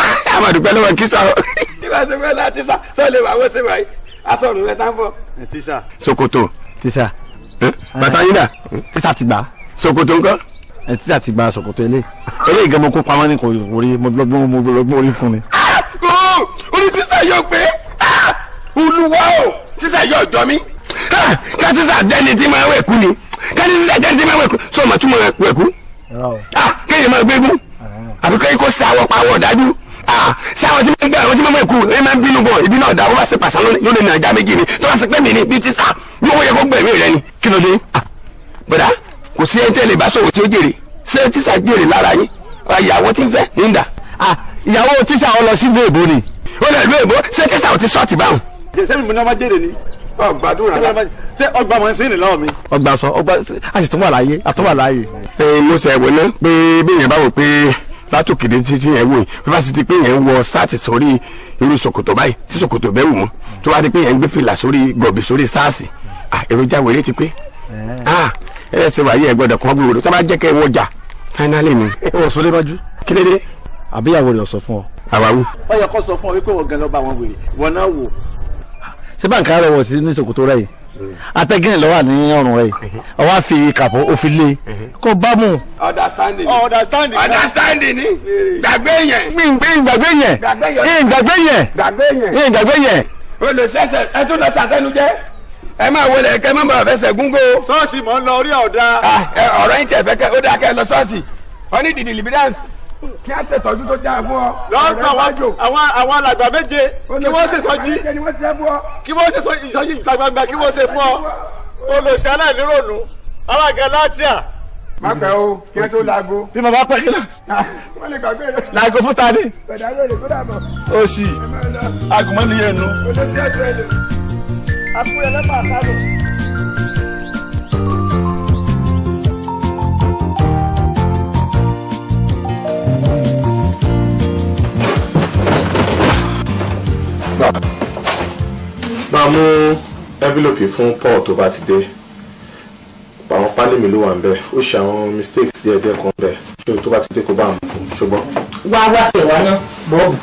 Speaker 2: amadu pẹ̀lú wọn kí sá o. nígbà tó fẹ́ láti sá sọ́ọ́ lè wà wọ́n ṣe wáyé asọ̀rùn rẹ̀ tán sokoto. tisa. Eh? bàtà yín dà. tíṣà ti gbà. ṣòkòtò ńkọ́. ẹ eh, tíṣà ti gbà ṣòkòtò eléyìí eléyìí gan mo kó pamọ́ ní kò rí mo lọ́gbọ́n mo lọ́gbọ́n orí fún mi. Ah! kò orí tíṣà yóò pé ah! olúwa o tíṣà yóò jọ mí ah! ká tíṣà jẹ́ni tí máa wẹ̀kú ni ká tíṣà jẹ́ni tí máa wẹ̀kú sọ ma túmọ̀ wẹ̀kú kéèyàn máa gbégún àbíkọ́ ikọ̀ sí àwọ̀ pa àwọ̀ dájú. Ah, ṣé àwọn tí mo ń gbẹ àwọn tí mo mọ èkú ẹ máa ń bínú bọ ìbínú ọ̀dà bó bá ṣe pàṣán yóò lè nà ajá méjì mi tó bá ṣe pé mi ni bíi tíṣà yóò wọ́n yẹ kó gbẹ̀mí rẹ ni kí ló dé. Ah, bọ̀dá kò sí ẹni tẹ́lẹ̀ ìbáṣọ̀rọ̀ tí ó jèrè ṣé tíṣà jèrè lára yín ah, ìyàwó tí ń fẹ́ ní ń dà. ìyàwó tíṣà ọ lọ sí ìlú èbó ni. ó lọ ìlú èbó ṣé tíṣà ò ti sọ́ọ̀tì báwọn. sẹ́mi mi ni wọ́n máa jèrè ni gbàdúrà tẹ ọgbà mọ̀ sí ìnìlọ́ mi. ọgbà sọ ọgbà a sì tún wà láàyè a tún wà láàyè. ẹ mo ṣe ẹ̀wọ̀ náà pé bí èèyàn bá wò pé látòkèdè títí yẹn wò yìí bí wọ́n sì ti pé yẹn wọ sáàtì sórí irú ṣòkòtò báyìí tí ṣòkòtò bẹ́ẹ̀ wù mọ́ tó wá di pé yẹn gbé fìlà sórí gọ̀bì sórí sáàsì èròjà wèrè ti pé ẹ wáyé ẹ gbọ́dọ̀ kàn gbòòrò tó bá jẹ́ kẹ́ ẹ wọjà fáínálì ni. ẹ wọ sọlé bájú. kí ló dé. àbíyàwó rẹ̀ ọ̀sọ̀ fún ọ. àwáwú. ó yẹ kó sọ fún ọ wípé wọ́n gan lọ́ba àwọn wèrè wọ́n náà wò. ṣé báńkì àárọ̀ atẹ́gìrì lọ́wọ́ ní ọrùn rẹ̀ ọwọ́ mhm. àfi kàpọ̀ òfin lé mhm. kó bá mu. understanding oh, understanding understanding ni gbàgbé yẹn. mi ń gbé ìgbàgbé yẹn ìgbàgbé yẹn ìgbàgbé yẹn. olùsẹsẹ ẹ tún lọ sàtẹnujẹ ẹ máa wọlé kẹ mọ́ bàbá fẹsẹ̀ gúngó. sọ́ọ̀sì mọ̀ ń lọ orí ọ̀dà. Ah, ọ̀rọ̀ yín tẹ̀ fẹ́ kẹ́ ó dáa lọ sọ́ọ̀sì wọ́n ní dìdì libidansi kí á ṣètọ́jú tó dáa fún ọ. lọ́dọ̀ àwọn àwọn alàgbà méje kí wọ́n ṣe sọ́jí kí wọ́n ṣe ìsọjí ìta gbangba kí wọ́n ṣe fún ọ. olùsí aláìníròònù alága látìá. má pẹ́ o kí ẹ tó laago. bí mo bá pẹ́ kí laago fún ta ni. o sì agùnmọ́ nìyẹn nu. akúnyẹlẹ́pà kálò. gbà mú envelope fún Paul tó bá ti dé àwọn pálí mi ló wà ń ó ṣe àwọn mistakes díẹ̀ díẹ̀ kan bẹ ṣé tó bá ti dé kó bá mú fún ṣùgbọ́n. wá wá tiẹ̀ wá ná bọ́ọ̀bù.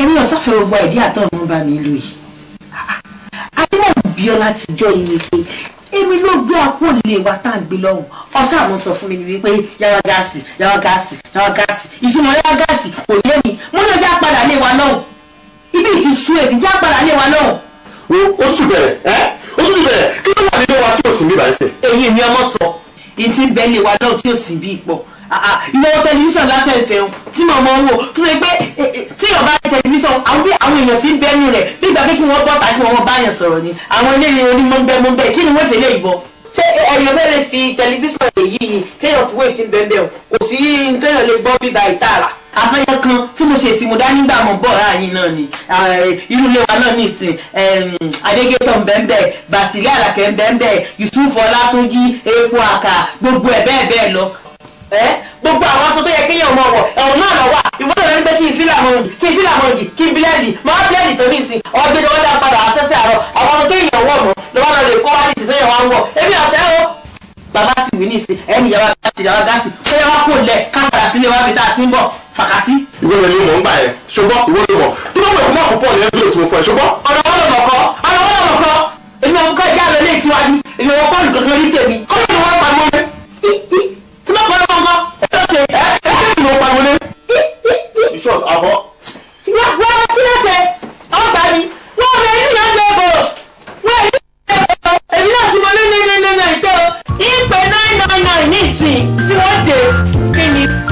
Speaker 2: èmi náà sáfẹ́ gbogbo ìdí àtọ̀run bá mi lò yìí. adéwọ̀n ah, ah. bíọ́lá ti jọ iye pé èmi ló gbé àpò líle wa tá à ń gbé lọ́hùn ọ̀sán àmọ́ sọ fún mi ni wípé yàrá gáàsì yàrá gáàsì yàrá gáàsì ìtumọ̀ yàrá gáàsì kò yé mi mo ní ọjọ́ apàdà lé wa ibi ìtì sú ẹbí já padà lé wa lọ́hùn. o tún bẹ̀rẹ̀ ẹ́ o tún bẹ̀rẹ̀ kí ló wà nílé wa tí o sì ní ìbáṣẹ. èyí ni ọmọ sọ èyí ti ń bẹ lé wa lọ́hùn tí o sì bí ipò ìwọ tẹlifíṣàn látẹ̀fẹ̀ o tí mo mọ owó tó ṣe pé tí yóò bá tẹlifíṣàn àwọn bí àwọn èèyàn ti ń bẹ́nu rẹ̀ bí ìgbà pé kí wọ́n bọ́ tàbí wọ́n bá yàn sọ̀rọ̀ ni àwọn eléyìí onímọ̀gbẹ́mọ̀gbẹ́ kí ni wọ́n fẹ́ lè bọ̀ ṣé ẹyọ fẹ́ẹ́ fi tẹlifíṣàn èyí ni kéèyàn fúwé ti ń bẹ́ẹ̀ bẹ́ẹ̀ o kò sí kéèyàn lè gbọ́ bíba ìtara afẹ́yẹ kan tí mo ṣe tí mo dá nígbà mọ̀ bọ̀ ráàyìn náà ni inú ilé wa náà nìsín adégétọ̀ ńbẹ́ńbẹ́ bàtìrí àlàkẹ́ ńbẹ́ńbẹ́ yusuf ọlátúnjí epo àkà gbogbo ẹ̀ bẹ́ẹ̀ bẹ́ẹ̀ lọ
Speaker 3: gbogbo àwọn aṣọ tó yẹ kéèyàn ọmọ wọ ẹ̀wọ̀n náà
Speaker 2: lọ wà ìwọ́n lọ nígbẹ́ kí n fílà mọ́ kí n fílà mọ́ kí n bílẹ̀dì máa bílẹ̀dì tó tó yẹ wá ń ebi ọ̀tẹ́ o bàbá sì wí nìsín ẹni ìyàwó àti ìyàwó gáàsì tó yẹ wá kó lẹ̀ káàkiri sílé wá bí tá a ti ń bọ̀ fàkàtì. ìwé rẹ ni mò ń gbà yẹn ṣùgbọ́n ìwé rẹ mọ̀ tó bá wẹ̀ kó má fún pọ́ọ̀lù yẹn bílẹ̀ tí mo fún ẹ ṣùgbọ́n. ọ̀rọ̀ wọn lọ kọ́ ọ̀rọ̀ wọn lọ kọ́ èmi ò kọ́ ìyá rẹ̀ lé ìtiwájú èmi ò pọ́ọ̀lù kankan ní tèmi. kọ́lọ́ ni wọ́n pariwo lé. tí má pariwo mọ́ ẹ ṣe ẹ ṣe ni wọ́n pariwo lé. ìṣọ́ọ̀tì àbọ̀. wọ́n kí ló ṣe ọgbà ni wọ́n rẹ̀ ní ìyàgbẹ́ ìgbòho wọ́n èyí ti ṣe ìgbòho èmi náà ti mọ ní nínú ìgbòho ìpè nine nine nine ní ìsìn tí wọ́n dé kí ni.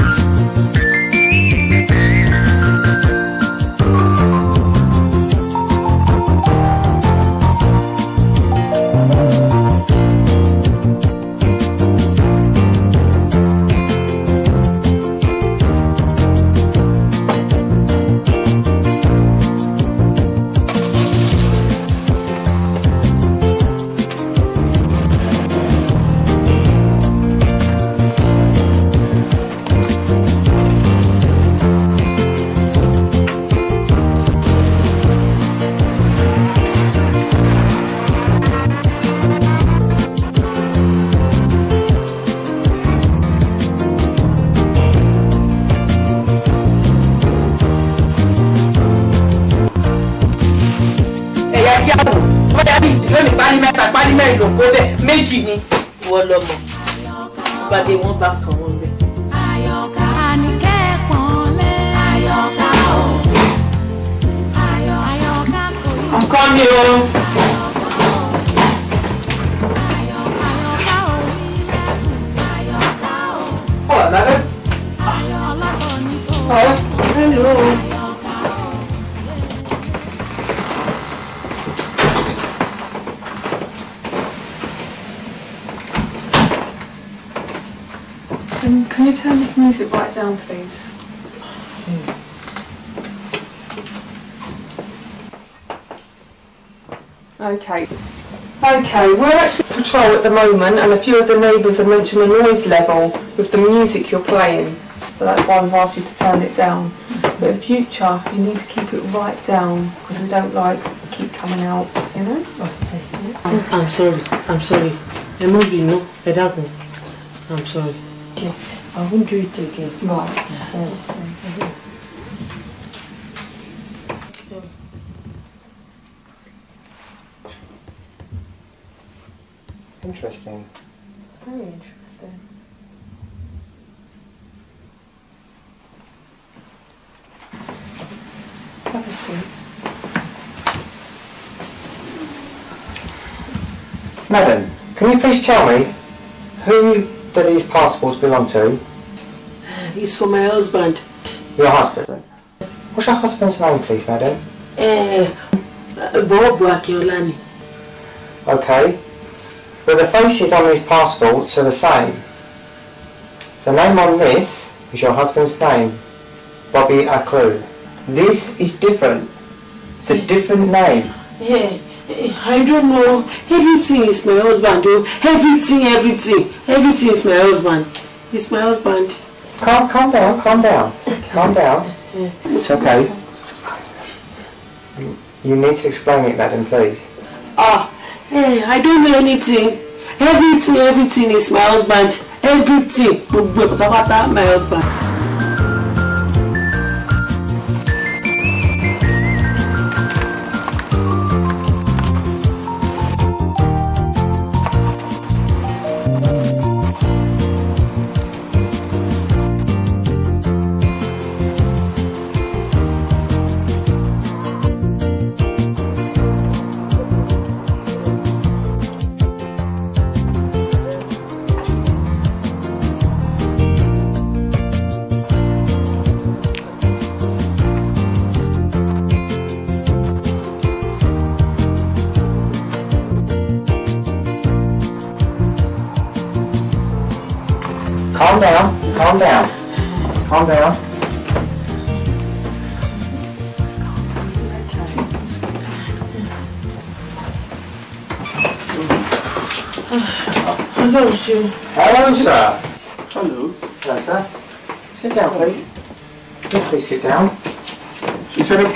Speaker 2: gé wọ́n bá kàn wọ́n bẹ́ẹ̀. àyọ̀ká ni kẹ́ẹ̀pọ̀n lé
Speaker 3: àyọ̀ká o àyọ̀ká kò yí. nǹkan ni o.
Speaker 5: Okay, we're actually patrol at the moment and a few of the neighbours have mentioned the noise level with the music you're playing. So that's why I've asked you to turn it down. But in future, you need to keep it right down because we don't like keep coming out, you know?
Speaker 3: I'm, I'm sorry, I'm sorry. I'm not I'm sorry. I won't do it again. Right. Yeah. Yes. interesting. Very interesting. Have a seat.
Speaker 5: Madam, can you please tell me who do these passports belong to? He's for my husband. Your husband? What's your husband's name, please, madam? Uh, Bob Wakiolani. Okay. Well, the faces on these passports are the same. The name on this is your husband's name, Bobby Akru. This is different. It's a different name.
Speaker 3: Yeah, I don't know. Everything is my husband. Oh. Everything, everything.
Speaker 5: Everything is my husband. It's my husband. Calm, calm down, calm down. Calm down. It's okay. You need to explain it, madam, please.
Speaker 3: Ah, Hey, I don't know anything. Everything, everything is my husband. Everything. Gbogbo my husband.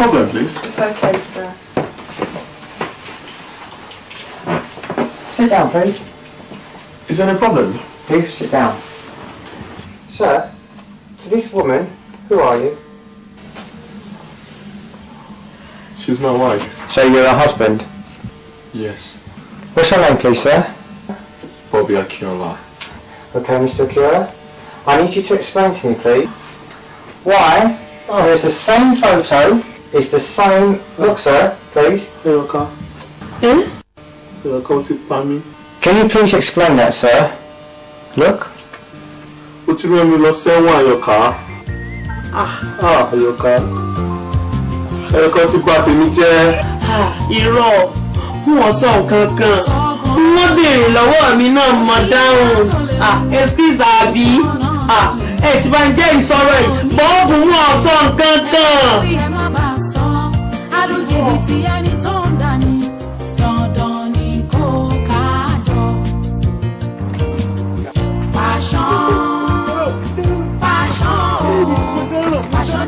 Speaker 5: problem, please? It's okay, sir. Sit down, please. Is there any problem? Do sit down. Sir, to this woman, who are you? She's my wife. So you're her husband? Yes. What's her name, please, sir? Bobby Akiola. Okay, Mr. Akiola. I need you to explain to me, please, why Oh, ah. there is the same photo Is the same. Look, sir, please. Erika. Eh? Erika, ó ti pa mí. Can you please explain that, sir? Look. What you ti rán mi lọ your car?
Speaker 3: Ah.
Speaker 2: Ah, your car. Àyọ̀ká. Erika ó ti bà tèmi jẹ́. Ah, irọ́, wọ́n sọ nǹkan kan. Wọ́n béèrè lọ́wọ́ mi náà mo dáhùn. Ah, excuse àbí. Ah, ẹ̀sìn bá ń jẹ́ ìsọ̀rọ̀ ẹ̀ bọ́ọ̀bù wọn ọ̀sán kankan.
Speaker 4: alójèbìtì ẹni tó ń dání dandan ni kò kájọ. pàṣán pàṣán o pàṣán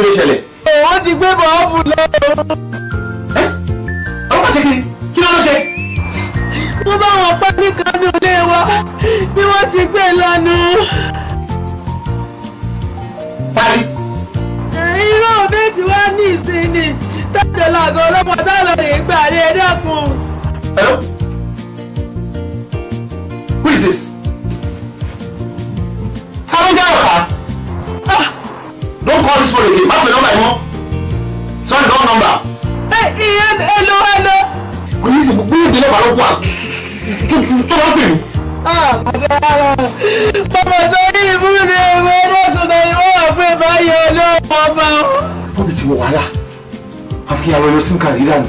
Speaker 2: kí ló ṣẹlẹ̀. òun ti gbé bọ́ọ̀bù lọ. ẹ ọlọ́pàá ṣe kí ni kí ló ló ṣe. wọ́n bá wọn pẹ́ nìkan ní ilé wa bí wọ́n ti gbé lọ́nu. parí. irú òbí tí wàá ní ìsinmi tọ́jú làgọ́ ọlọ́mọ tá a lọ rè é gbà rè é dẹ́kun. Who is this? call this phone again má pè nọ́mbà yìí mọ́ wrong number. ẹ ìyá hello hello. kò ní
Speaker 3: í sè gbogbo ìdílé wà kú à tó
Speaker 2: bá pè ah, bàbá sọ́ni ìbú ni ẹ̀rọ ẹlẹ́tùnú ìwọ́ ọ̀pẹ báyìí ọlọ́wọ́ bá wọn. bọ́ọ̀lù ti wọ wàhálà àfi kí àwọn ẹlọ sim card yìí dànù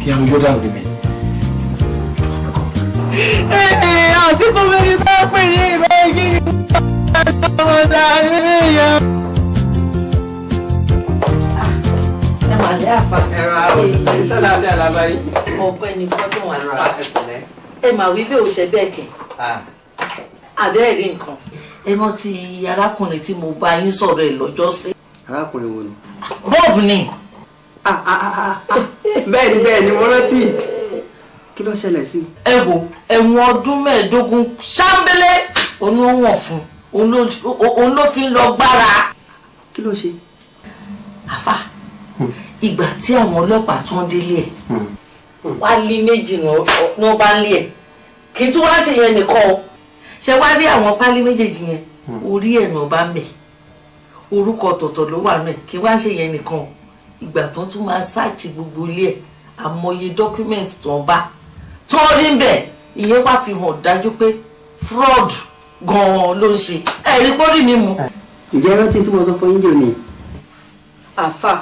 Speaker 2: kí àwọn yóò dànù níbẹ̀. àti tó bẹ́ẹ̀ ni bá pè ní ìbá
Speaker 5: àlẹ́ àpá. ẹ̀rọ àwọn ìṣẹ́ láti àlábáyé. ọ̀pọ̀ ẹni fọ́dún wà lọ́wọ́.
Speaker 3: ẹ mà wí bẹ́ẹ̀ ò ṣe bẹ́ẹ̀ kẹ̀.
Speaker 5: àbẹ́ẹ̀ rí nǹkan. ẹ mọ ti arákùnrin tí mo bá yín sọ̀rọ̀ ẹ̀ lọ́jọ́ arákùnrin wo ni. bob ni. bẹ́ẹ̀ni bẹ́ẹ̀ni mo rántí kí ló ṣẹlẹ̀ sí. ẹ wo ẹ̀wọ̀n ọdún mẹ́ẹ̀ẹ́dógún ṣáńbélé oníwọ̀n fún òun lọ gbára. kí ló ṣe.
Speaker 3: àfà hmm ìgbà
Speaker 2: tí àwọn ọlọ́pàá tún
Speaker 3: délé ẹ̀ hmm. wá lé méjì náà bá ń lé ẹ̀ kì í tún wá ṣe yẹn nìkan o ṣe wá rí àwọn pálí méjèèjì yẹn hmm. orí ẹ̀ náà bá mẹ̀ orúkọ tọ̀tọ̀ ló wà náà kì í wá ṣe yẹn nìkan o ìgbà tó tún máa ṣáàtì gbogbo ilé ẹ̀ àmọye dọ́kúmẹ̀ntì
Speaker 2: tó ń bá tó rí ń bẹ̀ ìyẹn wá fi hàn dájú pé fraud
Speaker 3: gan-an ló ń ṣe ẹ̀rí pọ́lì mi mu.
Speaker 5: rántí tí mo sọ fún yín jò ní.
Speaker 3: àfà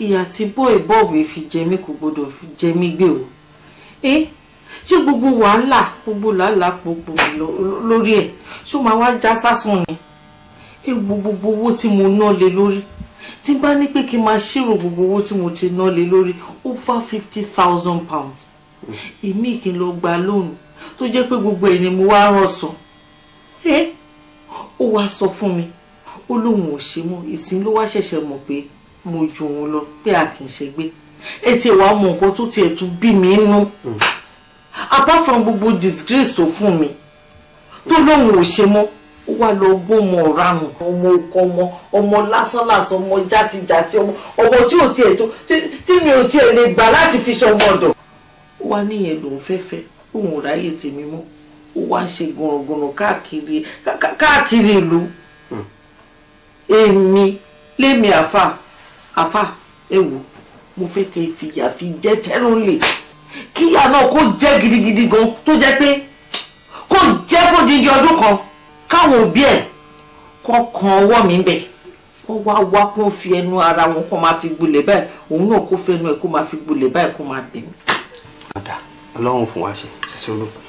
Speaker 3: ìyà tí bọ́ì bọ́ọ̀bù fi jẹ mí kò gbọdọ̀ fi jẹ mí gbé o ẹ ṣé gbogbo wàhálà gbogbo làálàá gbogbo lórí ẹ ṣó máa wá já sásán ni ẹ wo gbogbo owó tí mo ná lé lórí
Speaker 2: tí bá ní pé kí n máa ṣírò gbogbo owó tí mo ti ná lé lórí over fifty thousand
Speaker 3: pounds èmi kì í lọ gba lónìí tó jẹ́ pé gbogbo ẹ̀ ni mo wá rán sọ ẹ ó wá sọ fún mi ó lóun ò ṣe mọ́ ìsìn ló wá
Speaker 2: ṣẹ̀ṣẹ̀ mọ̀ pé mo jù wọn lọ pé a kì í ṣe gbé etí ìwà ọmọ nǹkan tó tiẹ̀ tún bí mi nú mm. apart from gbogbo disgrace tó fún mi tó lóun ò ṣe mọ́ ó wá lọ gbọ́mọ ọ̀ranù ọmọ ọkọ ọmọ ọmọ lásánlàsán ọmọ játijàti ọmọ ọmọ tí ò tiẹ̀ tó tí mi ò tiẹ̀ lè gbà láti fi ṣọmọ ọ̀dọ̀ ó wá níyẹn lòun fẹ́fẹ́ òun ò ráyè tèmi mọ́ ó wá ń ṣe gùnrùngùnrùn káàkiri káàkiri ìlú mm. èmi lémi àfà àfà ẹ wò mo fẹ́ kẹ́ ẹ fìyà fi jẹ́ tẹ́rùn lè kíyà náà kó jẹ́ gidigidi gan tó jẹ́ pé kó jẹ́ fòdìdí ọdún kan káwọn òbí ẹ̀ kọ́kan ọwọ́ mi bẹ̀ kó wá wá kó fi ẹnu ara wọn kó máa fi gbolẹ̀ báyìí òun náà kó fẹnu ẹ̀ kó máa fi gbolẹ̀ báyìí kó máa bẹ̀ mí.
Speaker 5: àdá ọlọ́run fún wa ṣe ṣiṣẹ́ olóògùn.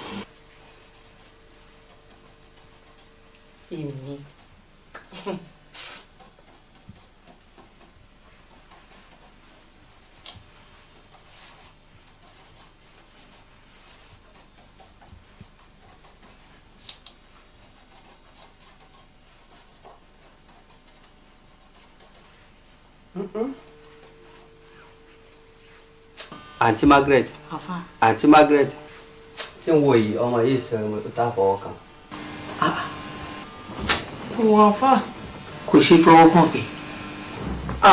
Speaker 5: Ati Margaret àǹtí Margaret tí ń yi yìí ọmọ yìí sọ ọmọ tó dáàbò ah. kò ṣe fọwọ́ kàn pé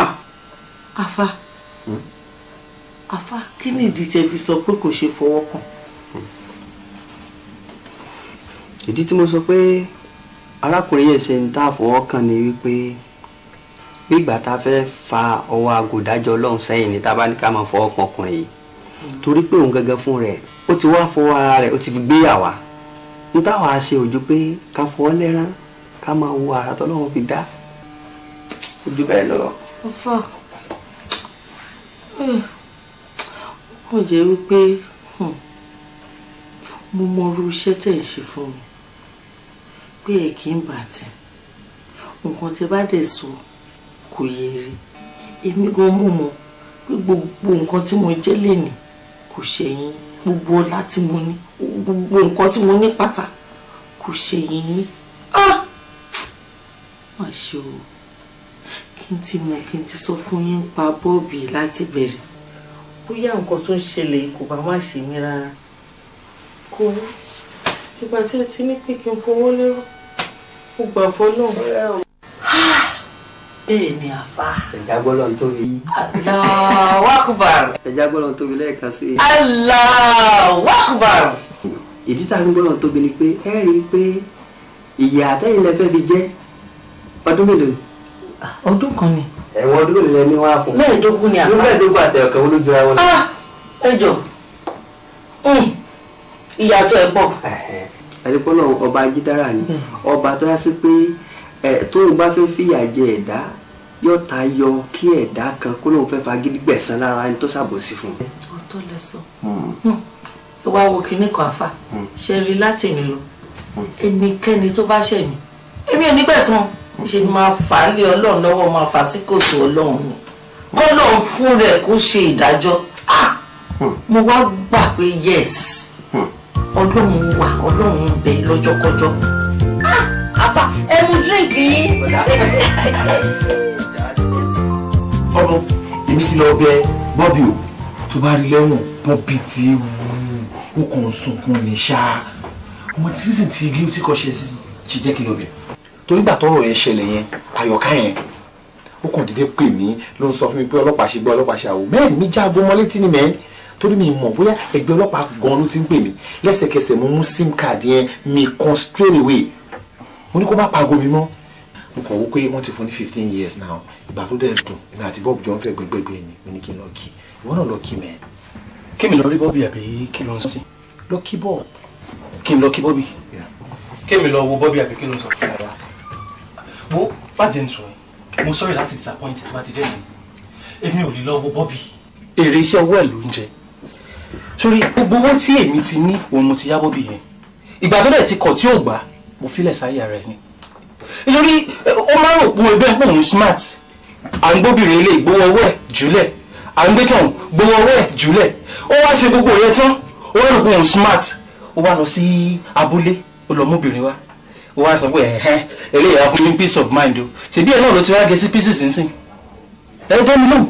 Speaker 2: ah. afa àfa hmm? kí ìdí tẹ fi
Speaker 5: sọ pé kò ṣe fọwọ́ hmm. ìdí tí mo sọ pé arákùnrin yẹn ṣe ń ni bí ìgbà fẹ́ fa ọwọ́ agòdájọ́ ọlọ́run sẹ́yìn ni tá a bá ní ká máa fọwọ́ pọn ọkùnrin yìí mm. torí pé òun gangan fún rẹ̀ ó ti wá fọwọ́ ara rẹ̀ ó ti fi gbé àwa n táwa ṣe ojú pé ká fọwọ́ lẹ́rán ká máa wo ara tọ́lọ́run fi dá ojú bẹ́ẹ̀ lọ. ọfà ó
Speaker 3: jẹ́ wípé hmm, mo mọ irú iṣẹ́ tẹ̀ ń ṣe fún mi pé ẹ̀ kì í bàtì nǹkan tí bá dẹ̀ So kò yé rí èmi gan mú mọ pé gbogbo nǹkan tí mo jẹ́ lẹ́nìí kò ṣẹ̀yìn gbogbo ọlá tí mo ní gbogbo nǹkan tí mo ní pátá kò ṣẹ̀yìn ní ah! má ṣe o kí n ti mọ kí n ti sọ fún yín pa bọ́ọ̀bì láti bẹ̀rẹ̀ bóyá nǹkan tó ń ṣẹlẹ̀ kò bá má ṣe mí rárá kò wú ìgbà tí o ti ní pé kí n fowó
Speaker 5: lérò mo gbà náà èèní àfa. ẹ̀já gbọ́dọ̀ ń tóbi. Allahu Akbar. ẹ̀já gbọ́dọ̀ ń tóbi lẹ́ẹ̀kan sí i. Allahu Akbar. ìdí tá a ń gbọ́dọ̀ ń tóbi ni pé ẹ rí i pé ìyá àtẹ̀yìn lẹ fẹ́ fi jẹ́ ọdún mélòó ni. ọdún kan ni. ẹ̀wọ̀n ọdún mélòó ni wọ́n á fún. mẹ́ẹ̀ẹ́dógún ni àfa. ní mẹ́ẹ̀ẹ́dógún àtẹ̀ọ̀kẹ́ wọn ló jura ah, wọn. ẹ jọ hmm. ìyàtọ̀ ẹ̀ pọ̀. àdìpọ́lọ̀ ọba ajídára ni hmm. ọba tó yá sí pé tóun bá fẹ́ fìyà jẹ ẹ̀dá yóò ta yọ kí ẹ̀dá kan kó lóun fẹ́ fagídí gbẹ̀san lára ẹni tó ṣàbòsí fún un.
Speaker 3: ọ̀tọ̀ lẹ sọ ẹ hmm. hmm. wá wo kinní kan àfà hmm. ṣe rí láti mi lọ ẹnikẹ́ni tó bá ṣẹ̀ mí èmi ò ní gbẹ̀san ṣe ni máa fà á lé ọlọ́run lọ́wọ́ máa fà á sí kòtò
Speaker 2: ọlọ́run ni kó lóun fún rẹ̀ kó ṣe ìdájọ́ ah! mo wá
Speaker 5: gbà pé yes ọlọ́run wà ọlọ́run ń bẹ lọ́jọ́kọ́jọ́ ah!
Speaker 4: àbá ẹ mú dírìnkì yín.
Speaker 2: fọ́nà èmi sì lọ bẹ bọ́bì o tó bá rí lẹ́wọ̀n bọ́bì ti wù ó kàn sunkún ní ṣá ọmọ tí reason ti igi tí kò ṣe sí ṣe jẹ́ kí n lọ bẹ̀ torí gbà tọrọ yẹn ṣẹlẹ̀ yẹn àyọ̀ká yẹn ó kàn dédé pè mí ló ń sọ fún mi pé ọlọ́pàá ṣe gbọ́ ọlọ́pàá ṣe àwò mẹ́rin mi já mọ́ létí ni mẹ́rin torí mi mọ̀ bóyá ẹgbẹ́ ọlọ́pàá gan ló ti ń pè mí lẹ́sẹ̀kẹsẹ̀ mo mú sim card yẹn mi kan straight away mo ní kó má paago mi mọ́ mo kàn wó pé wọ́n ti fún ní fifteen years now ìgbà tó dẹ̀ dùn èmi àti bob jọ ń fẹ́ gbẹgbẹgbẹ ni mo ní kí n lọ kí ìwọ náà lọ kí mẹ. kí mi lọ rí bọ́bì àbí kí n lọ sí. lọ kí bọ́ọ̀. kí n lọ kí bọ́bì. kí mi lọ wo bọ́bì àbí kí n lọ sọ. wo bàjẹ́ ń sọ ẹ́ mo sọ̀rọ̀ láti disappoint bá ti dẹ́ mi èmi ò lè lọ wo bọ́bì. èrè iṣẹ́ owó ẹ̀ ló ń jẹ sórí gbogbo owó tí èmi ti ní òun mo ti yá bọ́bì yẹn ìgbà tó dẹ̀ ti kọ̀ tí ò gbà mo filẹ̀ sáyà rẹ̀ ni nítorí ó máa ń rò pé ẹgbẹ́ ń smart à ń gbóbìnrin ilé ìgbówó ọwọ́ ẹ̀ jùlẹ̀ à ń gbé tọ̀hún gbówó ọwọ́ ẹ̀ jùlẹ̀ ó wá ṣe gbogbo ìyẹn tán ó wá rò pé smart ó wá lọ sí abúlé ó lọ mọ́bìnrin wá ó wá sọ pé ẹ̀hẹ́n eléyìí wá fún mi peace of mind o ṣèbí ẹ̀ náà ló ti wá gẹ sí pieces nsìn ẹ̀ dẹ́mi náà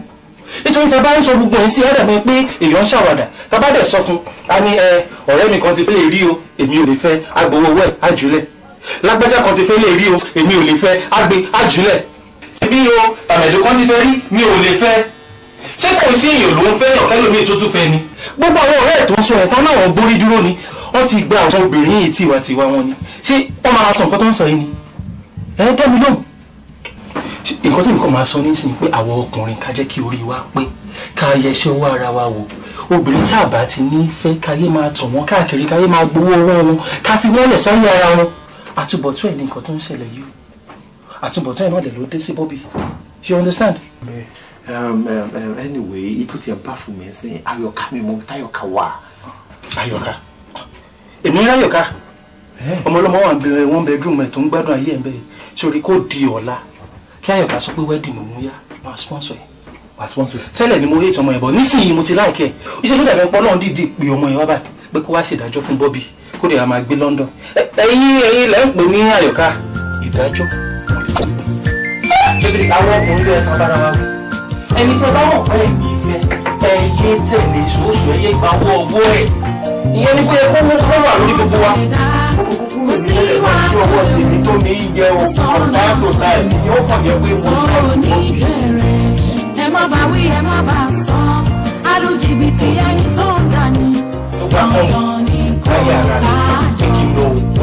Speaker 2: nítorí tá a bá ń sọ gbogbo ẹ̀ sí ẹ̀dà mi pé èèyàn ń ṣàwàdà tá a bá dẹ̀ sọ fún a ní ọ̀rẹ́ mi kan ti fẹ́ lè rí o èmi ò lè fẹ́ agbowó owó ẹ̀ e, àjùlẹ̀ lágbájá kan ti fẹ́ lè rí o èmi ò lè fẹ́ agbe ajulẹ̀ tìbí o tàmẹ̀dọ́ kan ti fẹ́ rí mi ò lè fẹ́ ṣé kò sí èèyàn ló ń fẹ́ yàn kẹ́lòmíì tó tún fẹ́ ni gbogbo àwọn ọ̀rẹ́ ẹ̀ tó ń sọ ẹ̀ tán náà wọ́n borí dúró ni wọ́n ti gba àwọn obìnrin yìí tiwantiwa wọn ni ṣé wọ́n máa sọ nǹkan tó ń sọ yìí ni ẹ̀ ń tẹ́mi lóhùn nǹkan tí nǹkan máa sọ nísìnyí pé àwọn ọkùnrin ká jẹ́ kí orí wa pé ká yẹṣẹ́ owó ara wa wò obìnrin tá a bá ti ní fẹ́ káyé máa tàn wọ́n káàkiri káyé máa gbowó ọwọ́ wọn ká fi wọ́n lẹ̀ sáyé ara wọn àtúbọ̀tún ẹ̀ ní nǹkan tó ń ṣẹlẹ̀ yìí àtúbọ̀tún ẹ̀ náà dẹ̀ ló dé sí Bobby you understand. Um, um, um, anyway ikú tiẹ̀ bá fún mi sí ayọ̀ká mi mo táyọ̀ká wà. ayọ̀ká èmi ń ráyọ̀ká eh? ọmọ ọlọ́mọ wà bẹ̀rẹ̀ wọ́n bẹ̀ dùn mẹ́ tó ń gbádùn ayé ẹ̀ bẹ́ẹ̀ sórí kó di ọ̀la kí ayọ̀ká sọ pé wedding òun yá máa sponsor ẹ̀ máa sponsor ẹ̀ tẹ́lẹ̀ ni mo hate ọmọ ẹ̀ bọ̀ nísìnyí mo ti láìkẹ́ iṣẹ́ ló dàbẹ̀ pọ́ lọ́run dìde pé ọmọ ẹ̀ wá báyìí pé kó wá ṣèdájọ́ fún Bobby kó lè máa gbé London ẹ̀yin ẹ̀yin lẹ́ ń pè ní àyọ̀ká ìdájọ́ wọn lè ti pè. nítorí àwọn ọkùnrin lè ta bára wa wí ẹni tẹ bá wọn pẹ́ ẹ̀mí ìfẹ́ ẹ̀yẹ tẹ̀lé ṣòṣò ẹ̀yẹ gba owó ọwọ́ ẹ̀ ìyẹn ni pé kó wọ́n kọ́ wà lórí gbogbo wa.
Speaker 4: ẹ má bá wí ẹ má bá sọ alùjìbìtì ẹni tó ń dà ní gbà fún un láyé ara rẹ̀ pé kí n lọ wò ó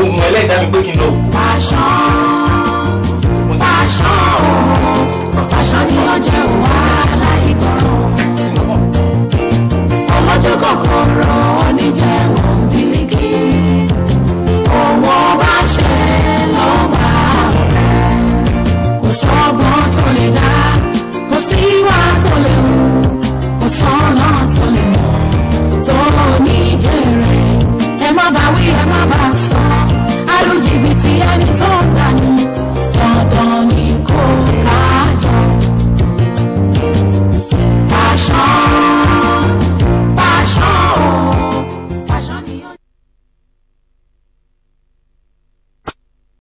Speaker 4: ohun ẹlẹ́dàá mi pé kí n lọ wò ó. pàṣán o pàṣán ni ó jẹ́ òwà aláìgbọràn ọlọ́jọ́ kọ̀ọ̀kan oníjẹ́ òbílíkì owó bá ṣe lọ́wọ́ rẹ̀ kò sọ́gbọ́n tó lè dá kò síwá tó lè hù kò sọ́nà tó lè mú tó ní jèrè ẹ má bá wí ẹ má bá sọ.